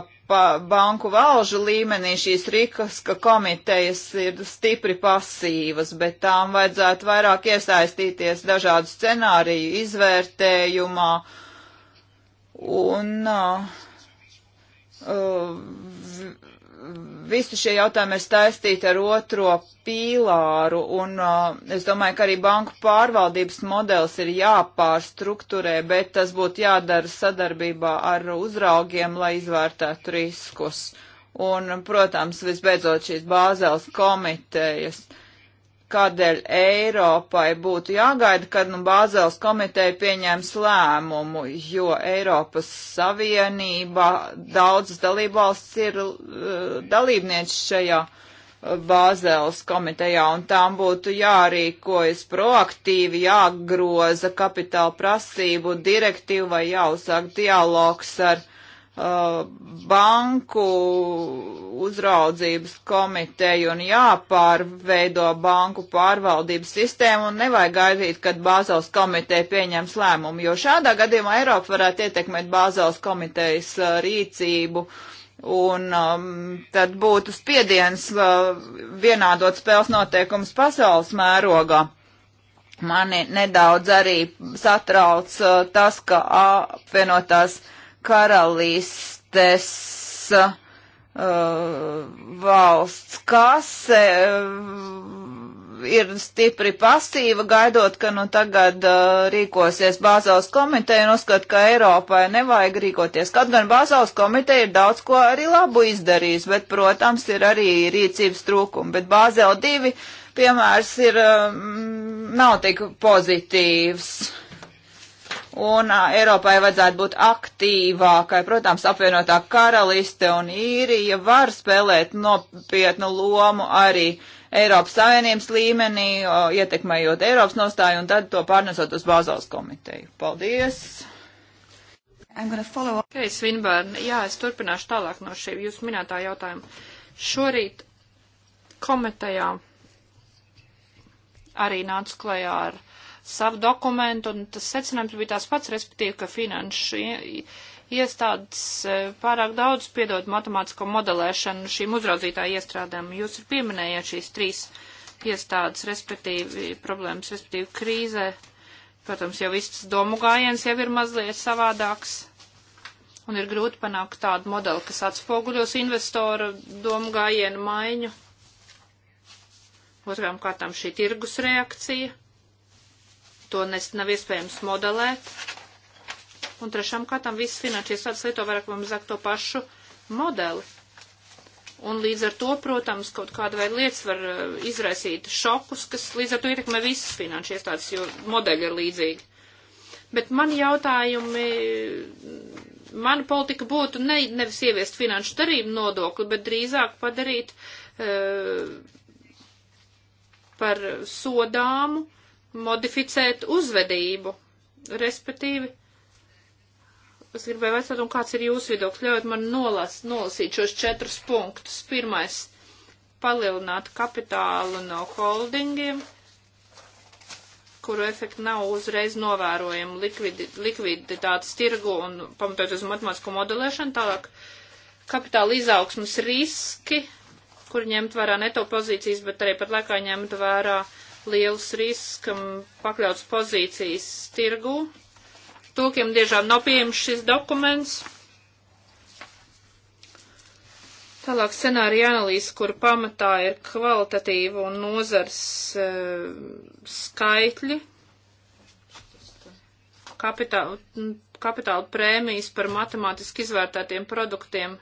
A: banku valžu līmenī šīs riska komitejas ir stipri pasīvas, bet tām vajadzētu vairāk iesaistīties dažādu scenāriju izvērtējumā. Un uh, Uh, visi šie jautājumi ir saistīti ar otro pīlāru, un uh, es domāju, ka arī banku pārvaldības modelis ir jāpārstrukturē, bet tas būtu jādara sadarbībā ar uzraugiem, lai izvērtētu riskus. Un, protams, visbeidzot šīs bāzēlas komitejas uh, kādēļ Eiropai būtu jāgaida, kad nu Bāzels komiteja pieņems lēmumu, jo Eiropas Savienība daudzas dalībvalsts ir uh, dalībnieci šajā uh, Bāzēlas komitejā, un tām būtu jārīkojas proaktīvi, jāgroza kapitāla prasību direktīva vai jāuzsāk dialogs ar uh, banku uzraudzības komiteju un jāpārveido banku pārvaldības sistēmu un nevajag gaidīt, kad Bāzels komiteja pieņems lēmumu, jo šādā gadījumā Eiropa varētu ietekmēt Bāzels komitejas uh, rīcību un um, tad būtu spiediens uh, vienādot spēles noteikumus pasaules mērogā. Mani nedaudz arī satrauc uh, tas, ka apvienotās karalistes uh, Uh, valsts kase uh, ir stipri pasīva, gaidot, ka nu tagad uh, rīkosies Bāzels komiteja un uzskat, ka Eiropai nevajag rīkoties. Kaut gan Bāzels komiteja ir daudz ko arī labu izdarījis, bet, protams, ir arī rīcības trūkumi. Bet Bāzel 2 piemērs ir, um, nav tik pozitīvs. Uh, un Eiropai vajadzētu būt aktīvākai. Protams, apvienotā karaliste un īrija var spēlēt nopietnu lomu arī Eiropas Savienības līmenī, ietekmējot Eiropas nostāju un tad to pārnesot uz Bāzals komiteju. Paldies!
B: Okay, Svinbērn, jā, es turpināšu tālāk no šī jūsu minētā jautājuma. Šorīt komitejā arī nācu klajā ar savu dokumentu, un tas secinājums bija tās pats, respektīvi, ka finanšu iestādes e, pārāk daudz piedod matemātisko modelēšanu šīm uzraudzītāju iestrādēm. Jūs ir pieminējāt šīs trīs iestādes, respektīvi problēmas, respektīvi krīzē. Protams, jau viss domu gājiens jau ir mazliet savādāks. Un ir grūti panākt tādu modeli, kas atspoguļos investoru domu gājienu maiņu. Otrām kārtām šī tirgus reakcija to nes, nav iespējams modelēt. Un trešām kārtām visas finanšu iestādes lieto vairāk vai mazāk to pašu modeli. Un līdz ar to, protams, kaut kāda veida lietas var eh, izraisīt šokus, kas līdz ar to ietekmē visas finanšu iestādes, jo modeļi ir līdzīgi. Bet mani jautājumi, mana politika būtu ne, nevis ieviest finanšu darījumu nodokli, bet drīzāk padarīt uh, par sodāmu modificēt uzvedību, respektīvi. Es gribēju vaicāt, un kāds ir jūsu viedoklis? Ļaujiet man nolas, nolasīt šos četrus punktus. Pirmais - palielināt kapitālu no holdingiem, kuru efekti nav uzreiz novērojami likvidi, likviditātes tirgu un pamatot uz matemātisko modelēšanu. Tālāk kapitāla izaugsmas riski, kur ņemt vērā neto pozīcijas, bet arī pat laikā ņemt vērā uh, liels riskam pakļauts pozīcijas tirgu. Tūkiem diežām nav pieejams šis dokuments. Tālāk scenārija analīze, kur pamatā ir kvalitatīva un nozars e, skaitļi, kapitāla, kapitāla prēmijas par matemātiski izvērtētiem produktiem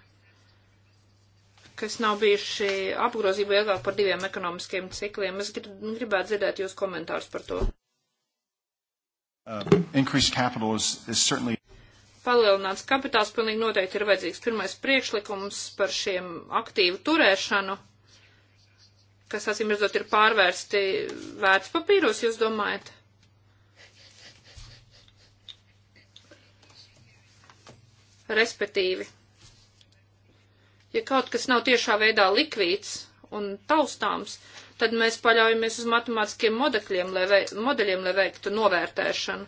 B: kas nav bijuši apgrozībā ilgāk par diviem ekonomiskiem cikliem. Es gribētu dzirdēt jūs komentārus par to.
A: Uh, is, is certainly...
B: Palielināts kapitāls pilnīgi noteikti ir vajadzīgs. Pirmais priekšlikums par šiem aktīvu turēšanu, kas, acīm redzot, ir pārvērsti vērts papīros, jūs domājat? Respektīvi, Ja kaut kas nav tiešā veidā likvīds un taustāms, tad mēs paļaujamies uz matemātiskiem modekļiem, lai vei, modeļiem, lai veiktu novērtēšanu.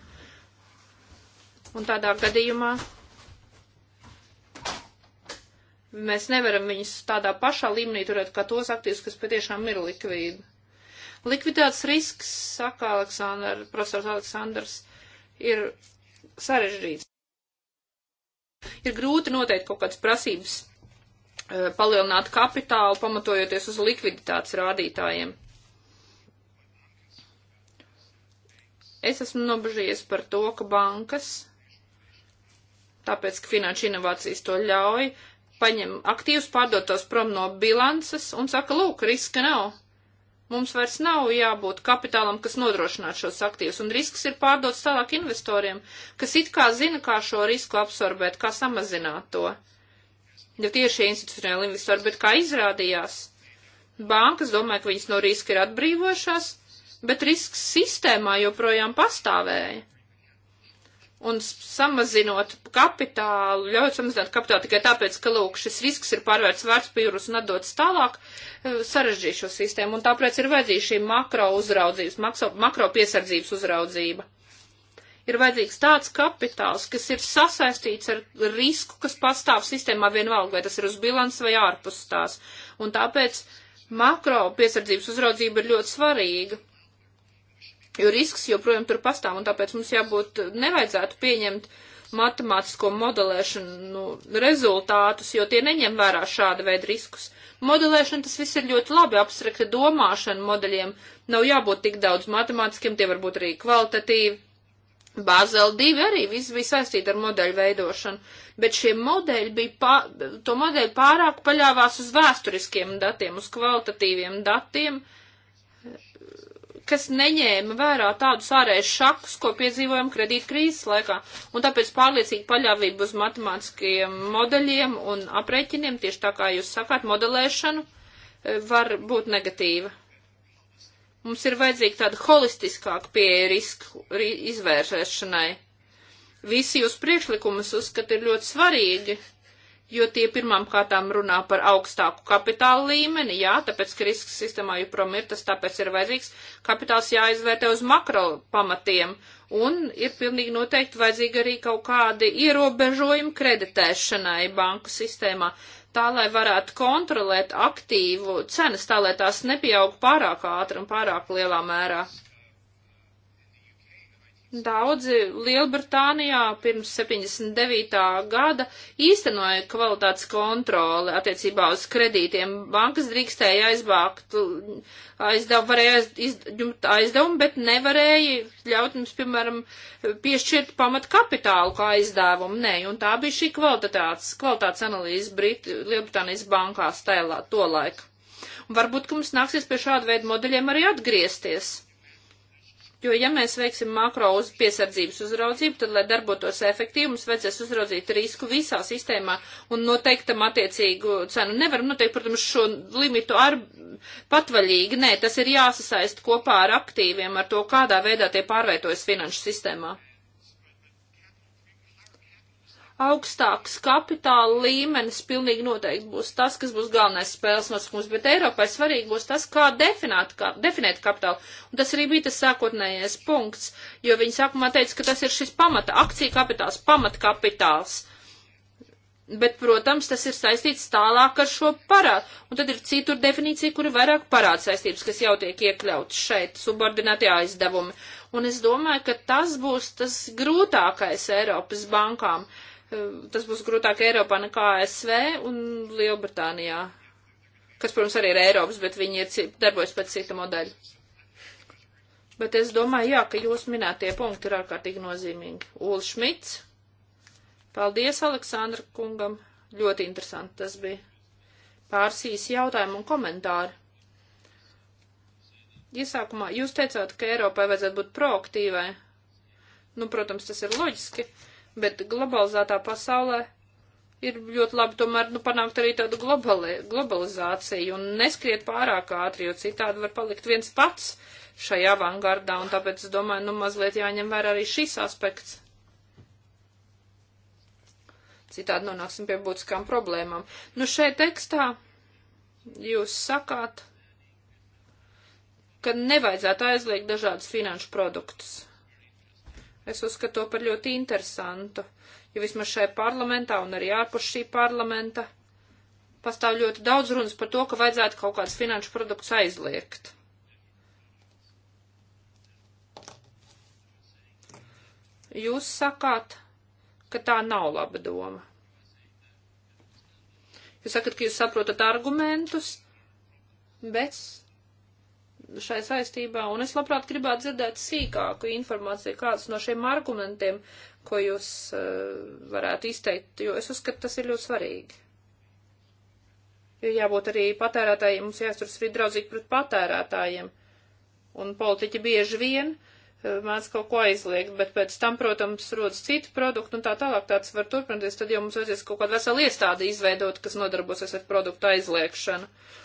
B: Un tādā gadījumā mēs nevaram viņus tādā pašā līmenī turēt kā tos aktīvus, kas patiešām ir likvīdi. Likviditātes risks, saka Aleksandr, profesors Aleksandrs, ir sarežģīts. Ir grūti noteikt kaut kādas prasības Eh, palielināt kapitālu, pamatojoties uz likviditātes rādītājiem. Es esmu nobežījies par to, ka bankas, tāpēc, ka finanšu inovācijas to ļauj, paņem aktīvus pārdotos prom no bilances un saka, lūk, riska nav. Mums vairs nav jābūt kapitālam, kas nodrošinātu šos aktīvus, un risks ir pārdots tālāk investoriem, kas it kā zina, kā šo risku absorbēt, kā samazināt to. Uh, jo nu, tie ir šie institucionāli investori, bet kā izrādījās, bankas domāja, ka viņas no riska ir atbrīvošās, bet risks sistēmā joprojām pastāvēja. Un samazinot kapitālu, ļaut samazināt kapitālu tikai tāpēc, ka, lūk, šis risks ir pārvērts vērtspīrus un atdots tālāk, e, sarežģīja šo sistēmu. Un tāpēc ir vajadzīga šī makro uzraudzības, makro piesardzības uzraudzība ir vajadzīgs tāds kapitāls, kas ir sasaistīts ar risku, kas pastāv sistēmā vienalga, vai tas ir uz bilans vai ārpus tās. Un tāpēc makro piesardzības uzraudzība ir ļoti svarīga. Jo risks joprojām tur pastāv, un tāpēc mums jābūt, nevajadzētu pieņemt matemātisko modelēšanu nu, rezultātus, jo tie neņem vērā šāda veida riskus. Modelēšana tas viss ir ļoti labi, abstrakta domāšana modeļiem nav jābūt tik daudz matemātiskiem, tie var būt arī kvalitatīvi, Bāzela 2 arī viss bija saistīta ar modeļu veidošanu, bet šie modeļi bija, pā, to modeļu pārāk paļāvās uz vēsturiskiem datiem, uz kvalitatīviem datiem, kas neņēma vērā tādus ārējus šakus, ko piedzīvojam kredīt krīzes laikā. Un tāpēc pārliecīgi paļāvība uz matemātiskiem modeļiem un aprēķiniem, tieši tā kā jūs sakāt, modelēšanu var būt negatīva. Mums ir vajadzīga tāda holistiskāka pieeja risku izvēršēšanai. Visi jūs priekšlikumus uzskat ir ļoti svarīgi, jo tie pirmām kārtām runā par augstāku kapitāla līmeni, jā, tāpēc, ka risks sistēmā joprojām ir, tas tāpēc ir vajadzīgs. Kapitāls jāizvērtē uz makro pamatiem, un ir pilnīgi noteikti vajadzīgi arī kaut kādi ierobežojumi kreditēšanai banku sistēmā tā, lai varētu kontrolēt aktīvu cenas, tā, lai tās nepieaug pārāk ātri un pārāk lielā mērā. Daudzi Lielbritānijā pirms 79. gada īstenoja kvalitātes kontroli attiecībā uz kredītiem. Bankas drīkstēja aizvākt, aizdev, varēja aizņemt aizdevumu, bet nevarēja ļaut mums, piemēram, piešķirt pamat kapitālu kā aizdevumu. Nē, un tā bija šī kvalitātes, kvalitātes analīze Brit, Lielbritānijas bankās tajā to laiku. Un varbūt, ka mums nāksies pie šāda veida modeļiem arī atgriezties Jo, ja mēs veiksim makro uz piesardzības uzraudzību, tad, lai darbotos efektīvi, mums vajadzēs uzraudzīt risku visā sistēmā un noteiktam attiecīgu cenu. Nevaram noteikt, protams, šo limitu ar patvaļīgi. Nē, tas ir jāsasaist kopā ar aktīviem, ar to, kādā veidā tie pārvietojas finanšu sistēmā augstāks kapitāla līmenis pilnīgi noteikti būs tas, kas būs galvenais spēles noskums, bet Eiropai svarīgi būs tas, kā definēt, kā definēt kapitālu. Un tas arī bija tas sākotnējais punkts, jo viņi sākumā teica, ka tas ir šis pamata akcija kapitāls, pamatkapitāls. Bet, protams, tas ir saistīts tālāk ar šo parādu. Un tad ir citur definīcija, kur ir vairāk parāds saistības, kas jau tiek iekļauts šeit, subordinātie aizdevumi. Un es domāju, ka tas būs tas grūtākais Eiropas bankām. Uh, Eh, tas būs grūtāk Eiropā nekā ASV un Lielbritānijā, kas, protams, arī ir Eiropas, bet viņi ir darbojas pēc cita modeļa. Bet es domāju, jā, ka jūs minētie punkti ir ārkārtīgi nozīmīgi. Ulu Šmits. Paldies Aleksandra kungam. Ļoti interesanti tas bija. Pārsīs jautājumu un komentāru. Iesākumā jūs teicāt, ka Eiropai vajadzētu būt proaktīvai. Nu, protams, tas ir loģiski. Uh, bet globalizētā pasaulē ir ļoti labi tomēr, nu, panākt arī tādu globali, globalizāciju un neskriet pārāk ātri, jo citādi var palikt viens pats šajā avangardā, un tāpēc, es domāju, nu, mazliet jāņem vērā arī šis aspekts. Citādi nonāksim pie būtiskām problēmām. Nu, šeit tekstā jūs sakāt, ka nevajadzētu aizliegt dažādus finanšu produktus. Es uzskatu to par ļoti interesantu, jo vismaz šai parlamentā un arī ārpus šī parlamenta pastāv ļoti daudz runas par to, ka vajadzētu kaut kādus finanšu produktus aizliegt. Jūs sakāt, ka tā nav laba doma. Jūs sakat, ka jūs saprotat argumentus, bet šai saistībā, un es labprāt gribētu dzirdēt sīkāku informāciju, kāds no šiem argumentiem, ko jūs uh, varētu izteikt, jo es uzskatu, tas ir ļoti svarīgi. Jo jābūt arī patērētājiem, mums jāsturas arī draudzīgi pret patērētājiem, un politiķi bieži vien uh, mēdz kaut ko aizliegt, bet pēc tam, protams, rodas citi produkti un tā tālāk tāds var turpināties, tad jau mums vajadzēs kaut kādu veselu iestādi izveidot, kas nodarbosies ar produktu aizliekšanu. Uh,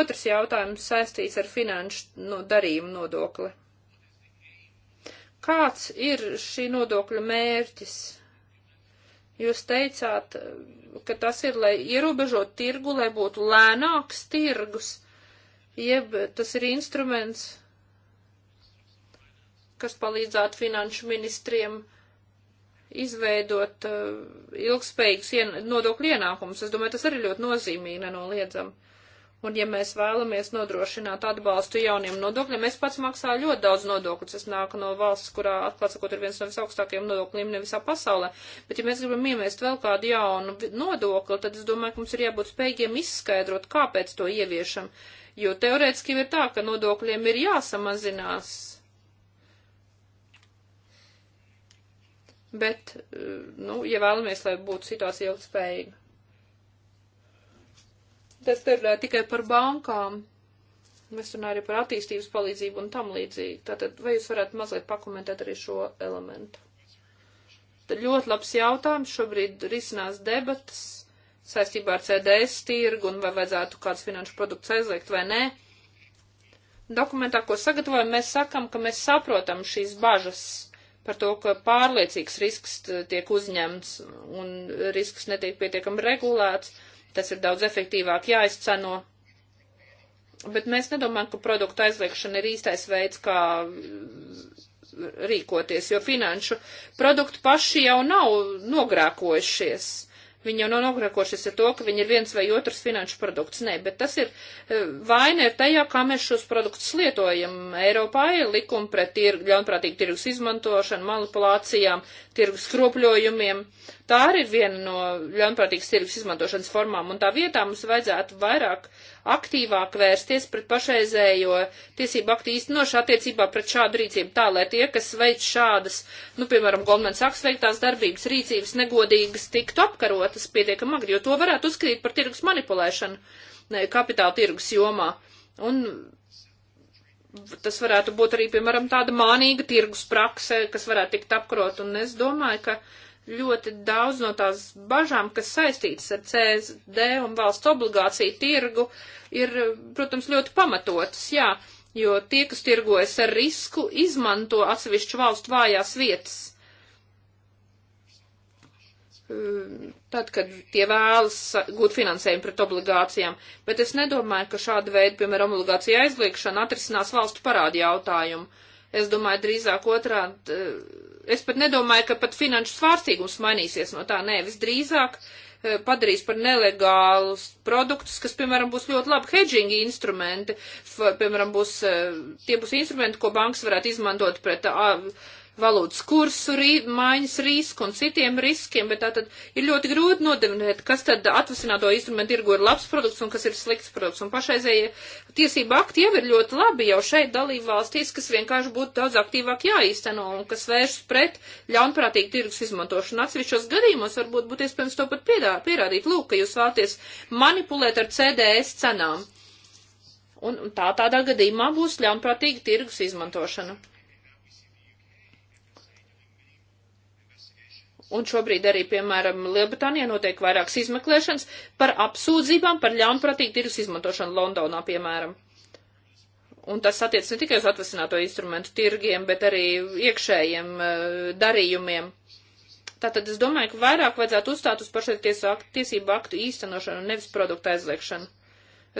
B: Otrs jautājums saistīts ar finanšu no darījumu nodokli. Kāds ir šī nodokļa mērķis? Jūs teicāt, ka tas ir, lai ierobežot tirgu, lai būtu lēnāks tirgus, jeb tas ir instruments, kas palīdzētu finanšu ministriem izveidot uh, ilgspējīgus ien nodokļu ienākumus. Es domāju, tas arī ļoti nozīmīgi nenoliedzami. Un ja mēs vēlamies nodrošināt atbalstu jauniem nodokļiem, es pats maksāju ļoti daudz nodokļu. Es nāku no valsts, kurā atklāsakot ir viens no visaugstākajiem nodokļiem ne visā pasaulē. Bet ja mēs gribam ieviest vēl kādu jaunu nodokli, tad es domāju, ka mums ir jābūt spējīgiem izskaidrot, kāpēc to ieviešam. Jo teorētiski ir tā, ka nodokļiem ir jāsamazinās Bet, eh, nu, ja vēlamies, lai būtu situācija ilgspējīga. Tas ir tikai par bankām. Mēs runājam arī par attīstības palīdzību un tam līdzīgi. Tātad, vai jūs varētu mazliet pakomentēt arī šo elementu? Tad ļoti labs jautājums. Šobrīd risinās debatas saistībā ar CDS tirgu un vai vajadzētu kāds finanšu produkts aizliegt vai nē. Dokumentā, ko sagatavojam, mēs sakam, ka mēs saprotam šīs bažas par to, ka pārliecīgs risks tiek uzņemts un risks netiek pietiekami regulēts Tas ir daudz efektīvāk jāizceno. Bet mēs nedomājam, ka produktu aizliekšana ir īstais veids, kā rīkoties, jo finanšu produktu paši jau nav nogrēkojušies. Viņi jau nav nogrēkošies ar to, ka viņi ir viens vai otrs finanšu produkts. Nē, bet tas ir eh, vaina ir tajā, kā mēs šos produktus lietojam. Eiropā ir likumi pret tir, ļaunprātīgu tirgus izmantošanu, manipulācijām, tirgus skropļojumiem. Tā arī ir viena no ļaunprātīgas tirgus izmantošanas formām, un tā vietā mums vajadzētu vairāk aktīvāk vērsties pret pašreizējo tiesību aktu īstenošu attiecībā pret šādu rīcību tā, lai tie, kas veic šādas, nu, piemēram, Goldman Sachs veiktās darbības rīcības negodīgas, tiktu apkarotas pietiekam agri, jo to varētu uzskatīt par tirgus manipulēšanu kapitāla tirgus jomā. Un tas varētu būt arī, piemēram, tāda mānīga tirgus prakse, kas varētu tikt apkarot. Un es domāju, ka ļoti daudz no tās bažām, kas saistītas ar CSD un valsts obligāciju tirgu, ir, protams, ļoti pamatotas, jā, jo tie, kas tirgojas ar risku, izmanto atsevišķu valstu vājās vietas. Tad, kad tie vēlas gūt finansējumu pret obligācijām, bet es nedomāju, ka šāda veida, piemēram, obligācija aizliekšana atrisinās valstu parādu jautājumu. Es domāju, drīzāk otrādi es pat nedomāju, ka pat finanšu svārstīgums mainīsies no tā. Nē, visdrīzāk eh, padarīs par nelegālus produktus, kas, piemēram, būs ļoti labi hedžingi instrumenti, piemēram, būs, eh, tie būs instrumenti, ko bankas varētu izmantot pret ah, valūtas kursu rī, maiņas risku un citiem riskiem, bet tātad ir ļoti grūti nodevinēt, kas tad atvasināto instrumentu tirgu ir labs produkts un kas ir slikts produkts. Un pašreizējie tiesība akti jau ir ļoti labi, jau šeit dalību valstīs, kas vienkārši būtu daudz aktīvāk jāīsteno un kas vēršas pret ļaunprātīgu tirgus izmantošanu. Atsevišķos gadījumos varbūt būtu iespējams to pat piedā, pierādīt. Lūk, ka jūs vēlaties manipulēt ar CDS cenām un tā tādā gadījumā būs ļaunprātīga tirgus izmantošana. Un šobrīd arī, piemēram, Lielbritānijā notiek vairākas izmeklēšanas par apsūdzībām par ļaunprātīgu tirgus izmantošanu Londonā, piemēram. Un tas attiec ne tikai uz atvasināto instrumentu tirgiem, bet arī iekšējiem eh, darījumiem. Tātad es domāju, ka vairāk vajadzētu uzstāt uz pašai tiesību aktu īstenošanu un nevis produktu aizliekšanu.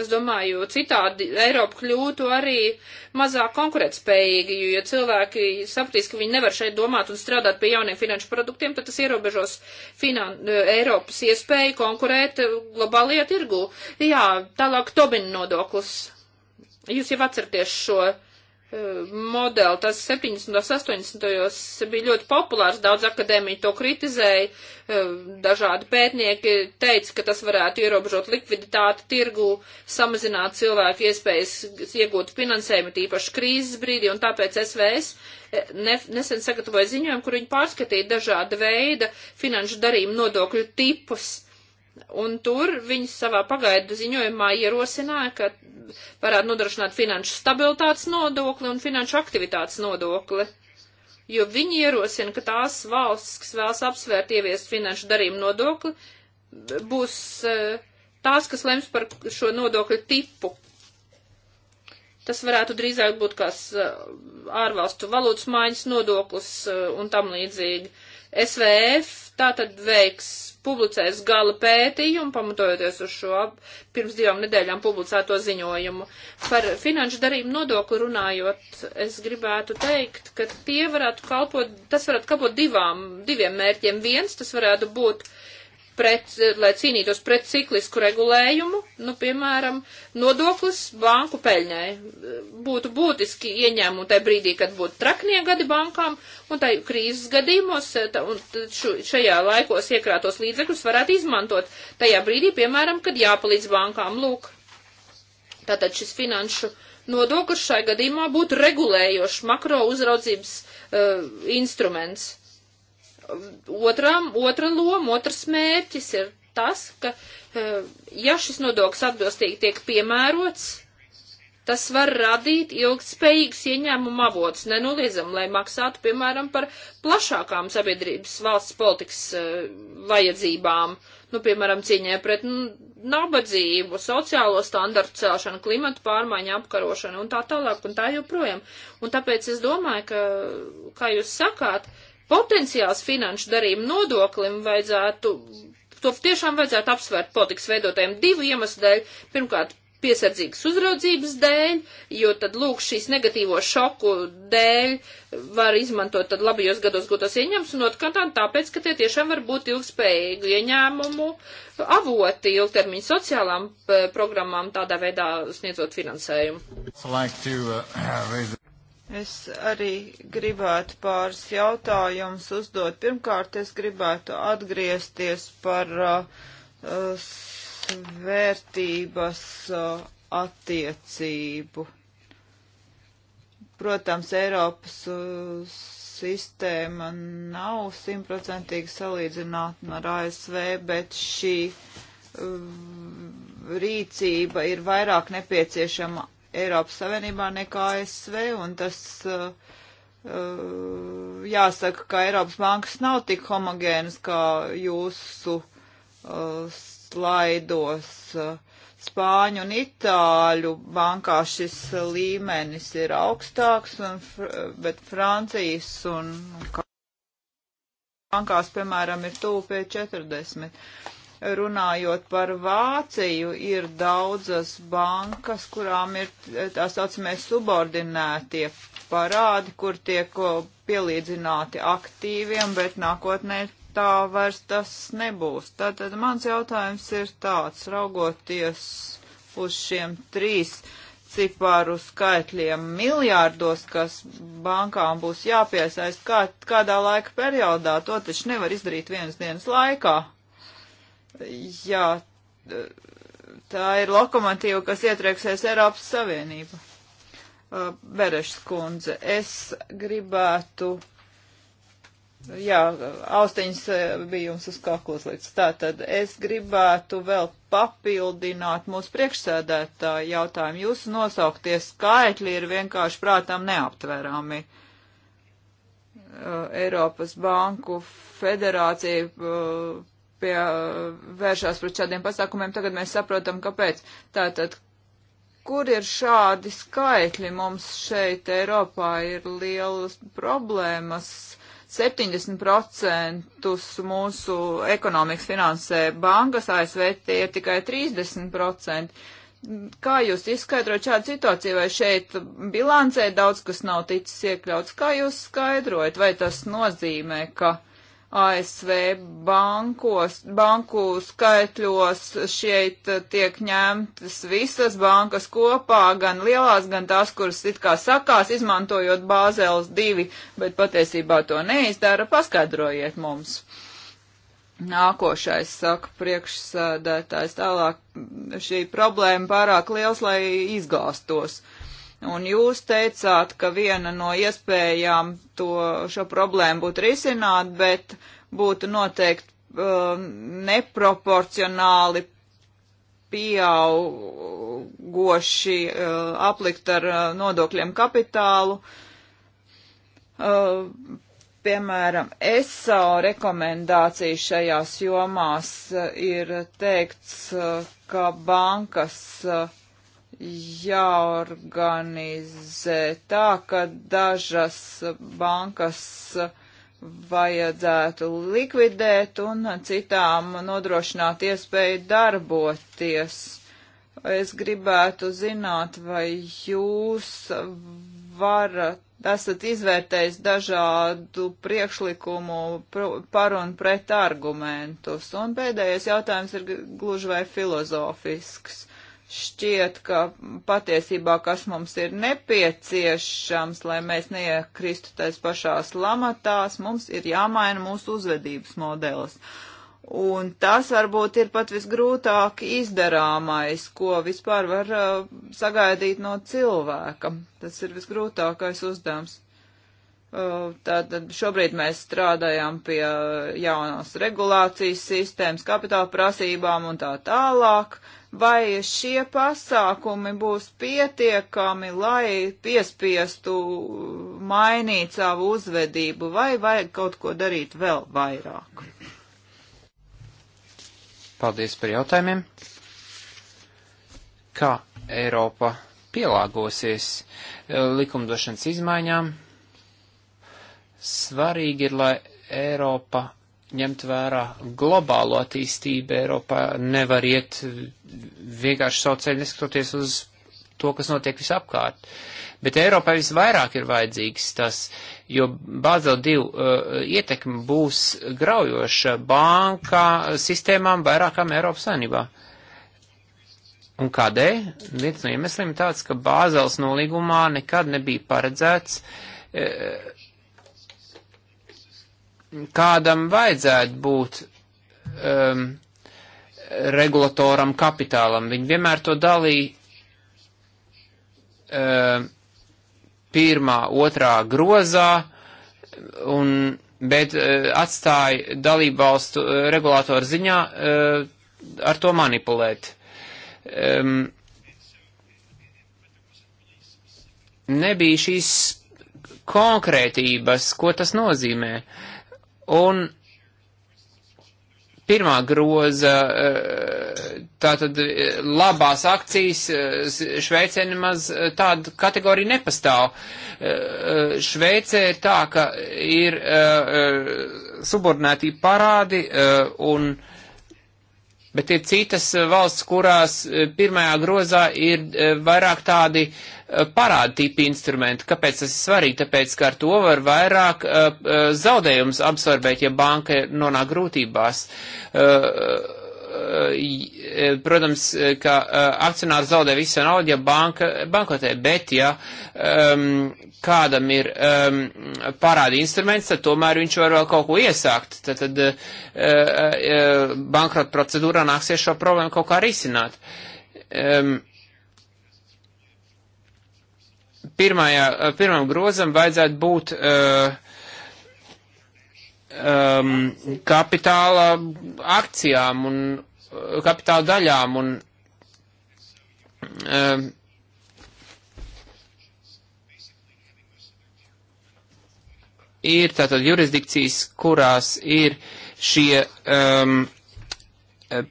B: Es domāju, jo citādi Eiropa kļūtu arī mazāk konkurētspējīga, jo ja cilvēki sapratīs, ka viņi nevar šeit domāt un strādāt pie jauniem finanšu produktiem, tad tas ierobežos finan Eiropas iespēju konkurēt globālajā tirgu. Jā, tālāk Tobin nodoklis. Jūs jau atceraties šo modeli, tas 70. un 80. bija ļoti populārs, daudz akadēmiju to kritizēja, eh, dažādi pētnieki teica, ka tas varētu ierobežot likviditāti tirgu, samazināt cilvēku iespējas iegūt finansējumu, tīpaši krīzes brīdī, un tāpēc SVS eh, ne, nesen sagatavoja ziņojumu, kur viņi pārskatīja dažāda veida finanšu darījumu nodokļu tipus Un tur viņi savā pagaidu ziņojumā ierosināja, ka varētu nodrošināt finanšu stabilitātes nodokli un finanšu aktivitātes nodokli. Jo viņi ierosina, ka tās valstis, kas vēlas apsvērt ieviest finanšu darījumu nodokli, būs eh, tās, kas lems par šo nodokļu tipu. Tas varētu drīzāk būt kāds eh, ārvalstu valūtas maiņas nodoklis eh, un tam līdzīgi. SVF tātad veiks publicēs gala pētījumu, pamatojoties uz šo pirms divām nedēļām publicēto ziņojumu. Par finanšu darījumu nodokli runājot, es gribētu teikt, ka tie varētu kalpot, tas varētu kalpot divām, diviem mērķiem. Viens, tas varētu būt pret, eh, lai cīnītos pret ciklisku regulējumu, nu, piemēram, nodoklis banku peļņai būtu būtiski ieņēmumu tajā brīdī, kad būtu traknie gadi bankām, un tai krīzes gadījumos, eh, tā, un šu, šajā laikos iekrātos līdzekļus varētu izmantot tajā brīdī, piemēram, kad jāpalīdz bankām. Lūk, tātad šis finanšu nodoklis šai gadījumā būtu regulējošs makro uzraudzības uh, instruments. Otram, otra loma, otrs mērķis ir tas, ka, e, ja šis nodoklis atbilstīgi tiek piemērots, tas var radīt ilgspējīgs ieņēmuma avots, nenoliedzam, lai maksātu, piemēram, par plašākām sabiedrības valsts politikas e, vajadzībām, nu, piemēram, cīņai pret nu, nabadzību, sociālo standartu celšanu, klimatu pārmaiņu apkarošanu un tā tālāk un tā joprojām. Un tāpēc es domāju, ka, kā jūs sakāt, uh, potenciāls finanšu darījumu nodoklim vajadzētu, to tiešām vajadzētu apsvērt politikas veidotājiem divu iemeslu dēļ. Pirmkārt, piesardzīgas uzraudzības dēļ, jo tad, lūk, šīs negatīvo šoku dēļ var izmantot tad labajos gados gūtos ieņēmumus, un otrkārt tāpēc, ka tie tiešām var būt ilgspējīgu ieņēmumu avoti ilgtermiņu sociālām eh, programmām, tādā veidā sniedzot finansējumu.
A: Es arī gribētu pāris jautājumus uzdot. Pirmkārt, es gribētu atgriezties par uh, uh svērtības uh, attiecību. Protams, Eiropas uh, sistēma nav simtprocentīgi salīdzinātama ar ASV, bet šī uh, rīcība ir vairāk nepieciešama Eiropas Savienībā nekā ASV, un tas uh, uh, jāsaka, ka Eiropas bankas nav tik homogēnas kā jūsu uh, slaidos. Uh, Spāņu un Itāļu bankā šis līmenis ir augstāks, un, bet Francijas un bankās, piemēram, ir tūpē 40 runājot par Vāciju, ir daudzas bankas, kurām ir tā saucamie subordinētie parādi, kur tiek pielīdzināti aktīviem, bet nākotnē tā vairs tas nebūs. Tātad mans jautājums ir tāds, raugoties uz šiem trīs ciparu skaitļiem miljārdos, kas bankām būs jāpiesaist kā, kādā laika periodā, to taču nevar izdarīt vienas dienas laikā. Jā, tā ir lokomotīva, kas ietrieksēs Eiropas Savienību. Berešs kundze, es gribētu, jā, austiņas bija jums uz kaklas līdz tā, tad es gribētu vēl papildināt mūsu priekšsēdētāju jautājumu. Jūsu nosauktie skaitļi ir vienkārši prātām neaptverami. Eiropas Banku Federācija pie, vēršās pret šādiem pasākumiem, tagad mēs saprotam, kāpēc. Tātad, kur ir šādi skaitļi? Mums šeit Eiropā ir lielas problēmas. 70% mūsu ekonomikas finansē bankas, ASV tie ir tikai 30%. Kā jūs izskaidrojat šādu situāciju, vai šeit bilancē daudz, kas nav ticis iekļauts? Kā jūs skaidrojat, vai tas nozīmē, ka uh, ASV bankos, banku skaitļos šeit tiek ņemtas visas bankas kopā, gan lielās, gan tās, kuras it kā sakās, izmantojot bāzēles divi, bet patiesībā to neizdara. Paskaidrojiet mums. Nākošais, saka priekšsēdētājs, tālāk šī problēma pārāk liels, lai izgāstos. Uh, Un jūs teicāt, ka viena no iespējām to, šo problēmu būtu risināt, bet būtu noteikti uh, neproporcionāli pieaugoši uh, aplikt ar uh, nodokļiem kapitālu. Uh, piemēram, ESO rekomendācija šajās jomās uh, ir teikts, uh, ka bankas uh, jāorganizē tā, ka dažas bankas vajadzētu likvidēt un citām nodrošināt iespēju darboties. Es gribētu zināt, vai jūs varat, esat izvērtējis dažādu priekšlikumu par un pret argumentus. Un pēdējais jautājums ir gluži vai filozofisks šķiet, ka patiesībā, kas mums ir nepieciešams, lai mēs neiekristu tais pašās lamatās, mums ir jāmaina mūsu uzvedības modelis. Un tas varbūt ir pat visgrūtāk izdarāmais, ko vispār var uh, sagaidīt no cilvēka. Tas ir visgrūtākais uzdevums. Uh, Tātad šobrīd mēs strādājam pie uh, jaunās regulācijas sistēmas, kapitāla prasībām un tā tālāk. Uh, vai šie pasākumi būs pietiekami, lai piespiestu mainīt savu uzvedību, vai vajag kaut ko darīt vēl vairāk?
C: Paldies par jautājumiem. Kā Eiropa pielāgosies eh, likumdošanas izmaiņām? Svarīgi ir, lai Eiropa ņemt vērā globālo attīstību Eiropā, nevar iet vienkārši savu ceļu, neskatoties uz to, kas notiek visapkārt. Bet Eiropai visvairāk ir vajadzīgs tas, jo Bāzel 2 uh, ietekme būs graujoša bankā sistēmām vairākām Eiropas saimnībā. Un kādēļ? Viens no iemesliem tāds, ka Bāzels nolīgumā nekad nebija paredzēts uh, kādam vajadzētu būt um, regulatoram kapitālam. Viņi vienmēr to dalīja um, pirmā, otrā grozā, un, bet uh, atstāja dalību valstu uh, regulātoru ziņā uh, ar to manipulēt. Um, nebija šīs konkrētības, ko tas nozīmē. Uh, Un pirmā groza, eh, tātad eh, labās akcijas eh, Šveicē nemaz tāda kategorija nepastāv. Šveicē ir tā, ka ir subordinētī parādi un. Bet ir citas valsts, kurās pirmajā grozā ir vairāk tādi Eh, parāda tipu instrumentu. Kāpēc tas ir svarīgi? Tāpēc, ka ar to var vairāk uh, eh, eh, zaudējums absorbēt, ja banka nonāk grūtībās. Uh, uh, protams, ka akcionārs zaudē visu naudu, ja banka bankotē, bet ja um, kādam ir um, ehm, parādi instruments, tad tomēr viņš var vēl kaut ko iesākt. Tad, tad uh, uh, bankrota procedūrā nāksies šo problēmu kaut kā risināt. Um, pirmajā, eh, pirmam grozam vajadzētu būt uh, um, kapitāla akcijām un eh, kapitāla daļām un um, ir tātad jurisdikcijas, kurās ir šie um,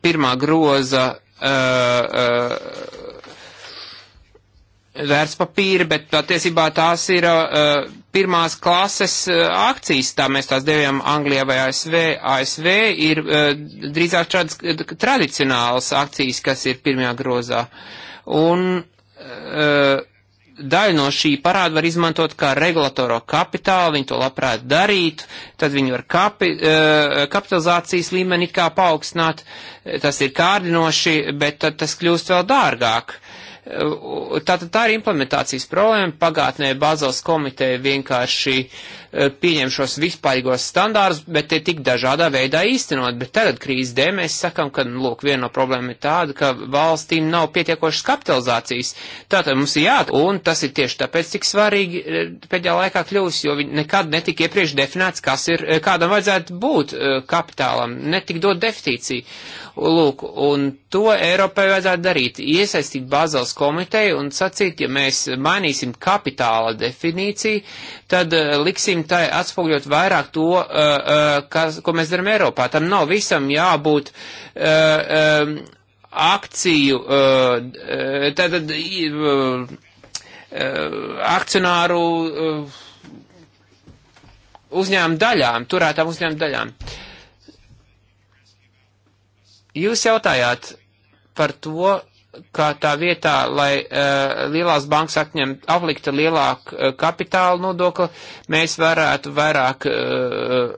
C: pirmā groza uh, uh, vērtspapīri, bet patiesībā tās ir uh, pirmās klases uh, akcijas, tā mēs tās devām Anglijā vai ASV. ASV ir uh, drīzāk šādas tradicionālas akcijas, kas ir pirmajā grozā. Un uh, daļu no šī parāda var izmantot kā regulatoro kapitālu, viņi to labprāt darītu, tad viņi var kapi, uh, kapitalizācijas līmeni kā paaugstināt, tas ir kārdinoši, bet tad tas kļūst vēl dārgāk. Tātad tā ir implementācijas problēma. Pagātnē Bāzels komiteja vienkārši eh, pieņem šos vispārīgos standārus, bet tie tik dažādā veidā īstenot. Bet tagad krīzes dēļ mēs sakam, ka, nu, lūk, viena no problēma ir tāda, ka valstīm nav pietiekošas kapitalizācijas. Tātad mums ir jāt, un tas ir tieši tāpēc tik svarīgi eh, pēdējā laikā kļūs, jo nekad netika iepriekš definēts, kas ir, eh, kādam vajadzētu būt kapitālam, netika dot deficīciju. Lūk, un to Eiropai vajadzētu darīt, iesaistīt Bāzels komiteju un sacīt, ja mēs mainīsim kapitāla definīciju, tad uh, liksim tai atspogļot vairāk to, uh, uh, kas, ko mēs darām Eiropā. Tam nav visam jābūt. Uh, um, akciju, uh, tātad uh, akcionāru uzņēmumu daļām, turētām uzņēmumu daļām. Uh, Jūs jautājāt par to, kā tā vietā, lai uh, lielās bankas atņem, aplikta lielāku uh, kapitāla nodokli, mēs varētu vairāk uh,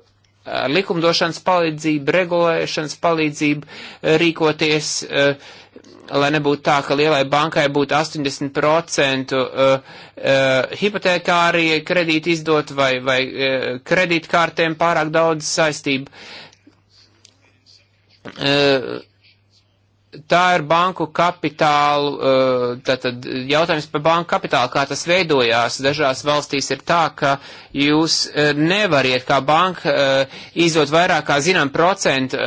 C: likumdošanas palīdzību, regulēšanas palīdzību rīkoties, uh, lai nebūtu tā, ka lielai bankai būtu 80% uh, uh, hipotekārie kredīti izdot vai, vai uh, kredītkārtēm pārāk daudz saistību. Uh, Eh, tā ir banku kapitālu, eh, tātad jautājums par banku kapitālu, kā tas veidojās. Dažās valstīs ir tā, ka jūs eh, nevariet kā banka izdot vairāk kā zinām procentu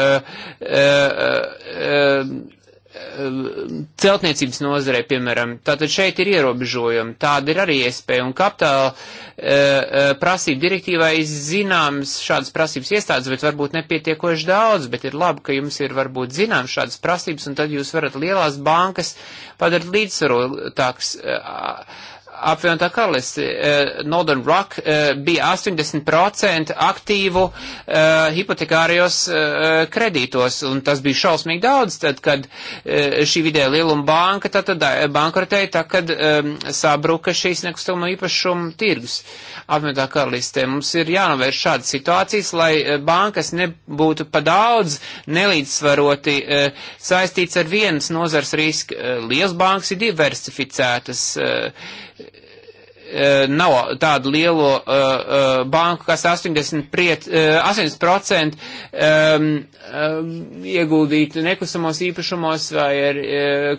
C: celtniecības nozarei, piemēram, tātad šeit ir ierobežojumi, tāda ir arī iespēja, un kapitāla e, e prasība direktīvai zināms šādas prasības iestādes, bet varbūt nepietiekoši daudz, bet ir labi, ka jums ir varbūt zināms šādas prasības, un tad jūs varat lielās bankas padarīt līdzsvarotāks. E, apvienotā karalisti. Uh, Northern Rock uh, bija 80% aktīvu uh, eh, hipotekārijos uh, kredītos, un tas bija šausmīgi daudz, tad, kad uh, šī vidēja lieluma banka tad, tad bankrotēja, tad, kad um, sabruka šīs nekustamo īpašumu tirgus apvienotā karalistē. Mums ir jānovērš šādas situācijas, lai uh, bankas nebūtu pa daudz nelīdzsvaroti uh, saistīts ar vienas nozars risku. Uh, liels bankas ir diversificētas. Uh, E, nav tādu lielu e, e, banku, kas 80%, priet, 80% ieguldītu nekustamos īpašumos vai ar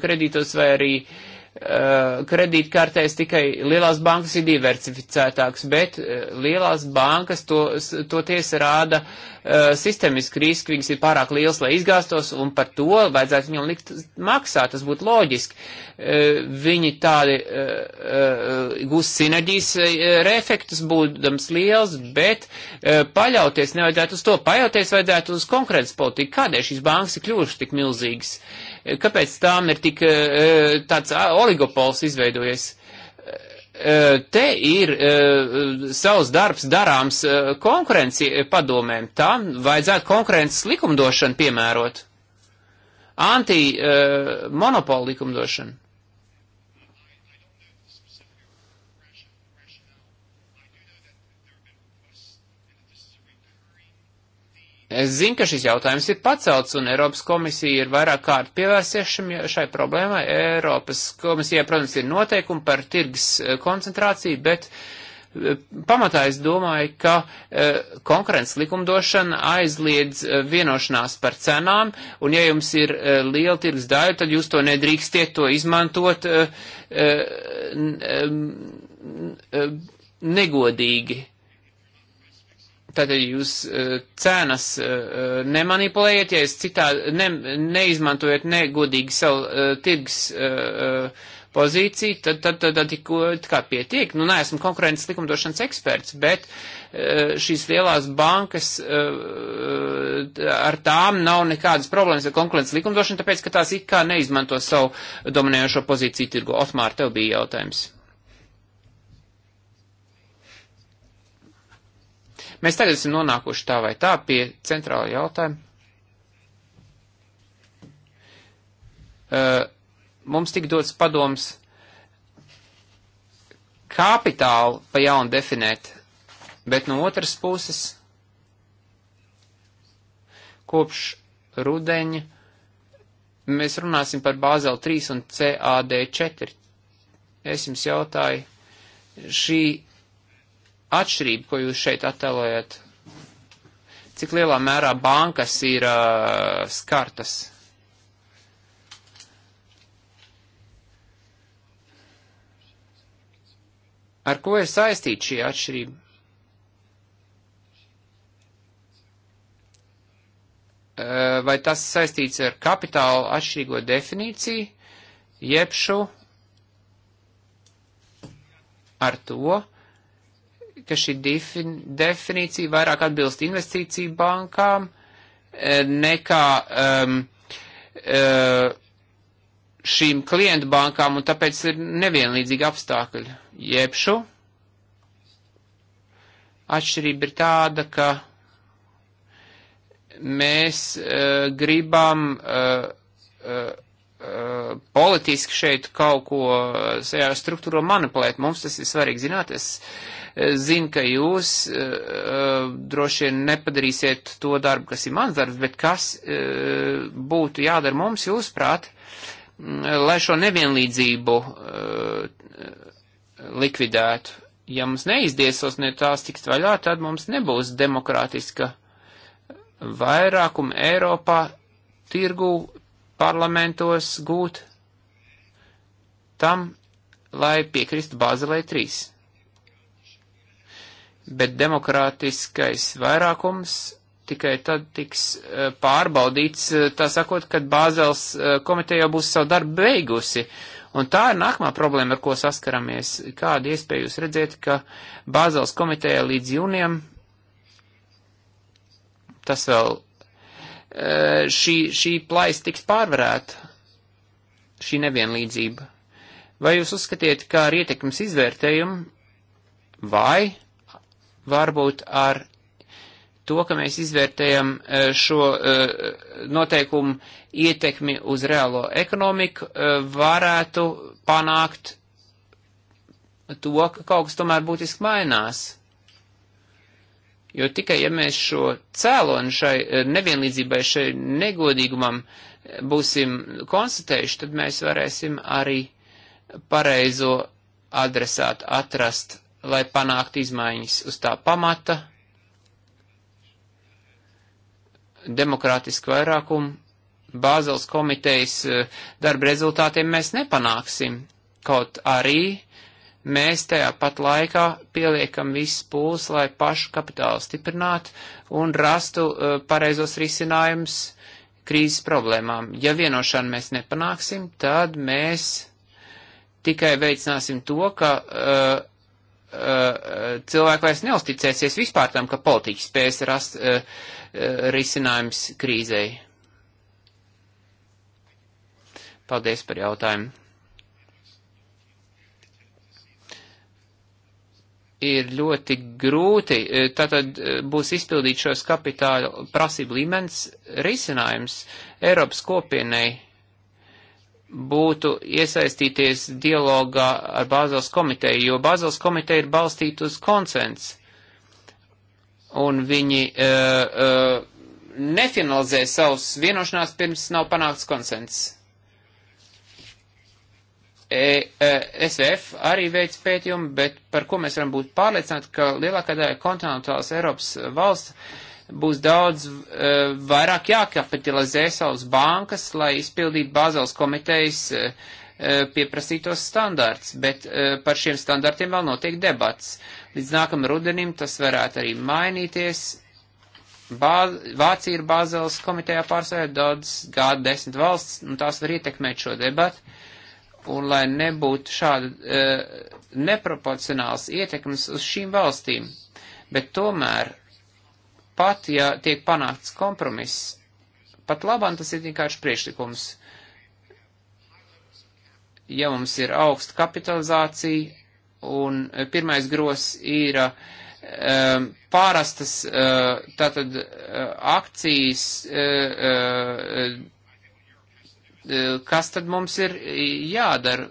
C: kredītos vai arī uh, Eh, kredītkartēs tikai lielās bankas ir diversificētāks, bet eh, lielās bankas to, to tiesa rāda eh, sistemiski riski, viņas ir pārāk liels, lai izgāstos, un par to vajadzētu viņam likt maksāt, tas būtu loģiski. Viņi tādi gūs sinerģijas efektus, būdams liels, bet paļauties nevajadzētu uz to, paļauties vajadzētu uz konkrētas politiku. Kādēļ šīs bankas ir kļuvušas tik milzīgas? Uh, Kāpēc tām ir tik eh, tāds oligopols izveidojies? Eh, te ir eh, savs darbs darāms konkurenci padomēm. Tām vajadzētu konkurences likumdošanu piemērot. Anti-monopolu likumdošanu. Es zinu, ka šis jautājums ir pacelts, un Eiropas komisija ir vairāk kārt pievērsies šai problēmai. Eiropas komisijai, protams, ir noteikumi par tirgus eh, koncentrāciju, bet eh, pamatā es domāju, ka eh, konkurences likumdošana aizliedz vienošanās par cenām, un ja jums ir liela tirgus daļa, tad jūs to nedrīkstiet to izmantot negodīgi Tad jūs e, cenas e, e, nemanipulējiet, ja es citā ne, neizmantojat negodīgi savu tirgus pozīciju, tad, tad, tad, tad kā pietiek. Nu, neesmu konkurences likumdošanas eksperts, bet šīs lielās bankas ar tām nav nekādas problēmas ar konkurences likumdošanu, tāpēc, ka tās it kā neizmanto savu dominējošo pozīciju tirgu. Otmār, tev bija jautājums. Mēs tagad esam nonākuši tā vai tā pie centrāla jautājuma. Uh, mums tik dots padoms kapitālu pa jaunu definēt, bet no otras puses kopš rudeņa mēs runāsim par Bāzeli 3 un CAD 4. Es jums jautāju, šī atšķirība, ko jūs šeit attēlojat, cik lielā mērā bankas ir uh, skartas? Ar ko ir saistīta šī atšķirība? Vai tas saistīts ar kapitāla atšķirīgo definīciju, jebšu ar to, ka šī definīcija vairāk atbilst investīciju bankām e, nekā um, šīm klientu bankām, un tāpēc ir nevienlīdzīgi apstākļi. Jebšu atšķirība ir tāda, ka mēs uh, gribam uh, uh, politiski šeit kaut ko šajā struktūrā manipulēt. Mums tas ir svarīgi zināt. Es zinu, ka jūs uh, droši vien nepadarīsiet to darbu, kas ir mans darbs, bet kas uh, būtu jādara mums, jūs prāt, lai šo nevienlīdzību uh, likvidētu. Ja mums neizdiesos ne tās tikt vaļā, tad mums nebūs demokrātiska vairākuma Eiropā tirgu parlamentos gūt tam, lai piekristu Bāzelē 3 bet demokrātiskais vairākums tikai tad tiks eh, pārbaudīts, eh, tā sakot, kad Bāzels eh, komiteja jau būs savu darbu beigusi. Un tā ir nākamā problēma, ar ko saskaramies. Kādu iespēju jūs redzēt, ka Bāzels komiteja līdz jūnijam tas vēl šī, šī plais tiks pārvarēta, šī nevienlīdzība? Vai jūs uzskatiet, kā ar ietekmes izvērtējumu vai varbūt ar to, ka mēs izvērtējam e, šo e, noteikumu ietekmi uz reālo ekonomiku, e, varētu panākt to, ka kaut kas tomēr būtiski mainās. Jo tikai, ja mēs šo cēloni šai nevienlīdzībai, šai negodīgumam būsim konstatējuši, tad mēs varēsim arī pareizo adresātu atrast lai panāktu izmaiņas uz tā pamata, demokrātisku vairākumu, Bāzels komitejas eh, darba rezultātiem mēs nepanāksim, kaut arī mēs tajā pat laikā pieliekam visus pūles, lai pašu kapitālu stiprinātu un rastu eh, pareizos risinājumus krīzes problēmām. Ja vienošanu mēs nepanāksim, tad mēs tikai veicināsim to, ka uh, cilvēki vairs neusticēsies vispār tam, ka politiķi spēs rast uh, uh, risinājums krīzei. Paldies par jautājumu. Ir ļoti grūti, eh, tātad būs izpildīt šos kapitāla prasību līmenis risinājums Eiropas kopienai būtu iesaistīties dialogā ar Bāzels komiteju, jo Bāzels komiteja ir balstīta uz konsens. Un viņi uh, uh, nefinalizē savus vienošanās, pirms nav panākts konsens. E, e, SVF arī veids pētījumu, bet par ko mēs varam būt pārliecināti, ka lielākā daļa kontinentālās Eiropas valsts būs daudz uh, vairāk jākapitalizē savas bankas, lai izpildītu Bāzels komitejas uh, pieprasītos standārts, bet uh, par šiem standārtiem vēl notiek debats. Līdz nākam rudenim tas varētu arī mainīties. Bā, Vācija ir Bāzels komitejā pārsvarā daudz G10 valsts, un tās var ietekmēt šo debatu. Un lai nebūtu šāda uh, neproporcionāls ietekmes uz šīm valstīm, bet tomēr pat, ja tiek panākts kompromiss, pat labam tas ir vienkārši priekšlikums. Ja mums ir augsta kapitalizācija un eh, pirmais gros ir um, pārastas uh, tātad uh, akcijas, uh, kas tad mums ir jādara?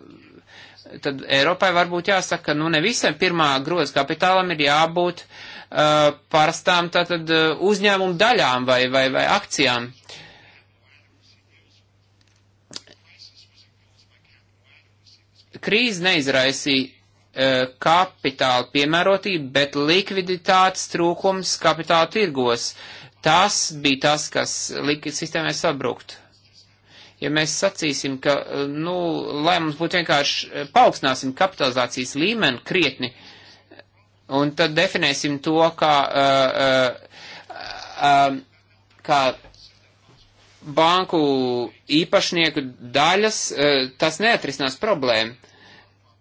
C: Tad Eiropai varbūt jāsaka, nu ne visam pirmā groza kapitālam ir jābūt uh, Uh, parastām tātad uh, uzņēmumu daļām vai, vai, vai akcijām. Krīze neizraisīja uh, kapitāla piemērotība, bet likviditātes trūkums kapitāla tirgos. Tas bija tas, kas lika sistēmai sabrukt. Ja mēs sacīsim, ka, nu, lai mums būtu vienkārši paaugstināsim kapitalizācijas līmeni krietni, uh, Un tad definēsim to kā, uh, uh, uh, kā banku īpašnieku daļas, uh, tas neatrisinās problēmu.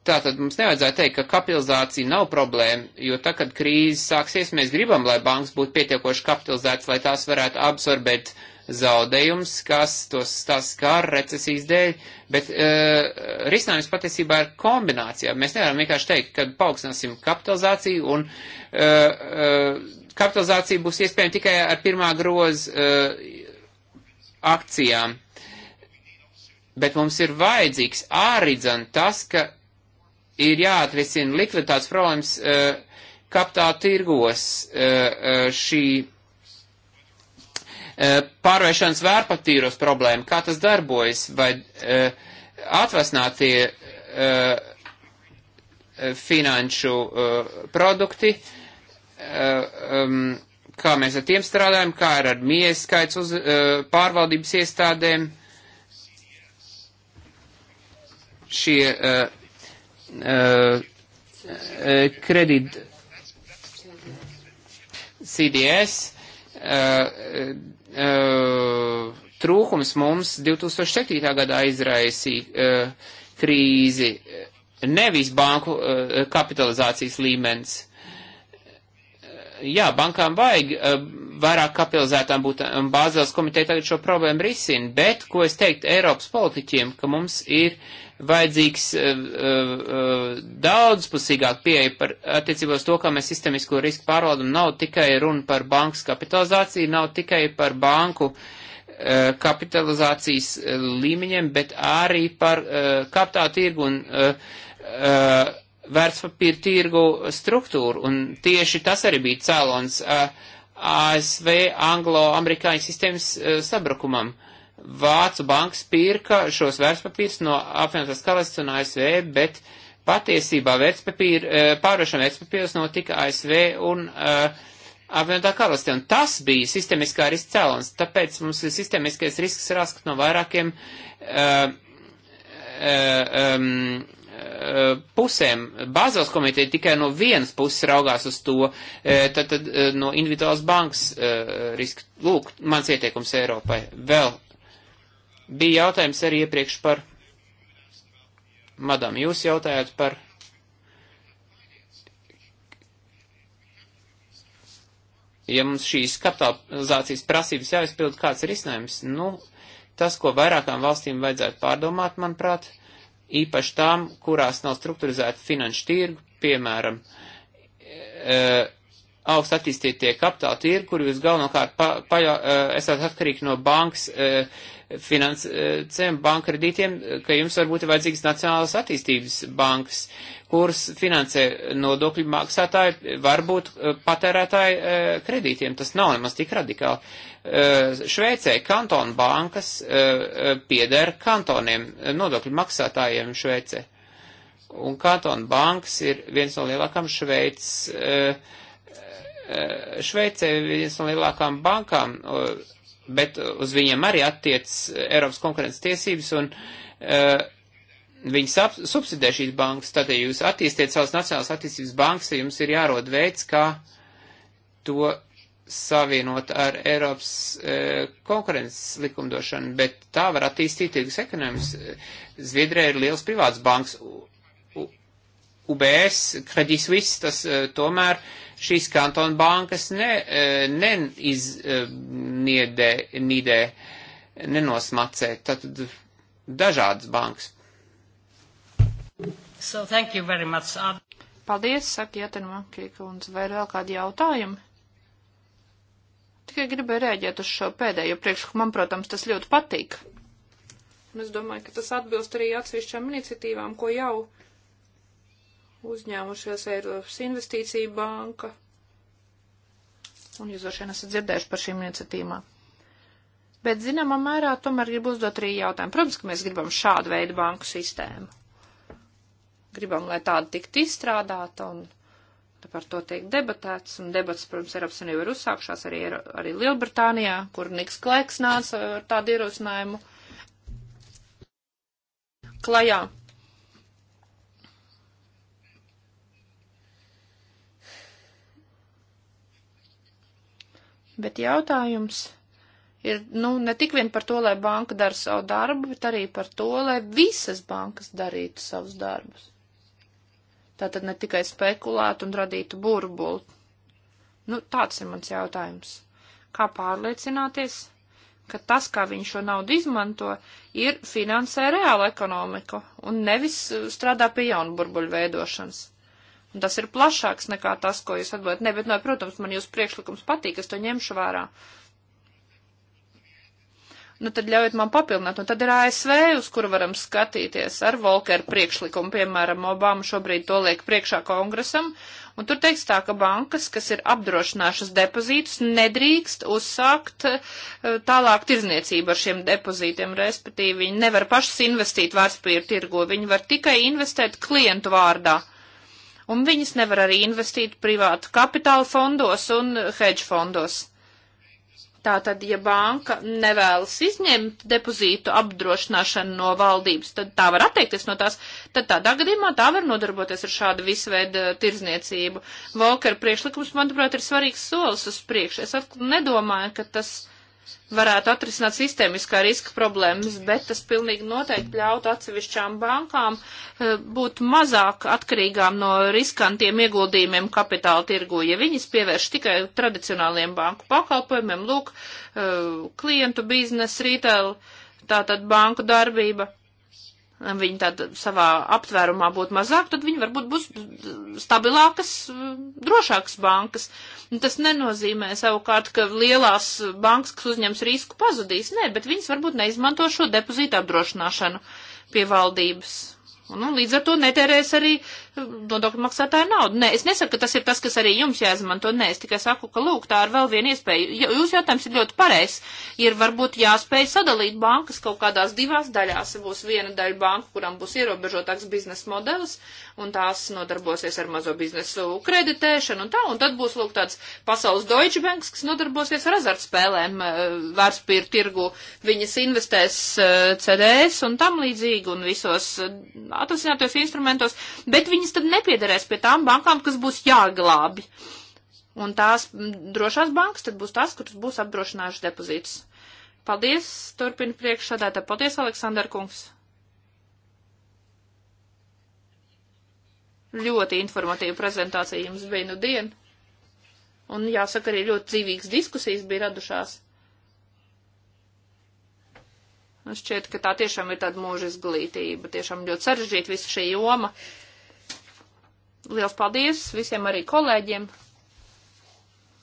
C: Tātad mums nevajadzētu teikt, ka kapitalizācija nav problēma, jo tā, kad krīze sāksies, mēs gribam, lai bankas būtu pietiekoši kapitalizētas, lai tās varētu absorbēt uh, zaudējums, kas tos tās kā recesijas dēļ, bet uh, risinājums patiesībā ir kombinācija. Mēs nevaram vienkārši teikt, ka paaugstināsim kapitalizāciju un uh, uh, kapitalizācija būs iespējama tikai ar pirmā groza uh, akcijām. Bet mums ir vajadzīgs āridzan tas, ka ir jāatrisina likviditātes problēmas uh, kapitāla tirgos uh, uh, šī Eh, pārvēršanas vērpatīros problēma, kā tas darbojas, vai eh, atvasnātie eh, finanšu produkti, um, kā mēs ar tiem strādājam, kā ir ar mieskaits uz pārvaldības iestādēm. Šie kredīt CDS uh, uh, trūkums mums 2007. gadā izraisīja uh, krīzi, nevis banku uh, kapitalizācijas līmenis. Jā, bankām vajag uh, vairāk kapitalizētām būt, un Bāzels komiteja tagad šo problēmu risina, bet, ko es teiktu Eiropas politiķiem, ka mums ir uh, vajadzīgs uh, eh, uh, eh, eh, daudzpusīgāk pieeja par attiecībos to, kā mēs sistemisko risku pārvaldam. Nav tikai runa par bankas kapitalizāciju, nav tikai par banku uh, kapitalizācijas līmeņiem, bet arī par kapitāla tirgu un vērtspapīra tirgu struktūru. Un tieši tas arī bija cēlons ASV anglo-amerikāņu sistēmas sabrukumam. Uh, Vācu bankas pirka šos vērtspapīrus no apvienotās karalists un ASV, bet patiesībā vērtspapīru, eh, pārvēršana vērtspapīrus notika ASV un uh, apvienotā karalistē. Un tas bija sistemiskā riska cēlons. Tāpēc mums sistemiskais risks ir atskatīt no vairākiem uh, uh, um, pusēm. Bāzels komiteja tikai no vienas puses raugās uz to, eh, tad, tad no individuālas bankas riska. Lūk, mans ieteikums Eiropai. Vēl Bija jautājums arī iepriekš par, madam, jūs jautājāt par ja mums šīs kapitalizācijas prasības jāizpild, kāds ir iznājums? Nu, tas, ko vairākām valstīm vajadzētu pārdomāt, manuprāt, īpaši tām, kurās nav struktūrizēta finanšu tirgu, piemēram, e, augst attīstītie kapitāla tirgi, kur jūs galvenokārt pa, pa, e, esat atkarīgi no bankas e, finansēm bankkredītiem, ka jums varbūt ir vajadzīgs Nacionālas attīstības bankas, kuras finansē nodokļu maksātāji, varbūt eh, patērētāji eh, kredītiem. Tas nav nemaz tik radikāli. Eh, Šveicē kantona bankas pieder kantoniem, nodokļu maksātājiem Šveicē. Un kantona bankas ir viens no lielākām Šveicis Šveicē viens no lielākām bankām, bet uz viņiem arī attiec eh, Eiropas konkurences tiesības un uh, viņi subsidē šīs bankas. Tad, ja jūs attīstiet savas nacionālas attīstības bankas, jums ir jārod veids, kā to savienot ar Eiropas uh, konkurences likumdošanu, bet tā var attīstīt tirgus ekonomikas. Zviedrija ir liels privāts banks. U, U, UBS, Credit Suisse, tas uh, tomēr uh, šīs kantona bankas ne, e, neniedē, nidē, nenosmacē. Tātad dažādas bankas.
B: So, thank you very much. Paldies, saka Jātenma Kīkundze. Vai ir vēl kādi jautājumi? Tikai gribēju rēģēt uz šo pēdējo priekšlikumu. Man, protams, tas ļoti patīk. Un es domāju, ka tas atbilst arī atsevišķām iniciatīvām, ko jau uh, uzņēmušies Eiropas investīcija banka. Un jūs droši vien esat dzirdējuši par šīm iniciatīvām. Bet, zināmā mērā, tomēr grib uzdot arī jautājumu. Protams, ka mēs gribam šādu veidu banku sistēmu. Gribam, lai tāda tiktu izstrādāta un par to tiek debatēts. Un debats, protams, Eiropas Savienība ir uzsākšās arī, arī Lielbritānijā, kur Niks Klēks nāca ar tādu ierosinājumu klajā. Bet jautājums ir, nu, ne tik vien par to, lai banka dara savu darbu, bet arī par to, lai visas bankas darītu savus darbus. Tātad ne tikai spekulētu un radītu burbuli. Nu, tāds ir mans jautājums. Kā pārliecināties, ka tas, kā viņi šo naudu izmanto, ir finansē reālu ekonomiku un nevis strādā pie jaunu burbuļu veidošanas? Un tas ir plašāks nekā tas, ko jūs atbildat. Ne, bet, no, nu, protams, man jūs priekšlikums patīk, es to ņemšu vērā. Nu, tad ļaujiet man papilnāt. Un tad ir ASV, uz kuru varam skatīties ar Volkeru priekšlikumu. Piemēram, Obama šobrīd to liek priekšā kongresam. Un tur teiks tā, ka bankas, kas ir apdrošinājušas depozītus, nedrīkst uzsākt eh, tālāk tirzniecību ar šiem depozītiem. Respektīvi, viņi nevar pašas investīt vērtspapīra tirgo. Viņi var tikai investēt klientu vārdā. Uh, un viņas nevar arī investīt privātu kapitāla fondos un hedge fondos. Tātad, ja banka nevēlas izņemt depozītu apdrošināšanu no valdības, tad tā var atteikties no tās, tad tādā gadījumā tā var nodarboties ar šādu visveidu uh, tirzniecību. Volker priekšlikums, manuprāt, ir svarīgs solis uz priekšu. Es nedomāju, ka tas. Uh, varētu atrisināt sistēmiskā riska problēmas, bet tas pilnīgi noteikti ļautu atsevišķām bankām eh, būt mazāk atkarīgām no riskantiem ieguldījumiem kapitāla tirgu, ja viņas pievērš tikai tradicionāliem banku pakalpojumiem, lūk, eh, klientu biznes, retail, tātad banku darbība viņi tādā savā aptvērumā būtu mazāk, tad viņi varbūt būs stabilākas, drošākas bankas. Tas nenozīmē savukārt, ka lielās bankas, kas uzņems risku, pazudīs. Nē, bet viņas varbūt neizmanto šo depozītu apdrošināšanu pie valdības. Un, nu, līdz ar to netērēs arī nodokļu maksātāju naudu. Nē, es nesaku, ka tas ir tas, kas arī jums jāizmanto. Nē, es tikai saku, ka lūk, tā ir vēl viena iespēja. Jūsu jautājums ir ļoti pareizs. Ir varbūt jāspēj sadalīt bankas kaut kādās divās daļās. Būs viena daļa banka, kuram būs ierobežotāks biznesa modelis, un tās nodarbosies ar mazo biznesu kreditēšanu un tā, un tad būs lūk tāds pasaules Deutsche Banks, kas nodarbosies ar azartspēlēm eh, vērtspīru tirgu. Viņas investēs eh, CDS un tam līdzīgi un visos eh, atrasinātos instrumentos, bet viņas viņas tad nepiedarēs pie tām bankām, kas būs jāglābi. Un tās drošās bankas tad būs tās, kuras būs apdrošinājušas depozītus. Paldies, turpina priekšsādātā. Paldies, Aleksandr kungs. Ļoti informatīva prezentācija jums bija nu dien. Un jāsaka, arī ļoti dzīvīgas diskusijas bija radušās. Un šķiet, ka tā tiešām ir tāda mūža izglītība, tiešām ļoti sarežģīta visa šī joma. Uh, Liels paldies visiem arī kolēģiem.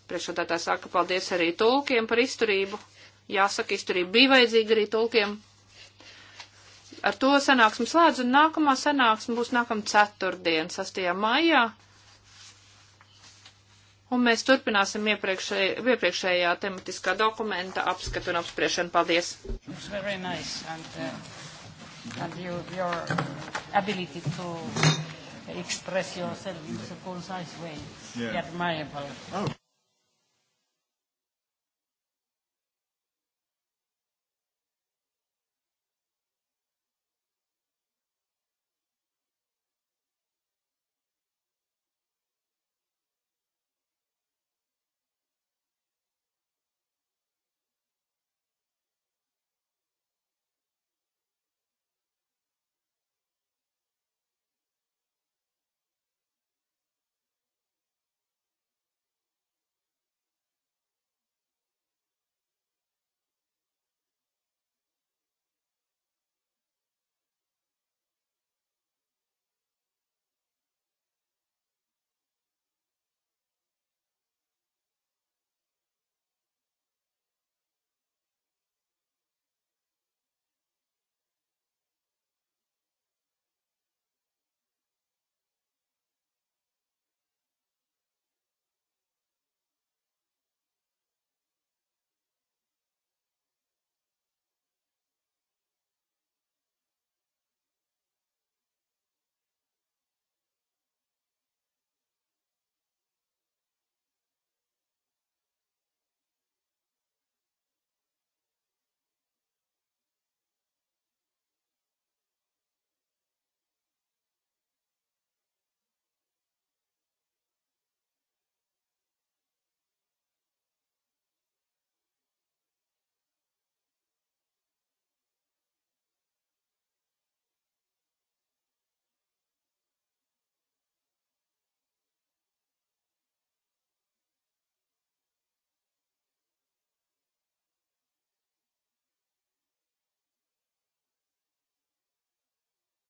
B: Priekšādātā saka paldies arī tulkiem par izturību. Jāsaka, izturība bija vajadzīga arī tulkiem. Ar to sanāksmu slēdz un nākamā sanāksme būs nākam ceturtdien, 6. maijā. Un mēs turpināsim iepriekšē, iepriekšējā tematiskā dokumenta apskatu un apspriešanu. Paldies!
A: And, uh,
B: and you, your ability to express yourself in a concise way. Yeah. Admirable.
C: Oh.